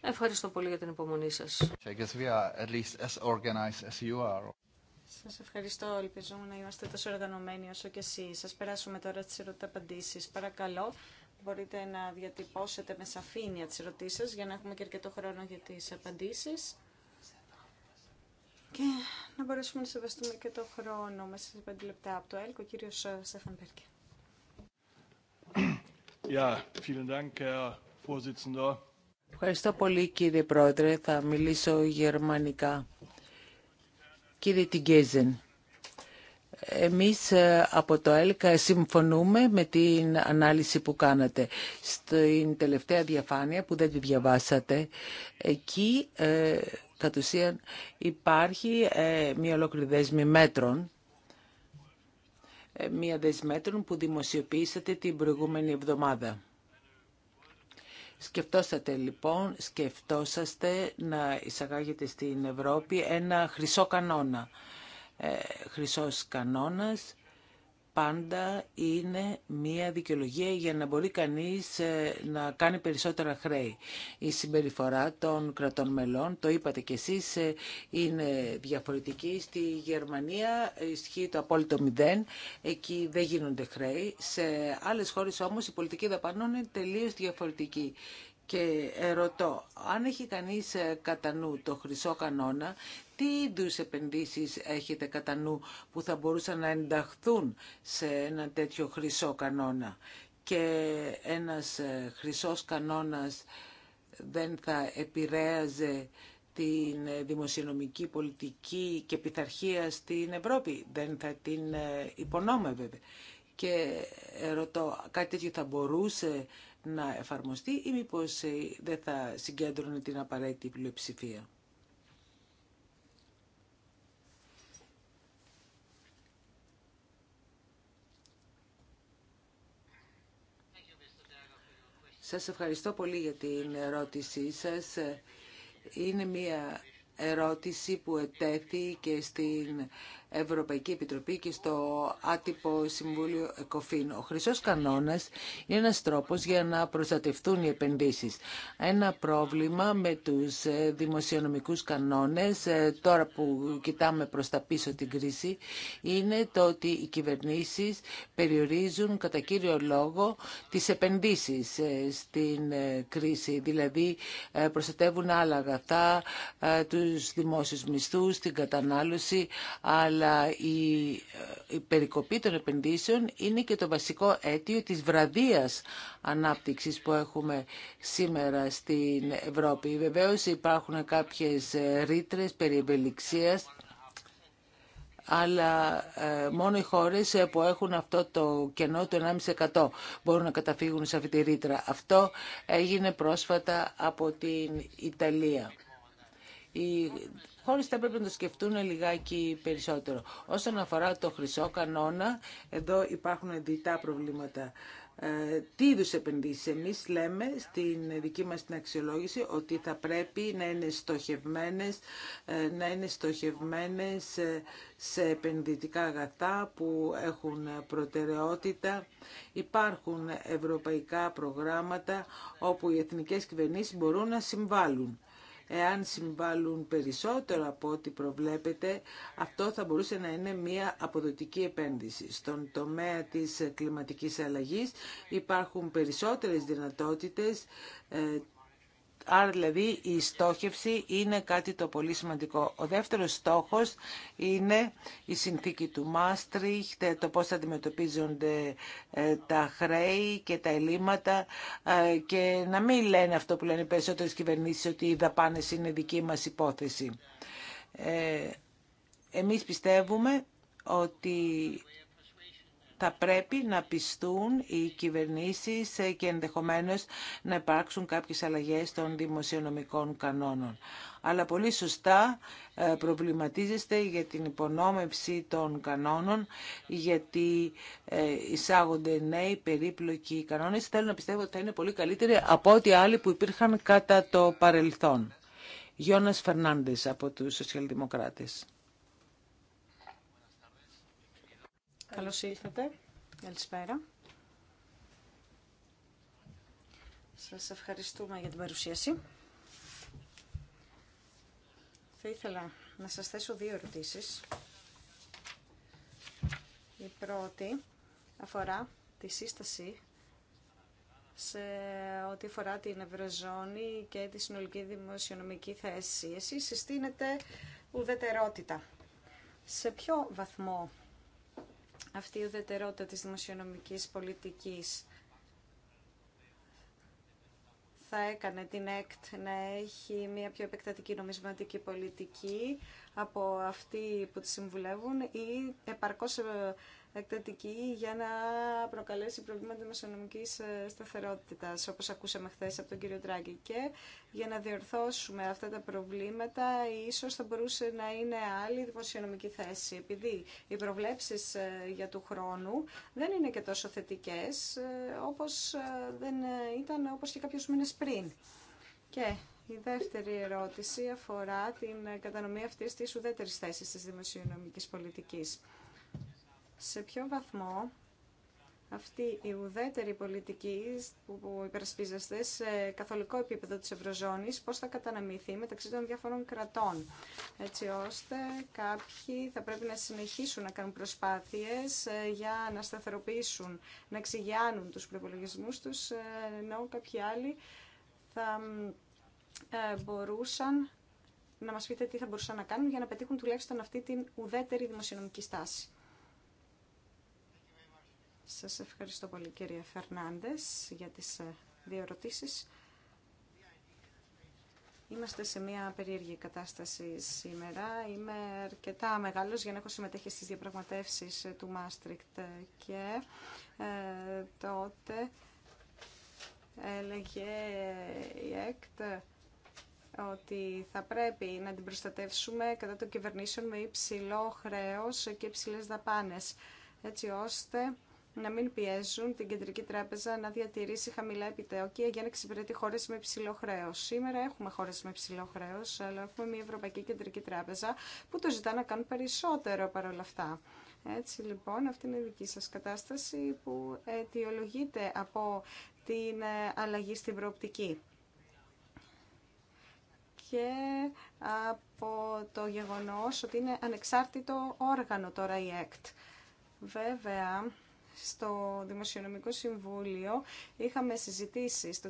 Ευχαριστώ πολύ για την υπομονή σας. Σας ευχαριστώ. Ελπίζουμε να είμαστε τόσο οργανωμένοι όσο και εσείς. Σας περάσουμε τώρα τις ερωταπαντήσεις. Παρακαλώ μπορείτε να διατυπώσετε με σαφήνεια τις ερωτήσεις σας, για να έχουμε και αρκετό χρόνο για τις απαντήσεις και να μπορέσουμε να σεβαστούμε και το χρόνο μέσα σε πέντε λεπτά από το έλκο. ο κύριος ε, Στέφαν Πέρκε. Ευχαριστώ πολύ κύριε Πρόεδρε. Θα μιλήσω γερμανικά. Κύριε Τιγκέζεν, εμείς ε, από το ΕΛΚΑ συμφωνούμε με την ανάλυση που κάνατε. Στην τελευταία διαφάνεια που δεν τη διαβάσατε, εκεί ε, κατ' ουσίαν υπάρχει ε, μια ολόκληρη δέσμη μέτρων ε, μια μέτρων που δημοσιοποιήσατε την προηγούμενη εβδομάδα. Σκεφτόσατε λοιπόν, σκεφτόσαστε να εισαγάγετε στην Ευρώπη ένα χρυσό κανόνα ε, χρυσός κανόνας πάντα είναι μία δικαιολογία για να μπορεί κανείς ε, να κάνει περισσότερα χρέη. Η συμπεριφορά των κρατών μελών, το είπατε κι εσείς, ε, είναι διαφορετική. Στη Γερμανία ισχύει το απόλυτο μηδέν, εκεί δεν γίνονται χρέη. Σε άλλες χώρες όμως η πολιτική δαπανών είναι τελείως διαφορετική. Και ε, ρωτώ, αν έχει κανείς ε, κατά νου το χρυσό κανόνα, τι είδους επενδύσεις έχετε κατά νου που θα μπορούσαν να ενταχθούν σε ένα τέτοιο χρυσό κανόνα. Και ένας ε, χρυσός κανόνας δεν θα επηρέαζε την δημοσιονομική πολιτική και πειθαρχία στην Ευρώπη. Δεν θα την υπονόμευε. Και ρωτώ, κάτι τέτοιο θα μπορούσε να εφαρμοστεί ή μήπως ε, δεν θα συγκέντρωνε την απαραίτητη πλειοψηφία. Σας ευχαριστώ πολύ για την ερώτησή σας. Ε, είναι μια ερώτηση που ετέθη και στην Ευρωπαϊκή Επιτροπή και στο άτυπο Συμβούλιο Εκοφήν. Ο χρυσός κανόνας είναι ένας τρόπος για να προστατευτούν οι επενδύσεις. Ένα πρόβλημα με τους ε, δημοσιονομικούς κανόνες, ε, τώρα που κοιτάμε προς τα πίσω την κρίση, είναι το ότι οι κυβερνήσεις περιορίζουν κατά κύριο λόγο τις επενδύσεις ε, στην κρίση. Δηλαδή προστατεύουν άλλα αγαθά, τους δημόσιου μισθού, την κατανάλωση, αλλά αλλά ε, η περικοπή των επενδύσεων είναι και το βασικό αίτιο της βραδίας ανάπτυξης που έχουμε σήμερα στην Ευρώπη. Βεβαίως υπάρχουν κάποιες ε, ρήτρες περί αλλά ε, μόνο οι χώρες που έχουν αυτό το κενό του 1,5% μπορούν να καταφύγουν σε αυτή τη ρήτρα. Αυτό έγινε πρόσφατα από την Ιταλία οι χώρε θα έπρεπε να το σκεφτούν λιγάκι περισσότερο. Όσον αφορά το χρυσό κανόνα, εδώ υπάρχουν διτά προβλήματα. Ε, τι είδου επενδύσει εμεί λέμε στην δική μα την αξιολόγηση ότι θα πρέπει να είναι στοχευμένε ε, να είναι στοχευμένες ε, σε επενδυτικά αγαθά που έχουν προτεραιότητα. Υπάρχουν ευρωπαϊκά προγράμματα όπου οι εθνικές κυβερνήσεις μπορούν να συμβάλλουν. Εάν συμβάλλουν περισσότερο από ό,τι προβλέπεται, αυτό θα μπορούσε να είναι μια αποδοτική επένδυση. Στον τομέα της κλιματικής αλλαγής υπάρχουν περισσότερες δυνατότητες ε, Άρα δηλαδή η στόχευση είναι κάτι το πολύ σημαντικό. Ο δεύτερος στόχος είναι η συνθήκη του Μάστριχτ, το πώς αντιμετωπίζονται ε, τα χρέη και τα ελλείμματα ε, και να μην λένε αυτό που λένε οι περισσότερες κυβερνήσεις ότι οι δαπάνες είναι δική μας υπόθεση. Ε, εμείς πιστεύουμε ότι θα πρέπει να πιστούν οι κυβερνήσεις και ενδεχομένως να υπάρξουν κάποιες αλλαγές των δημοσιονομικών κανόνων. Αλλά πολύ σωστά ε, προβληματίζεστε για την υπονόμευση των κανόνων, γιατί ε, εισάγονται νέοι περίπλοκοι κανόνες. Θέλω να πιστεύω ότι θα είναι πολύ καλύτεροι από ό,τι άλλοι που υπήρχαν κατά το παρελθόν. Γιώνας Φερνάντες από τους Σοσιαλδημοκράτες. Καλώς ήλθατε. Καλησπέρα. Σας ευχαριστούμε για την παρουσίαση. Θα ήθελα να σας θέσω δύο ερωτήσεις. Η πρώτη αφορά τη σύσταση σε ό,τι αφορά την Ευρωζώνη και τη συνολική δημοσιονομική θέση. Εσείς συστήνετε ουδετερότητα. Σε ποιο βαθμό αυτή η ουδετερότητα της δημοσιονομικής πολιτικής θα έκανε την ΕΚΤ να έχει μια πιο επεκτατική νομισματική πολιτική από αυτή που τη συμβουλεύουν ή επαρκώς ε, για να προκαλέσει προβλήματα μεσονομική ε, σταθερότητα, όπως ακούσαμε χθε από τον κύριο Τράγκη. Και για να διορθώσουμε αυτά τα προβλήματα, ίσω θα μπορούσε να είναι άλλη δημοσιονομική θέση, επειδή οι προβλέψεις ε, για του χρόνου δεν είναι και τόσο θετικές, ε, όπως δεν ήταν όπως και κάποιου μήνε πριν. Και η δεύτερη ερώτηση αφορά την κατανομή αυτής της ουδέτερης θέσης της δημοσιονομικής πολιτικής σε ποιο βαθμό αυτή η ουδέτερη πολιτική που υπερασπίζεστε σε καθολικό επίπεδο της Ευρωζώνης, πώς θα καταναμηθεί μεταξύ των διάφορων κρατών, έτσι ώστε κάποιοι θα πρέπει να συνεχίσουν να κάνουν προσπάθειες ε, για να σταθεροποιήσουν, να εξηγιάνουν τους προπολογισμού τους, ε, ενώ κάποιοι άλλοι θα ε, μπορούσαν να μας πείτε τι θα μπορούσαν να κάνουν για να πετύχουν τουλάχιστον αυτή την ουδέτερη δημοσιονομική στάση. Σας ευχαριστώ πολύ κύριε Φερνάντες για τις ε, δύο ερωτήσεις. Είμαστε σε μια περίεργη κατάσταση σήμερα. Είμαι αρκετά μεγάλος για να έχω συμμετέχει στις διαπραγματεύσεις ε, του Μάστρικτ ε, και τότε έλεγε η ΕΚΤ ότι θα πρέπει να την προστατεύσουμε κατά των κυβερνήσεων με υψηλό χρέος και υψηλές δαπάνες, έτσι ώστε να μην πιέζουν την Κεντρική Τράπεζα να διατηρήσει χαμηλά επιτεόκια για να εξυπηρετεί χώρε με υψηλό χρέο. Σήμερα έχουμε χώρε με υψηλό χρέο, αλλά έχουμε μια Ευρωπαϊκή Κεντρική Τράπεζα που το ζητά να κάνουν περισσότερο παρόλα αυτά. Έτσι λοιπόν, αυτή είναι η δική σα κατάσταση που αιτιολογείται από την ε, αλλαγή στην προοπτική και από το γεγονός ότι είναι ανεξάρτητο όργανο τώρα η ΕΚΤ. Βέβαια, στο Δημοσιονομικό Συμβούλιο είχαμε συζητήσει το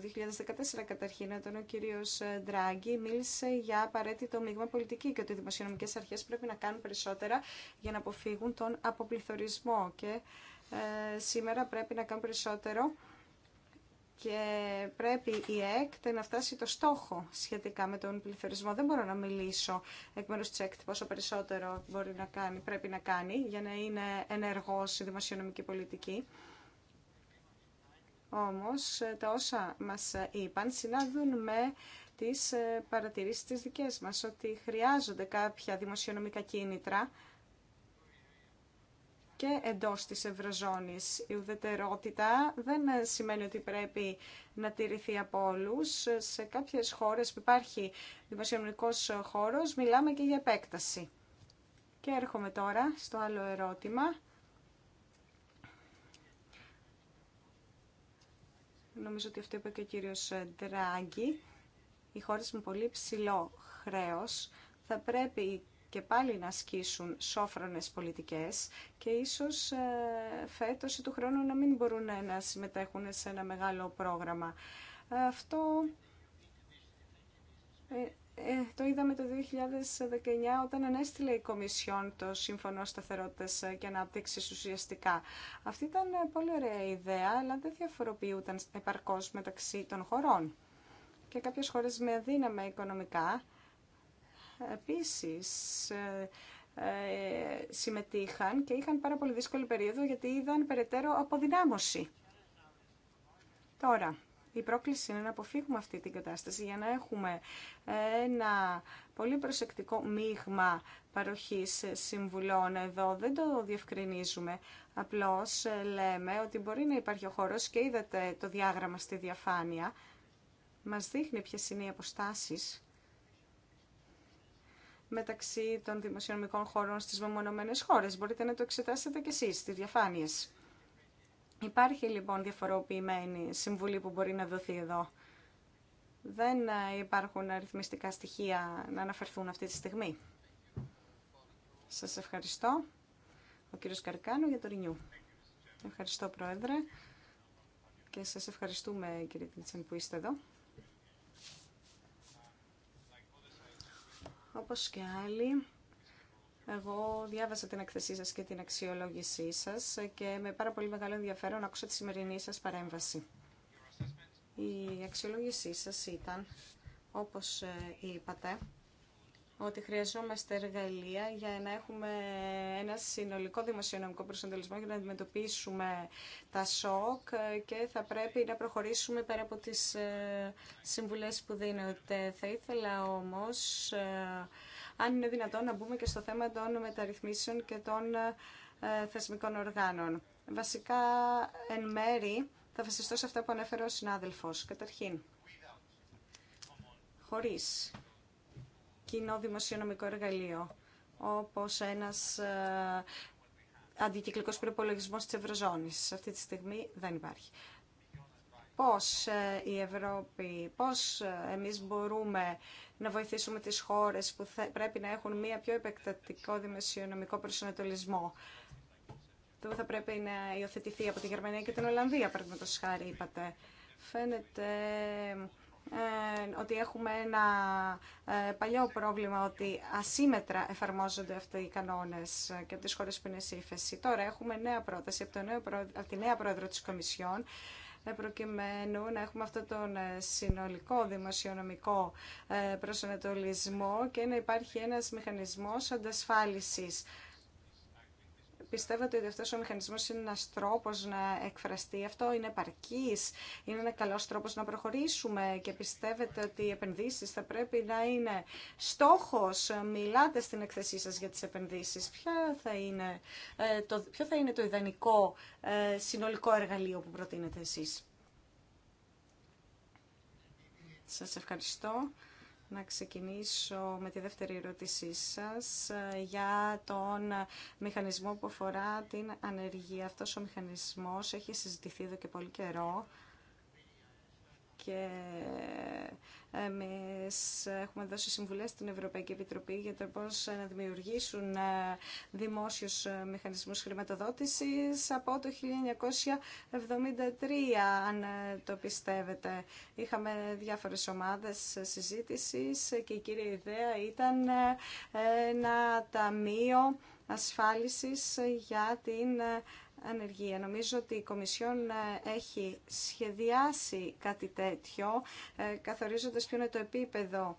2014 καταρχήν όταν ο κύριος ε, Ντράγκη μίλησε για απαραίτητο μείγμα πολιτική και ότι οι δημοσιονομικές αρχές πρέπει να κάνουν περισσότερα για να αποφύγουν τον αποπληθωρισμό και ε, σήμερα πρέπει να κάνουν περισσότερο και πρέπει η ΕΚΤ να φτάσει το στόχο σχετικά με τον πληθωρισμό. Δεν μπορώ να μιλήσω εκ μέρου τη ΕΚΤ πόσο περισσότερο μπορεί να κάνει, πρέπει να κάνει για να είναι ενεργός η δημοσιονομική πολιτική. Όμως τα όσα μας είπαν συνάδουν με τις παρατηρήσεις της δικές μας ότι χρειάζονται κάποια δημοσιονομικά κίνητρα και εντός της Ευρωζώνης. Η ουδετερότητα δεν σημαίνει ότι πρέπει να τηρηθεί από όλου. Σε κάποιες χώρες που υπάρχει δημοσιονομικός χώρος μιλάμε και για επέκταση. Και έρχομαι τώρα στο άλλο ερώτημα. Νομίζω ότι αυτό είπε και ο κύριος Ντράγκη. Οι χώρες με πολύ ψηλό χρέος θα πρέπει και πάλι να ασκήσουν σόφρονες πολιτικές και ίσως ε, φέτος ή του χρόνου να μην μπορούν να συμμετέχουν σε ένα μεγάλο πρόγραμμα. Αυτό ε, ε, το είδαμε το 2019 όταν ανέστηλε η Κομισιόν το Σύμφωνο Σταθερότητας και Ανάπτυξης ουσιαστικά. Αυτή ήταν πολύ ωραία ιδέα, αλλά δεν διαφοροποιούταν επαρκώς μεταξύ των χωρών. Και κάποιες χώρες με αδύναμα οικονομικά Επίσης, ε, ε, συμμετείχαν και είχαν πάρα πολύ δύσκολη περίοδο γιατί είδαν περαιτέρω αποδυνάμωση. Τώρα, η πρόκληση είναι να αποφύγουμε αυτή την κατάσταση για να έχουμε ένα πολύ προσεκτικό μείγμα παροχής συμβουλών. Εδώ δεν το διευκρινίζουμε. Απλώς ε, λέμε ότι μπορεί να υπάρχει ο χώρος και είδατε το διάγραμμα στη διαφάνεια. Μας δείχνει ποιες είναι οι αποστάσεις μεταξύ των δημοσιονομικών χωρών στις μεμονωμένες χώρες. Μπορείτε να το εξετάσετε κι εσείς στις διαφάνειες. Υπάρχει λοιπόν διαφοροποιημένη συμβουλή που μπορεί να δοθεί εδώ. Δεν ε, υπάρχουν αριθμιστικά στοιχεία να αναφερθούν αυτή τη στιγμή. Σας ευχαριστώ. Ο κύριος Καρκάνου για το Ρινιού. Ευχαριστώ Πρόεδρε και σας ευχαριστούμε κύριε Τίτσεν, που είστε εδώ. Όπως και άλλοι, εγώ διάβασα την εκθεσή σας και την αξιολόγησή σας και με πάρα πολύ μεγάλο ενδιαφέρον άκουσα τη σημερινή σας παρέμβαση. Η αξιολόγησή σας ήταν, όπως ε, είπατε, ότι χρειαζόμαστε εργαλεία για να έχουμε ένα συνολικό δημοσιονομικό προσανατολισμό για να αντιμετωπίσουμε τα σοκ και θα πρέπει να προχωρήσουμε πέρα από τις ε, συμβουλές που δίνονται. Θα ήθελα όμως, ε, αν είναι δυνατόν, να μπούμε και στο θέμα των μεταρρυθμίσεων και των ε, θεσμικών οργάνων. Βασικά, εν μέρη, θα βασιστώ σε αυτά που ανέφερε ο συνάδελφος. Καταρχήν, χωρίς κοινό δημοσιονομικό εργαλείο, όπως ένας ε, αντικυκλικός προπολογισμός της Ευρωζώνης. Αυτή τη στιγμή δεν υπάρχει. Πώς ε, η Ευρώπη, πώς ε, εμείς μπορούμε να βοηθήσουμε τις χώρες που πρέπει να έχουν μία πιο επεκτατικό δημοσιονομικό προσανατολισμό. Το θα πρέπει να υιοθετηθεί από τη Γερμανία και την Ολλανδία, παραδείγματος χάρη είπατε. Φαίνεται ε, ότι έχουμε ένα ε, παλιό πρόβλημα ότι ασύμετρα εφαρμόζονται αυτοί οι κανόνες ε, και από τις χώρες που είναι σε Τώρα έχουμε νέα πρόταση από, το νέο, τη νέα πρόεδρο της Κομισιόν προκειμένου να έχουμε αυτό τον συνολικό δημοσιονομικό προσανατολισμό και να υπάρχει ένας μηχανισμός αντασφάλισης πιστεύετε ότι αυτός ο μηχανισμός είναι ένας τρόπος να εκφραστεί αυτό, είναι επαρκής, είναι ένα καλός τρόπος να προχωρήσουμε και πιστεύετε ότι οι επενδύσεις θα πρέπει να είναι στόχος. Μιλάτε στην εκθεσή σας για τις επενδύσεις. Ποιο θα είναι, ε, το, ποιο θα είναι το ιδανικό ε, συνολικό εργαλείο που προτείνετε εσείς. Σας ευχαριστώ. Να ξεκινήσω με τη δεύτερη ερώτησή σας ε, για τον μηχανισμό που αφορά την ανεργία. Αυτός ο μηχανισμός έχει συζητηθεί εδώ και πολύ καιρό και εμείς έχουμε δώσει συμβουλές στην Ευρωπαϊκή Επιτροπή για το πώς να δημιουργήσουν ε, δημόσιους ε, μηχανισμούς χρηματοδότησης από το 1973, αν ε, το πιστεύετε. Είχαμε διάφορες ομάδες συζήτησης και η κύρια ιδέα ήταν ένα ταμείο ασφάλισης για την ανεργία. Νομίζω ότι η Κομισιόν ε, έχει σχεδιάσει κάτι τέτοιο, ε, καθορίζοντας ποιο είναι το επίπεδο.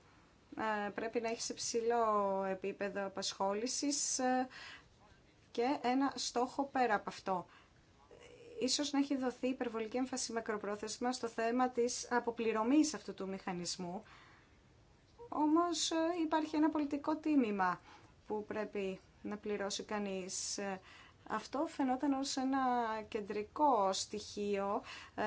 Ε, πρέπει να έχει σε ψηλό επίπεδο απασχόλησης και ένα στόχο πέρα από αυτό. Ίσως να έχει δοθεί υπερβολική έμφαση μακροπρόθεσμα στο θέμα της αποπληρωμής αυτού του μηχανισμού, όμως υπάρχει ένα πολιτικό τίμημα που πρέπει να πληρώσει κανείς αυτό φαινόταν ως ένα κεντρικό στοιχείο ε,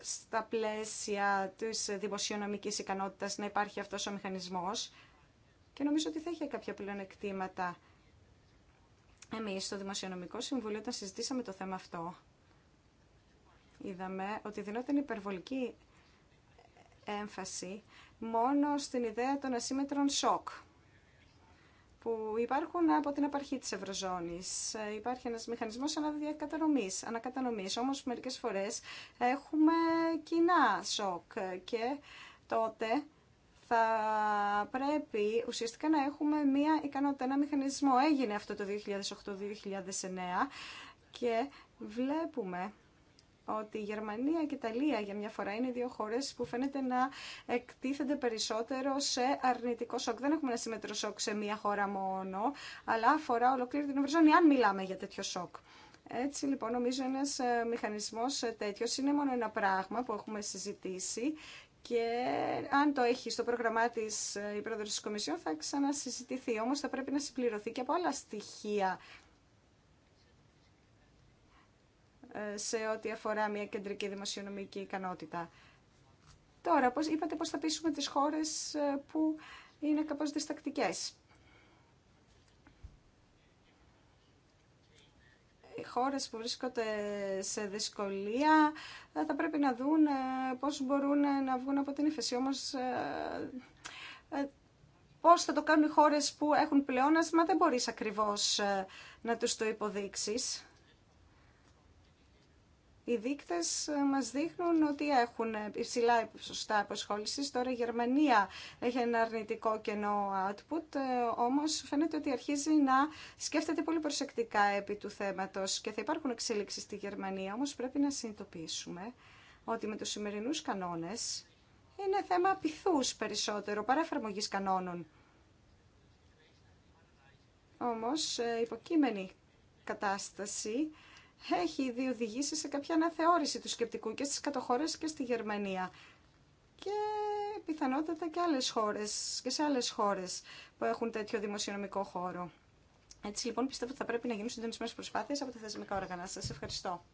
στα πλαίσια της δημοσιονομικής ικανότητας να υπάρχει αυτός ο μηχανισμός και νομίζω ότι θα είχε κάποια πλεονεκτήματα. Εμείς στο Δημοσιονομικό Συμβούλιο όταν συζητήσαμε το θέμα αυτό είδαμε ότι δινόταν υπερβολική έμφαση μόνο στην ιδέα των ασύμετρων σοκ που υπάρχουν από την απαρχή της Ευρωζώνης. Ε, υπάρχει ένας μηχανισμός αναδιακατανομής, ανακατανομής, όμως μερικές φορές έχουμε κοινά σοκ και τότε θα πρέπει ουσιαστικά να έχουμε μία ικανότητα, ένα μηχανισμό. Έγινε αυτό το 2008-2009 και βλέπουμε ότι η Γερμανία και η Ιταλία για μια φορά είναι δύο χώρε που φαίνεται να εκτίθενται περισσότερο σε αρνητικό σοκ. Δεν έχουμε ένα σύμμετρο σοκ σε μια χώρα μόνο, αλλά αφορά ολοκλήρη την Ευρωζώνη, αν μιλάμε για τέτοιο σοκ. Έτσι λοιπόν νομίζω ένας ε, μηχανισμός ε, τέτοιος είναι μόνο ένα πράγμα που έχουμε συζητήσει και αν το έχει στο πρόγραμμά τη ε, η πρόεδρο τη Κομισιόν θα ξανασυζητηθεί. Όμω θα πρέπει να συμπληρωθεί και από άλλα στοιχεία σε ό,τι αφορά μια κεντρική δημοσιονομική ικανότητα. Τώρα, πώς, είπατε πώς θα πείσουμε τις χώρες ε, που είναι κάπως διστακτικές. Οι χώρες που βρίσκονται σε δυσκολία ε, θα πρέπει να δουν ε, πώς μπορούν να βγουν από την ύφεση. Όμως πώς θα το κάνουν οι χώρες που έχουν πλεόνασμα δεν μπορείς ακριβώς να τους το υποδείξεις οι δείκτες ε, μας δείχνουν ότι έχουν υψηλά ποσοστά αποσχόληση. Τώρα η Γερμανία έχει ένα αρνητικό κενό output, ε, όμως φαίνεται ότι αρχίζει να σκέφτεται πολύ προσεκτικά επί του θέματος και θα υπάρχουν εξέλιξεις στη Γερμανία, όμως πρέπει να συνειδητοποιήσουμε ότι με τους σημερινούς κανόνες είναι θέμα πειθούς περισσότερο, παρά εφαρμογή κανόνων. Όμως, ε, υποκείμενη κατάσταση έχει ήδη οδηγήσει σε κάποια αναθεώρηση του σκεπτικού και στις κατοχώρες και στη Γερμανία και πιθανότατα και, άλλες χώρες, και σε άλλες χώρες που έχουν τέτοιο δημοσιονομικό χώρο. Έτσι λοιπόν πιστεύω ότι θα πρέπει να γίνουν συντονισμένες προσπάθειες από τα θεσμικά όργανα. Σας ευχαριστώ.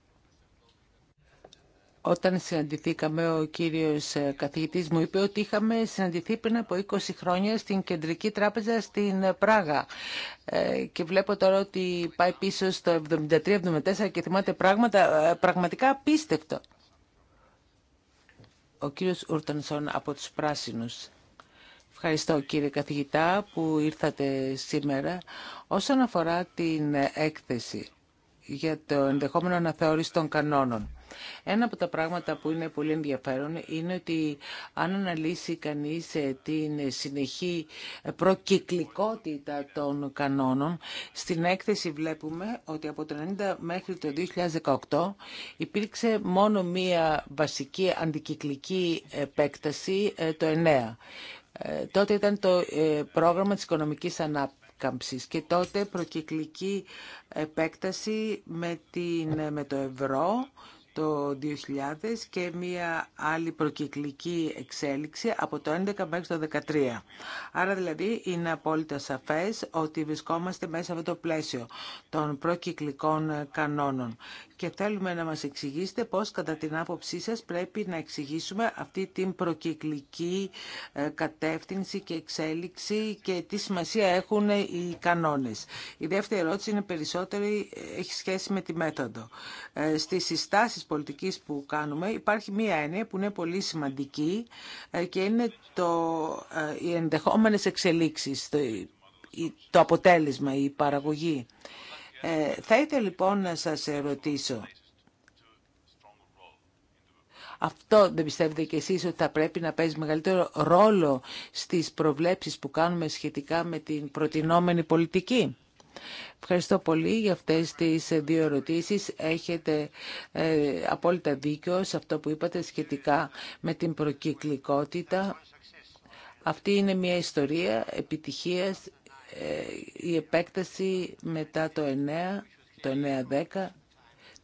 Όταν συναντηθήκαμε, ο κύριος ε, καθηγητής μου είπε ότι είχαμε συναντηθεί πριν από 20 χρόνια στην Κεντρική Τράπεζα στην ε, Πράγα. Ε, και βλέπω τώρα ότι πάει πίσω στο 73-74 και θυμάται πράγματα πραγματικά απίστευτο. Ο κύριος Ούρτανσον από τους Πράσινους. Ευχαριστώ κύριε καθηγητά που ήρθατε σήμερα. Όσον αφορά την έκθεση, για το ενδεχόμενο αναθεώρηση των κανόνων. Ένα από τα πράγματα που είναι πολύ ενδιαφέρον είναι ότι αν αναλύσει κανείς ε, την συνεχή ε, προκυκλικότητα των κανόνων, στην έκθεση βλέπουμε ότι από το 90 μέχρι το 2018 υπήρξε μόνο μία βασική αντικυκλική επέκταση ε, το 9. Τότε ήταν το πρόγραμμα της οικονομικής ανάπτυξης και τότε προκυκλική επέκταση με, την, με το ευρώ το 2000 και μία άλλη προκυκλική εξέλιξη από το 11 μέχρι το 2013. Άρα δηλαδή είναι απόλυτα σαφές ότι βρισκόμαστε μέσα από το πλαίσιο των προκυκλικών κανόνων και θέλουμε να μας εξηγήσετε πώς κατά την άποψή σας πρέπει να εξηγήσουμε αυτή την προκυκλική ε, κατεύθυνση και εξέλιξη και τι σημασία έχουν οι κανόνες. Η δεύτερη ερώτηση είναι περισσότερη, ε, έχει σχέση με τη μέθοδο. Ε, στις συστάσεις πολιτικής που κάνουμε υπάρχει μία έννοια που είναι πολύ σημαντική και είναι το, οι ενδεχόμενες εξελίξεις, το αποτέλεσμα, η παραγωγή. Ε, θα ήθελα λοιπόν να σας ερωτήσω. Αυτό δεν πιστεύετε και εσείς ότι θα πρέπει να παίζει μεγαλύτερο ρόλο στις προβλέψεις που κάνουμε σχετικά με την προτινόμενη πολιτική. Ευχαριστώ πολύ για αυτές τις δύο ερωτήσεις. Έχετε ε, απόλυτα δίκιο σε αυτό που είπατε σχετικά με την προκυκλικότητα. Αυτή είναι μια ιστορία επιτυχίας ε, η επέκταση μετά το 9, το 9-10,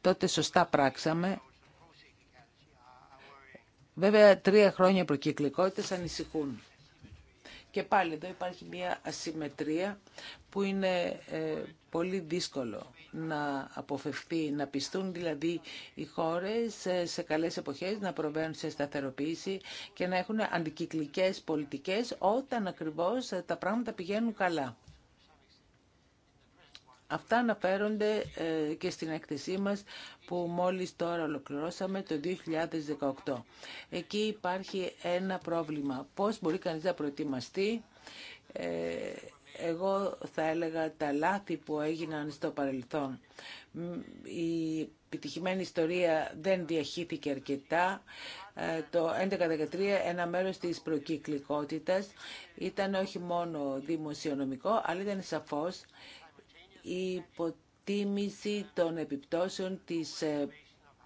τότε σωστά πράξαμε. Βέβαια, τρία χρόνια προκυκλικότητες ανησυχούν. Και πάλι εδώ υπάρχει μια ασυμμετρία που είναι ε, πολύ δύσκολο να αποφευθεί, να πιστούν δηλαδή οι χώρες σε καλές εποχές, να προβαίνουν σε σταθεροποίηση και να έχουν αντικυκλικές πολιτικές όταν ακριβώς τα πράγματα πηγαίνουν καλά. Αυτά αναφέρονται ε, και στην έκθεσή μας που μόλις τώρα ολοκληρώσαμε το 2018. Εκεί υπάρχει ένα πρόβλημα. Πώς μπορεί κανείς να προετοιμαστεί ε, εγώ θα έλεγα τα λάθη που έγιναν στο παρελθόν. Η επιτυχημένη ιστορία δεν διαχύθηκε αρκετά. Ε, το 1113, ένα μέρος της προκυκλικότητας ήταν όχι μόνο δημοσιονομικό, αλλά ήταν σαφώς η υποτίμηση των επιπτώσεων της ε,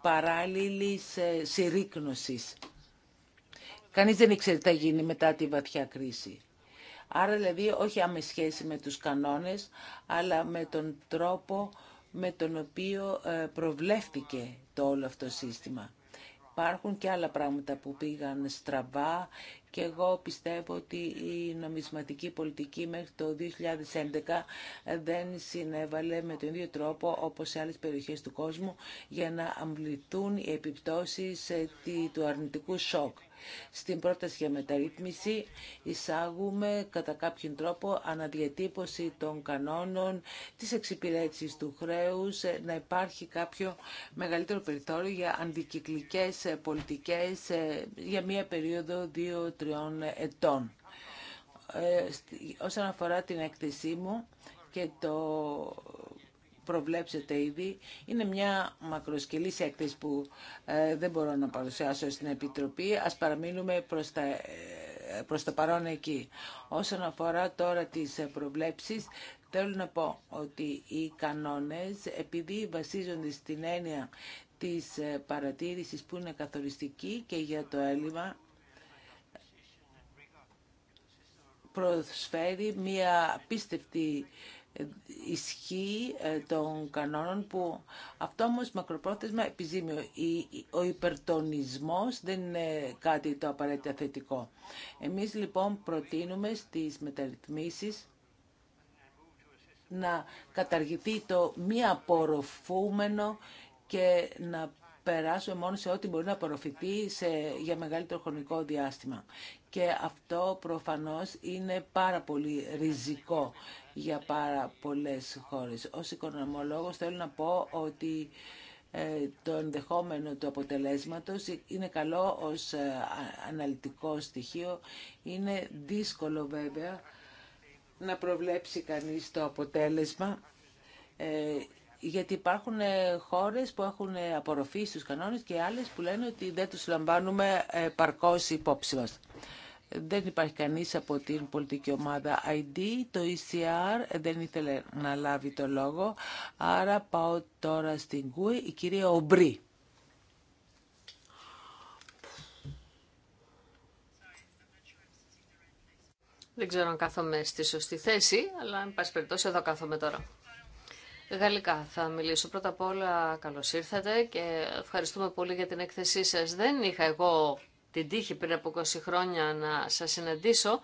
παράλληλης ε, συρρήκνωσης. Κανείς δεν ήξερε τι θα γίνει μετά τη βαθιά κρίση. Άρα δηλαδή όχι άμεση σχέση με τους κανόνες, αλλά με τον τρόπο με τον οποίο ε, προβλέφθηκε το όλο αυτό σύστημα. Υπάρχουν και άλλα πράγματα που πήγαν στραβά και εγώ πιστεύω ότι η νομισματική πολιτική μέχρι το 2011 δεν συνέβαλε με τον ίδιο τρόπο όπως σε άλλες περιοχές του κόσμου για να αμβληθούν οι επιπτώσεις ε, του αρνητικού σοκ. Στην πρόταση για μεταρρύθμιση εισάγουμε κατά κάποιον τρόπο αναδιατύπωση των κανόνων της εξυπηρέτησης του χρέους, ε, να υπάρχει κάποιο μεγαλύτερο περιθώριο για αντικυκλικές ε, πολιτικές για μία ετών. Ε, όσον αφορά την έκθεσή μου και το προβλέψετε ήδη, είναι μια μακροσκελής έκθεση που ε, δεν μπορώ να παρουσιάσω στην Επιτροπή. Ας παραμείνουμε προς τα ε, προς το παρόν εκεί. Όσον αφορά τώρα τις προβλέψεις, θέλω να πω ότι οι κανόνες, επειδή βασίζονται στην έννοια της ε, παρατήρησης που είναι καθοριστική και για το έλλειμμα, προσφέρει μια απίστευτη ισχύ ε, των κανόνων που αυτό όμως μακροπρόθεσμα επιζήμιο. Ο υπερτονισμός δεν είναι κάτι το απαραίτητα θετικό. Εμείς λοιπόν προτείνουμε στις μεταρρυθμίσεις να καταργηθεί το μη απορροφούμενο και να περάσουμε μόνο σε ό,τι μπορεί να απορροφηθεί για μεγαλύτερο χρονικό διάστημα και αυτό προφανώς είναι πάρα πολύ ριζικό για πάρα πολλές χώρες. Ως οικονομολόγος θέλω να πω ότι ε, το ενδεχόμενο του αποτελέσματος είναι καλό ως ε, αναλυτικό στοιχείο. Είναι δύσκολο βέβαια να προβλέψει κανείς το αποτέλεσμα ε, γιατί υπάρχουν χώρες που έχουν απορροφήσει τους κανόνες και άλλες που λένε ότι δεν τους λαμβάνουμε παρκώς υπόψη μας. Δεν υπάρχει κανείς από την πολιτική ομάδα ID. Το ECR δεν ήθελε να λάβει το λόγο. Άρα πάω τώρα στην Κουη, η κυρία Ομπρή. Δεν ξέρω αν κάθομαι στη σωστή θέση, αλλά εν πάση περιπτώσει εδώ κάθομαι τώρα. Γαλλικά θα μιλήσω. Πρώτα απ' όλα καλώς ήρθατε και ευχαριστούμε πολύ για την έκθεσή σας. Δεν είχα εγώ την τύχη πριν από 20 χρόνια να σας συναντήσω,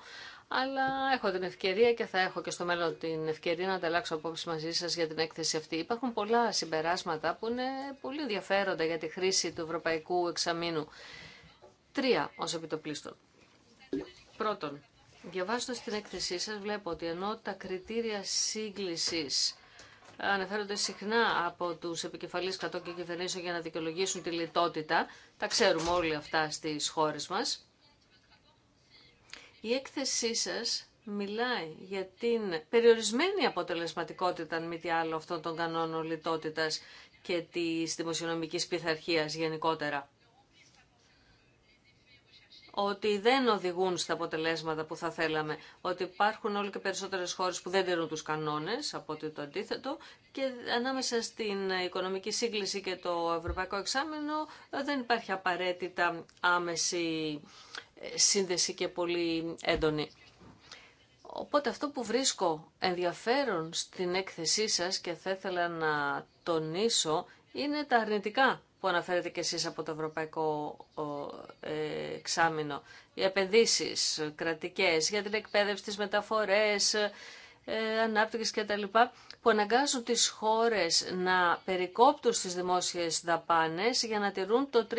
αλλά έχω την ευκαιρία και θα έχω και στο μέλλον την ευκαιρία να ανταλλάξω απόψη μαζί σας για την έκθεση αυτή. Υπάρχουν πολλά συμπεράσματα που είναι πολύ ενδιαφέροντα για τη χρήση του Ευρωπαϊκού Εξαμήνου. Τρία ως επιτοπλίστων. Πρώτον, διαβάζοντας την έκθεσή σας βλέπω ότι ενώ τα κριτήρια σύγκλησης αναφέρονται συχνά από τους επικεφαλεί κατών και κυβερνήσεων για να δικαιολογήσουν τη λιτότητα. Τα ξέρουμε όλοι αυτά στις χώρες μας. Η έκθεσή σας μιλάει για την περιορισμένη αποτελεσματικότητα, αν μη τι άλλο, αυτών των κανόνων λιτότητα και της δημοσιονομικής πειθαρχία γενικότερα ότι δεν οδηγούν στα αποτελέσματα που θα θέλαμε, ότι υπάρχουν όλο και περισσότερες χώρες που δεν τηρούν τους κανόνες από ότι το αντίθετο και ανάμεσα στην οικονομική σύγκληση και το ευρωπαϊκό εξάμενο ε, δεν υπάρχει απαραίτητα άμεση ε, σύνδεση και πολύ έντονη. Οπότε αυτό που βρίσκω ενδιαφέρον στην έκθεσή σας και θα ήθελα να τονίσω είναι τα αρνητικά που αναφέρετε και εσείς από το Ευρωπαϊκό ε, Εξάμεινο. Οι επενδύσεις κρατικές για την εκπαίδευση, τις μεταφορές, ε, ανάπτυξη κτλ. που αναγκάζουν τις χώρες να περικόπτουν στις δημόσιες δαπάνες για να τηρούν το 3%.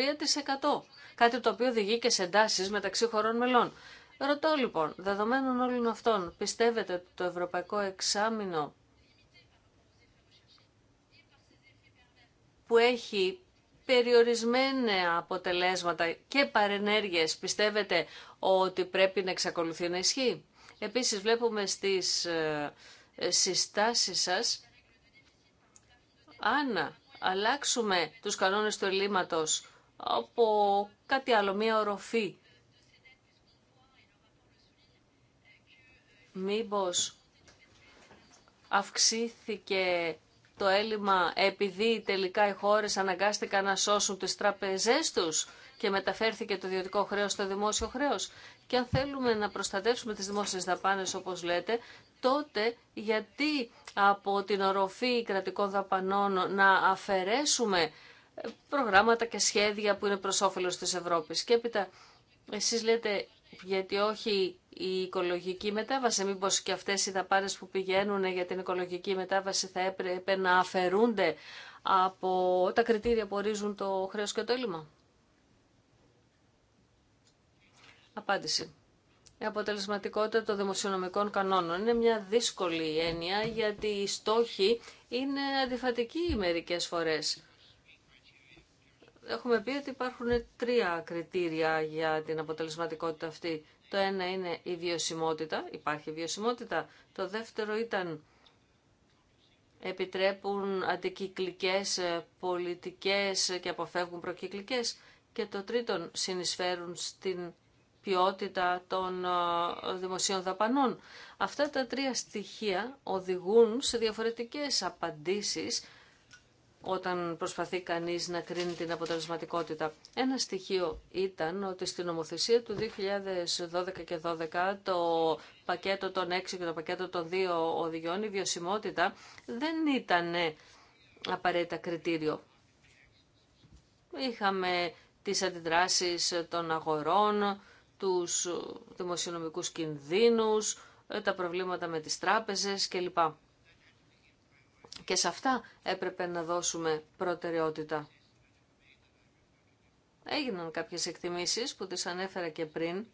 Κάτι το οποίο οδηγεί και σε εντάσεις μεταξύ χωρών μελών. Ρωτώ λοιπόν, δεδομένων όλων αυτών, πιστεύετε ότι το Ευρωπαϊκό Εξάμεινο που έχει περιορισμένα αποτελέσματα και παρενέργειες πιστεύετε ότι πρέπει να εξακολουθεί να ισχύει. Επίσης βλέπουμε στις ε, συστάσεις σας αν αλλάξουμε τους κανόνες του ελλείμματος από κάτι άλλο, μία οροφή. Μήπως αυξήθηκε το έλλειμμα επειδή τελικά οι χώρες αναγκάστηκαν να σώσουν τις τραπεζές τους και μεταφέρθηκε το ιδιωτικό χρέος στο δημόσιο χρέος. Και αν θέλουμε να προστατεύσουμε τις δημόσιες δαπάνες όπως λέτε, τότε γιατί από την οροφή κρατικών δαπανών να αφαιρέσουμε προγράμματα και σχέδια που είναι προς όφελος της Ευρώπης. Και έπειτα εσείς λέτε γιατί όχι η οικολογική μετάβαση. Μήπω και αυτές οι δαπάνες που πηγαίνουν για την οικολογική μετάβαση θα έπρεπε να αφαιρούνται από τα κριτήρια που ορίζουν το χρέο και το έλλειμμα. Απάντηση. Η αποτελεσματικότητα των δημοσιονομικών κανόνων είναι μια δύσκολη έννοια γιατί οι στόχοι είναι αντιφατικοί μερικές φορές. Έχουμε πει ότι υπάρχουν τρία κριτήρια για την αποτελεσματικότητα αυτή. Το ένα είναι η βιωσιμότητα, υπάρχει βιωσιμότητα. Το δεύτερο ήταν επιτρέπουν αντικυκλικές ε, πολιτικές και αποφεύγουν προκυκλικές. Και το τρίτον συνεισφέρουν στην ποιότητα των ε, δημοσίων δαπανών. Αυτά τα τρία στοιχεία οδηγούν σε διαφορετικές απαντήσεις όταν προσπαθεί κανείς να κρίνει την αποτελεσματικότητα. Ένα στοιχείο ήταν ότι στην νομοθεσία του 2012 και 2012 το πακέτο των 6 και το πακέτο των 2 οδηγιών, η βιωσιμότητα δεν ήταν απαραίτητα κριτήριο. Είχαμε τις αντιδράσεις των αγορών, τους δημοσιονομικούς κινδύνους, τα προβλήματα με τις τράπεζες κλπ. Και σε αυτά έπρεπε να δώσουμε προτεραιότητα. Έγιναν κάποιες εκτιμήσεις που τις ανέφερα και πριν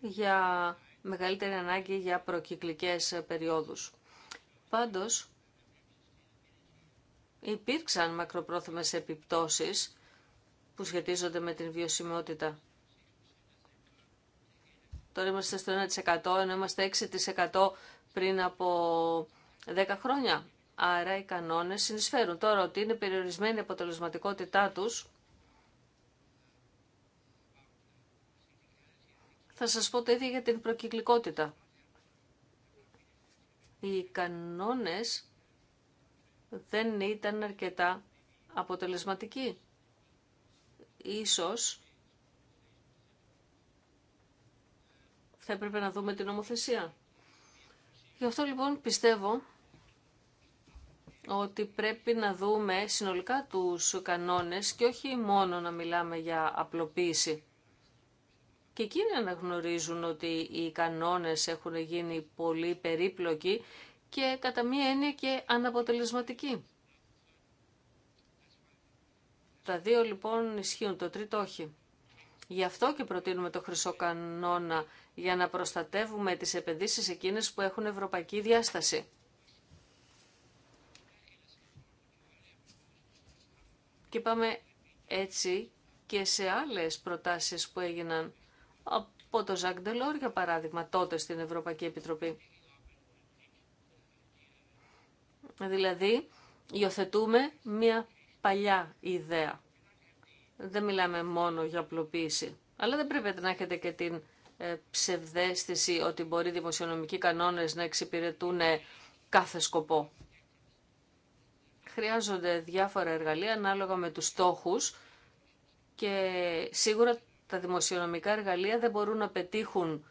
για μεγαλύτερη ανάγκη για προκυκλικές περιόδους. Πάντως, υπήρξαν μακροπρόθεσμες επιπτώσεις που σχετίζονται με την βιωσιμότητα. Τώρα είμαστε στο 1% ενώ είμαστε 6% πριν από 10 χρόνια. Άρα οι κανόνες συνεισφέρουν. Τώρα ότι είναι περιορισμένη η αποτελεσματικότητά τους, θα σας πω το ίδιο για την προκυκλικότητα. Οι κανόνες δεν ήταν αρκετά αποτελεσματικοί. Ίσως θα έπρεπε να δούμε την νομοθεσία. Γι' αυτό λοιπόν πιστεύω ότι πρέπει να δούμε συνολικά τους κανόνες και όχι μόνο να μιλάμε για απλοποίηση. Και εκείνοι αναγνωρίζουν ότι οι κανόνες έχουν γίνει πολύ περίπλοκοι και κατά μία έννοια και αναποτελεσματικοί. Τα δύο λοιπόν ισχύουν, το τρίτο όχι. Γι' αυτό και προτείνουμε το χρυσό κανόνα για να προστατεύουμε τις επενδύσεις εκείνες που έχουν ευρωπαϊκή διάσταση. Και πάμε έτσι και σε άλλες προτάσεις που έγιναν από το Ζακ Ντελόρ, για παράδειγμα, τότε στην Ευρωπαϊκή Επιτροπή. Δηλαδή, υιοθετούμε μία παλιά ιδέα δεν μιλάμε μόνο για απλοποίηση. Αλλά δεν πρέπει να έχετε και την ε, ψευδέστηση ότι μπορεί οι δημοσιονομικοί κανόνες να εξυπηρετούν ε, κάθε σκοπό. Χρειάζονται διάφορα εργαλεία ανάλογα με τους στόχους και σίγουρα τα δημοσιονομικά εργαλεία δεν μπορούν να πετύχουν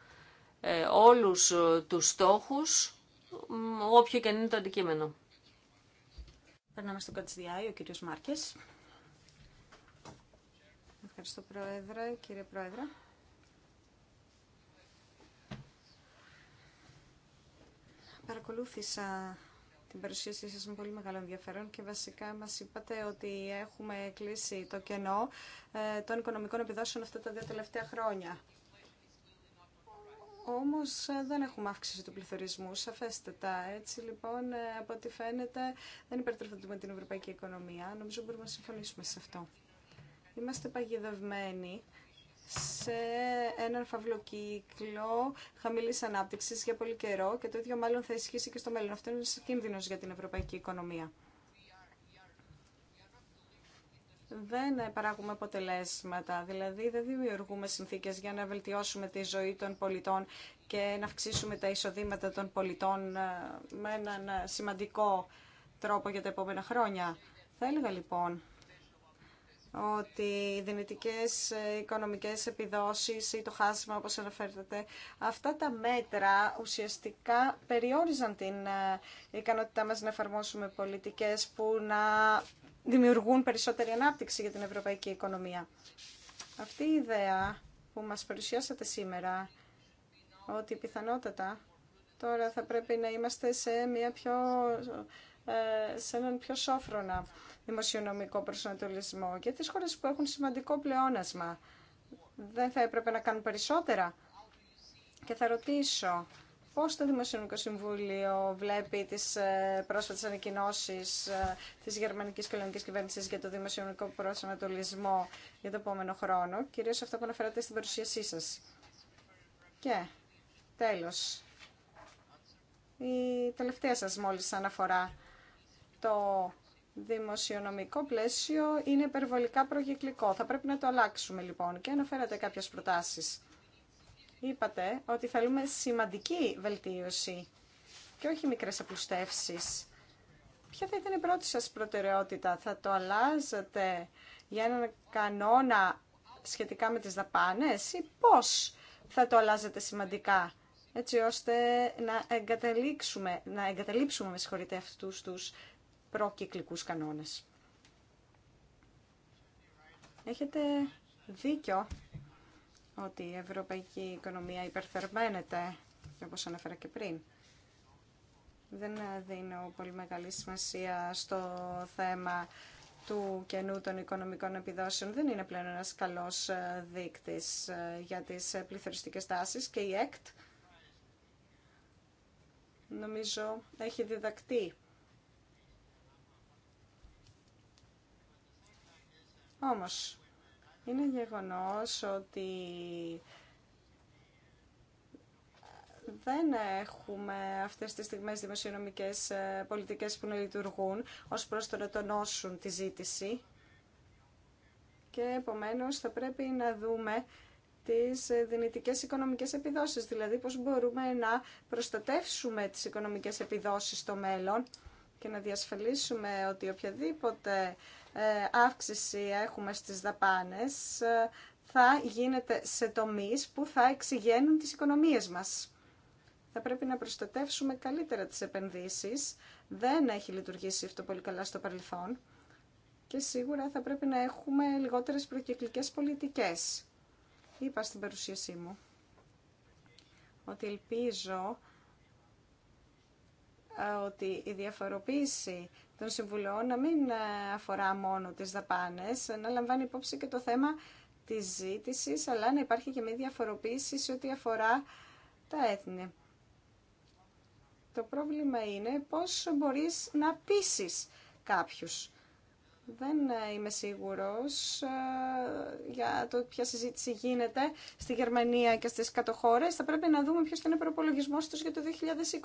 ε, όλους τους στόχους, όποιο και αν είναι το αντικείμενο. Περνάμε στο Κατσιδιάη, ο κύριος Μάρκες. Ευχαριστώ, Πρόεδρε. Κύριε Πρόεδρε. Παρακολούθησα την παρουσίασή σας με πολύ μεγάλο ενδιαφέρον και βασικά μας είπατε ότι έχουμε κλείσει το κενό ε, των οικονομικών επιδόσεων αυτά τα δύο τελευταία χρόνια. Όμως ε, δεν έχουμε αύξηση του πληθωρισμού, σαφέστατα. Έτσι λοιπόν, ε, από ό,τι φαίνεται, δεν υπερτροφούνται την ευρωπαϊκή οικονομία. Νομίζω μπορούμε να συμφωνήσουμε σε αυτό. Είμαστε παγιδευμένοι σε έναν φαυλοκύκλο χαμηλή ανάπτυξη για πολύ καιρό και το ίδιο μάλλον θα ισχύσει και στο μέλλον. Αυτό είναι ένα κίνδυνο για την ευρωπαϊκή οικονομία. Δεν παράγουμε αποτελέσματα, δηλαδή δεν δημιουργούμε συνθήκες για να βελτιώσουμε τη ζωή των πολιτών και να αυξήσουμε τα εισοδήματα των πολιτών ε, με έναν ε, σημαντικό τρόπο για τα επόμενα χρόνια. Θα έλεγα λοιπόν ότι οι δυνητικές ε, οικονομικές επιδόσεις ή το χάσμα όπως αναφέρετε, αυτά τα μέτρα ουσιαστικά περιόριζαν την ε, ικανότητά μας να εφαρμόσουμε πολιτικές που να δημιουργούν περισσότερη ανάπτυξη για την ευρωπαϊκή οικονομία. Αυτή η ιδέα που μας παρουσιάσατε σήμερα, ότι πιθανότατα τώρα θα πρέπει να είμαστε σε, μια πιο, ε, σε έναν πιο σόφρονα δημοσιονομικό προσανατολισμό και τις χώρες που έχουν σημαντικό πλεόνασμα. Δεν θα έπρεπε να κάνουν περισσότερα. Και θα ρωτήσω πώς το Δημοσιονομικό Συμβούλιο βλέπει τις ε, πρόσφατες ανακοινώσεις ε, της γερμανικής κοινωνικής κυβέρνησης για το δημοσιονομικό προσανατολισμό για το επόμενο χρόνο, κυρίως αυτό που αναφέρατε στην παρουσίασή σας. Και τέλος, η τελευταία σας μόλις αναφορά το δημοσιονομικό πλαίσιο είναι υπερβολικά προγεκλικό. Θα πρέπει να το αλλάξουμε λοιπόν και αναφέρατε κάποιες προτάσεις. Είπατε ότι θέλουμε σημαντική βελτίωση και όχι μικρές απλουστεύσεις. Ποια θα ήταν η πρώτη σας προτεραιότητα, θα το αλλάζετε για έναν κανόνα σχετικά με τις δαπάνες ή πώς θα το αλλάζετε σημαντικά έτσι ώστε να εγκαταλείψουμε, να εγκαταλείψουμε με συγχωρείτε αυτούς τους προκυκλικούς κανόνες. Έχετε δίκιο ότι η ευρωπαϊκή οικονομία υπερθερμαίνεται, όπως αναφέρα και πριν. Δεν δίνω πολύ μεγάλη σημασία στο θέμα του καινού των οικονομικών επιδόσεων δεν είναι πλέον ένας καλός ε, δείκτης ε, για τις πληθωριστικές τάσεις και η ΕΚΤ νομίζω έχει διδακτεί Όμως, είναι γεγονός ότι δεν έχουμε αυτές τις στιγμές δημοσιονομικές ε, πολιτικές που να λειτουργούν ως προς το να τονώσουν τη ζήτηση και επομένως θα πρέπει να δούμε τις δυνητικές οικονομικές επιδόσεις, δηλαδή πώς μπορούμε να προστατεύσουμε τις οικονομικές επιδόσεις στο μέλλον και να διασφαλίσουμε ότι οποιαδήποτε ε, αύξηση έχουμε στις δαπάνες ε, θα γίνεται σε τομείς που θα εξηγαίνουν τις οικονομίες μας. Θα πρέπει να προστατεύσουμε καλύτερα τις επενδύσεις. Δεν έχει λειτουργήσει αυτό πολύ καλά στο παρελθόν. Και σίγουρα θα πρέπει να έχουμε λιγότερες προκυκλικές πολιτικές. Είπα στην παρουσίασή μου ότι ελπίζω ότι η διαφοροποίηση των συμβουλών να μην ε, αφορά μόνο τις δαπάνες, να λαμβάνει υπόψη και το θέμα της ζήτησης, αλλά να υπάρχει και μια διαφοροποίηση σε ό,τι αφορά τα έθνη. Το πρόβλημα είναι πώς μπορείς να πείσεις κάποιους δεν ε, είμαι σίγουρος ε, για το ποια συζήτηση γίνεται στη Γερμανία και στις κατοχώρες. Θα πρέπει να δούμε ποιος θα είναι ο προπολογισμός τους για το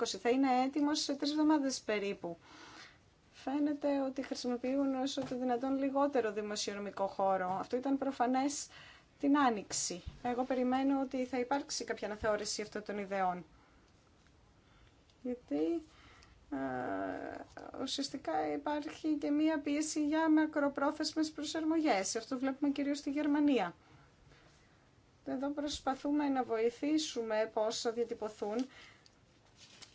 2020. Θα είναι έτοιμος σε τρεις εβδομάδες περίπου. Φαίνεται ότι χρησιμοποιούν όσο το δυνατόν λιγότερο δημοσιονομικό χώρο. Αυτό ήταν προφανές την άνοιξη. Εγώ περιμένω ότι θα υπάρξει κάποια αναθεώρηση αυτών των ιδεών. Γιατί ε, ουσιαστικά υπάρχει και μία πίεση για μακροπρόθεσμες προσαρμογές. Αυτό βλέπουμε κυρίως στη Γερμανία. Εδώ προσπαθούμε να βοηθήσουμε πώς διατυπωθούν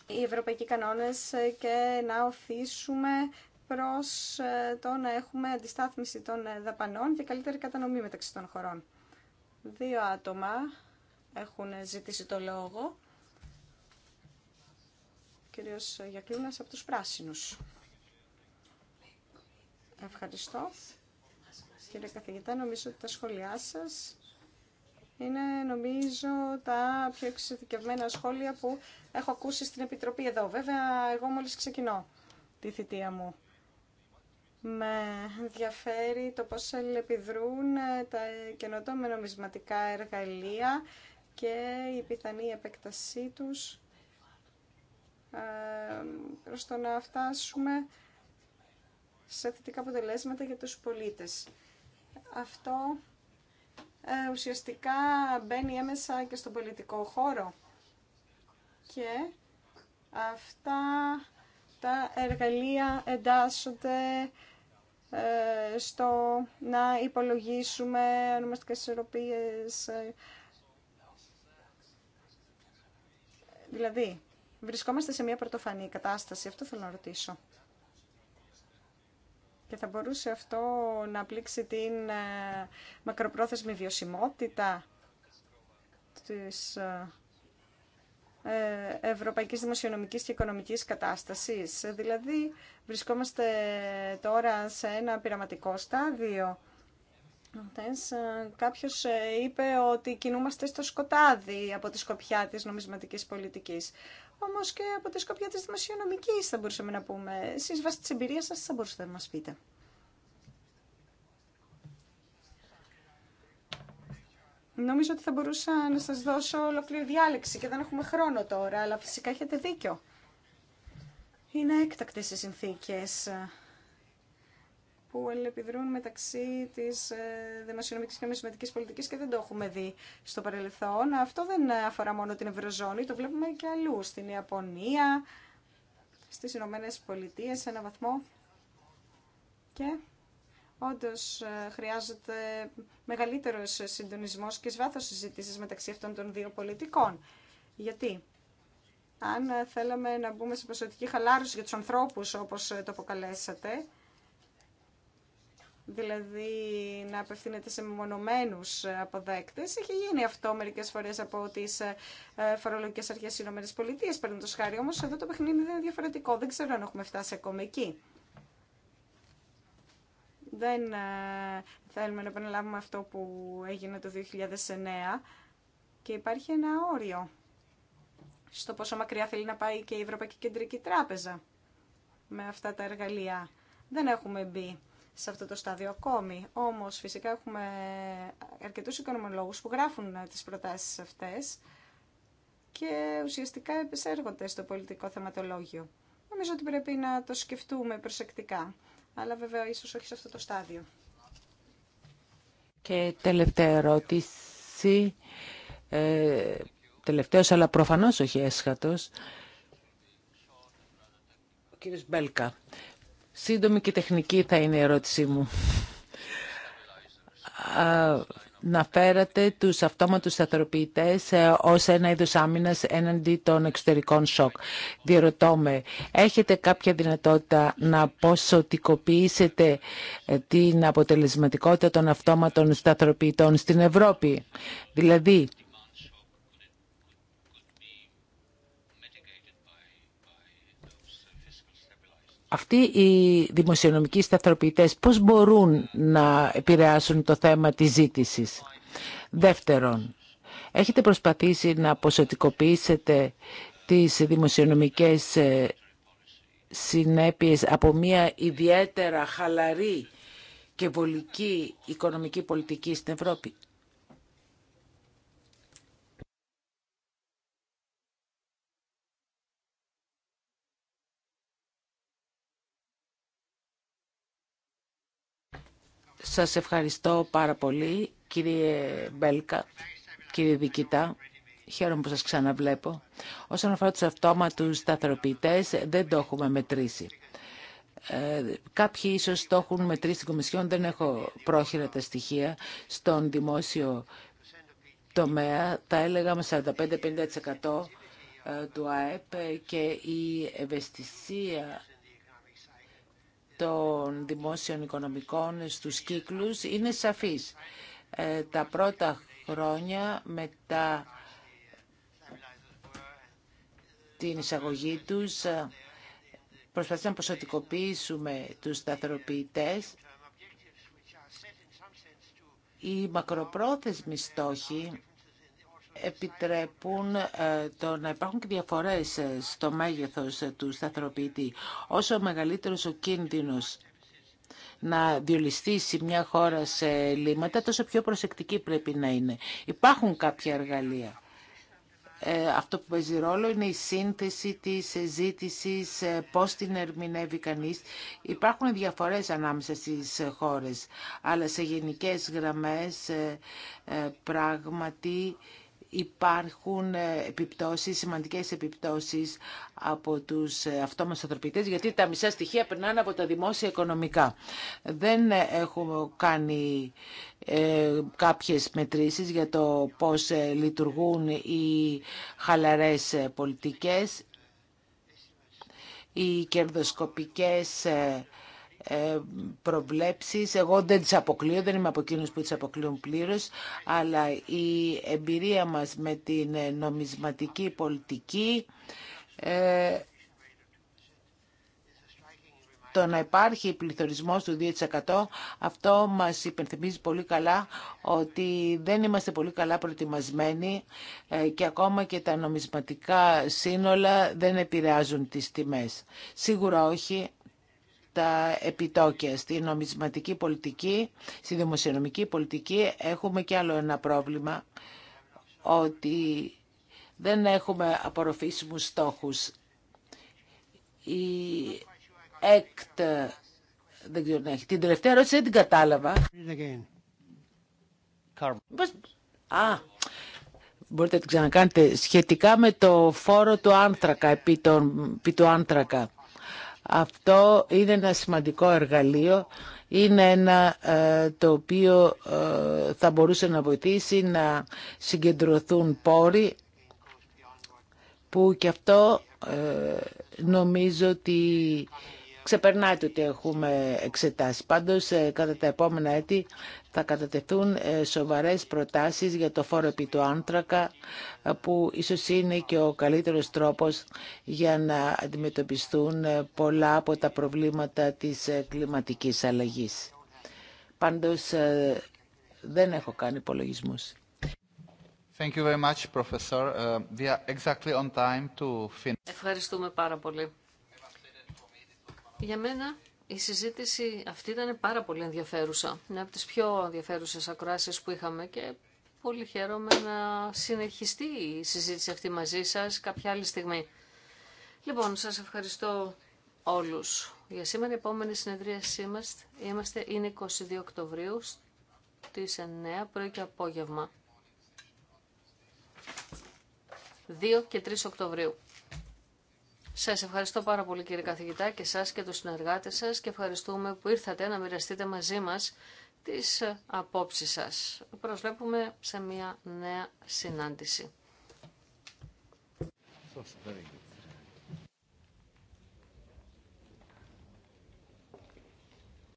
οι ευρωπαϊκοί κανόνες και να οθήσουμε προς ε, το να έχουμε αντιστάθμιση των ε, δαπανών και καλύτερη κατανομή μεταξύ των χωρών. Δύο άτομα έχουν ζητήσει το λόγο για κλούνας, από τους Πράσινους. Ευχαριστώ. Κύριε καθηγητά, νομίζω ότι τα σχόλιά σας είναι νομίζω τα πιο εξειδικευμένα σχόλια που έχω ακούσει στην Επιτροπή εδώ. Βέβαια, εγώ μόλις ξεκινώ τη θητεία μου. Με ενδιαφέρει το πώς ελεπιδρούν τα καινοτόμα νομισματικά εργαλεία και η πιθανή επέκτασή τους προς το να φτάσουμε σε θετικά αποτελέσματα για τους πολίτες. Αυτό ε, ουσιαστικά μπαίνει έμεσα και στον πολιτικό χώρο και αυτά τα εργαλεία εντάσσονται ε, στο να υπολογίσουμε ονομαστικές ισορροπίες. Ε, δηλαδή, Βρισκόμαστε σε μια πρωτοφανή κατάσταση, αυτό θέλω να ρωτήσω. Και θα μπορούσε αυτό να πλήξει την ε, μακροπρόθεσμη βιωσιμότητα της ε, ε, ευρωπαϊκής δημοσιονομικής και οικονομικής κατάστασης. Δηλαδή, βρισκόμαστε τώρα σε ένα πειραματικό στάδιο. κάποιος είπε ότι κινούμαστε στο σκοτάδι από τη σκοπιά της νομισματικής πολιτικής όμως και από τη σκοπιά της δημοσιονομικής θα μπορούσαμε να πούμε. Εσείς βάσει της εμπειρίας σας θα μπορούσατε να μας πείτε. Νομίζω ότι θα μπορούσα να σας δώσω ολοκληρή διάλεξη και δεν έχουμε χρόνο τώρα, αλλά φυσικά έχετε δίκιο. Είναι έκτακτες οι συνθήκες που ελεπιδρούν μεταξύ της ε, Δημοσιονομική και νομισματική πολιτική και δεν το έχουμε δει στο παρελθόν. Αυτό δεν αφορά μόνο την Ευρωζώνη, το βλέπουμε και αλλού, στην Ιαπωνία, στι Ηνωμένε Πολιτείε σε έναν βαθμό και όντως ε, χρειάζεται μεγαλύτερο συντονισμό και σβάθο συζήτησης μεταξύ αυτών των δύο πολιτικών. Γιατί αν θέλαμε να μπούμε σε ποσοτική χαλάρωση για τους ανθρώπους όπως ε, το αποκαλέσατε, δηλαδή να απευθύνεται σε μονομένους αποδέκτε. Έχει γίνει αυτό μερικέ φορέ από τι ε, φορολογικέ αρχέ τη ΗΠΑ, Πολιτείες, χάρη. το σχάρι, όμως εδώ το παιχνίδι είναι διαφορετικό. Δεν ξέρω αν έχουμε φτάσει ακόμα εκεί. Δεν ε, θέλουμε να επαναλάβουμε αυτό που έγινε το 2009 και υπάρχει ένα όριο στο πόσο μακριά θέλει να πάει και η Ευρωπαϊκή Κεντρική Τράπεζα με αυτά τα εργαλεία. Δεν έχουμε μπει σε αυτό το στάδιο ακόμη. Όμως φυσικά έχουμε αρκετούς οικονομολόγου που γράφουν ε, τις προτάσει αυτές και ουσιαστικά επισέργονται στο πολιτικό θεματολόγιο. Νομίζω ότι πρέπει να το σκεφτούμε προσεκτικά, αλλά βέβαια ίσως όχι σε αυτό το στάδιο. Και τελευταία ερώτηση, ε, τελευταίος αλλά προφανώς όχι έσχατος, ο κύριος Μπέλκα. Σύντομη και τεχνική θα είναι η ερώτησή μου. Να φέρατε τους αυτόματους σταθεροποιητές ε, ως ένα είδος άμυνας έναντι των εξωτερικών σοκ. Διερωτώ με, έχετε κάποια δυνατότητα να ποσοτικοποιήσετε ε, την αποτελεσματικότητα των αυτόματων σταθεροποιητών στην Ευρώπη. Δηλαδή, αυτοί οι δημοσιονομικοί σταθεροποιητές πώς μπορούν να επηρεάσουν το θέμα της ζήτησης. Δεύτερον, έχετε προσπαθήσει να ποσοτικοποιήσετε τις δημοσιονομικές ε, συνέπειες από μια ιδιαίτερα χαλαρή και βολική οικονομική πολιτική στην Ευρώπη. Σας ευχαριστώ πάρα πολύ, κύριε Μπέλκα, κύριε Δικητά. Χαίρομαι που σας ξαναβλέπω. Όσον αφορά τους αυτόματους σταθεροποιητές, δεν το έχουμε μετρήσει. Ε, κάποιοι ίσως το έχουν μετρήσει στην Κομισιόν, δεν έχω πρόχειρα τα στοιχεία. Στον δημόσιο τομέα, τα έλεγα με 45-50% ε, του ΑΕΠ και η ευαισθησία των δημόσιων οικονομικών στους κύκλους είναι σαφής. Ε, τα πρώτα χρόνια μετά την εισαγωγή τους ε, προσπαθήσαμε να ποσοτικοποιήσουμε τους σταθεροποιητές. Οι μακροπρόθεσμοι στόχοι επιτρέπουν ε, το να υπάρχουν και διαφορές ε, στο μέγεθος ε, του σταθεροποιητή. Όσο μεγαλύτερος ο κίνδυνος να διολυστήσει μια χώρα σε λίμματα, τόσο πιο προσεκτική πρέπει να είναι. Υπάρχουν κάποια εργαλεία. Αυτό που παίζει ρόλο είναι η σύνθεση της ζήτησης, πώς την ερμηνεύει κανείς. Υπάρχουν διαφορές ανάμεσα στις χώρες, αλλά σε γενικές γραμμές πράγματι υπάρχουν ε, επιπτώσεις, σημαντικές επιπτώσεις από τους ε, αυτόμας ανθρωπιτές, γιατί τα μισά στοιχεία περνάνε από τα δημόσια οικονομικά. Δεν ε, έχουμε κάνει κάποιες μετρήσεις για το πώς λειτουργούν οι χαλαρές πολιτικές, οι κερδοσκοπικές ε, προβλέψεις. Εγώ δεν τις αποκλείω, δεν είμαι από εκείνους που τις αποκλείουν πλήρως, αλλά η εμπειρία μας με την νομισματική πολιτική ε, το να υπάρχει πληθωρισμός του 2% αυτό μας υπενθυμίζει πολύ καλά ότι δεν είμαστε πολύ καλά προετοιμασμένοι ε, και ακόμα και τα νομισματικά σύνολα δεν επηρεάζουν τις τιμές. Σίγουρα όχι, τα επιτόκια. Στη νομισματική πολιτική, στη δημοσιονομική πολιτική έχουμε και άλλο ένα πρόβλημα, ότι δεν έχουμε απορροφήσιμους στόχους. Η ΕΚΤ, δεν ξέρω έχει, την τελευταία ερώτηση δεν την κατάλαβα. Α, μπορείτε να την ξανακάνετε, σχετικά με το φόρο του άνθρακα, επί, τον, επί του άνθρακα. Αυτό είναι ένα σημαντικό εργαλείο, είναι ένα ε, το οποίο ε, θα μπορούσε να βοηθήσει να συγκεντρωθούν πόροι που και αυτό ε, νομίζω ότι ξεπερνάει το ότι έχουμε εξετάσει. Πάντως, κατά τα επόμενα έτη θα κατατεθούν ε, σοβαρές προτάσεις για το φόρο επί του άνθρακα ε, που ίσως είναι και ο καλύτερος τρόπος για να αντιμετωπιστούν ε, πολλά από τα προβλήματα της κλιματικής αλλαγής. Πάντως δεν έχω κάνει υπολογισμού. Uh, Ευχαριστούμε πάρα πολύ. Για μένα η συζήτηση αυτή ήταν πάρα πολύ ενδιαφέρουσα. Είναι από τις πιο ενδιαφέρουσες ακροάσεις που είχαμε και πολύ χαίρομαι να συνεχιστεί η συζήτηση αυτή μαζί σας κάποια άλλη στιγμή. Λοιπόν, σας ευχαριστώ όλους. Για σήμερα η επόμενη συνεδρίασή είμαστε, είμαστε, είναι 22 Οκτωβρίου στις 9 πρωί και απόγευμα. 2 και 3 Οκτωβρίου. Σας ευχαριστώ πάρα πολύ κύριε καθηγητά και σας και τους συνεργάτες σας και ευχαριστούμε που ήρθατε να μοιραστείτε μαζί μας τις ε, απόψει σας. Προσβλέπουμε σε μια νέα συνάντηση.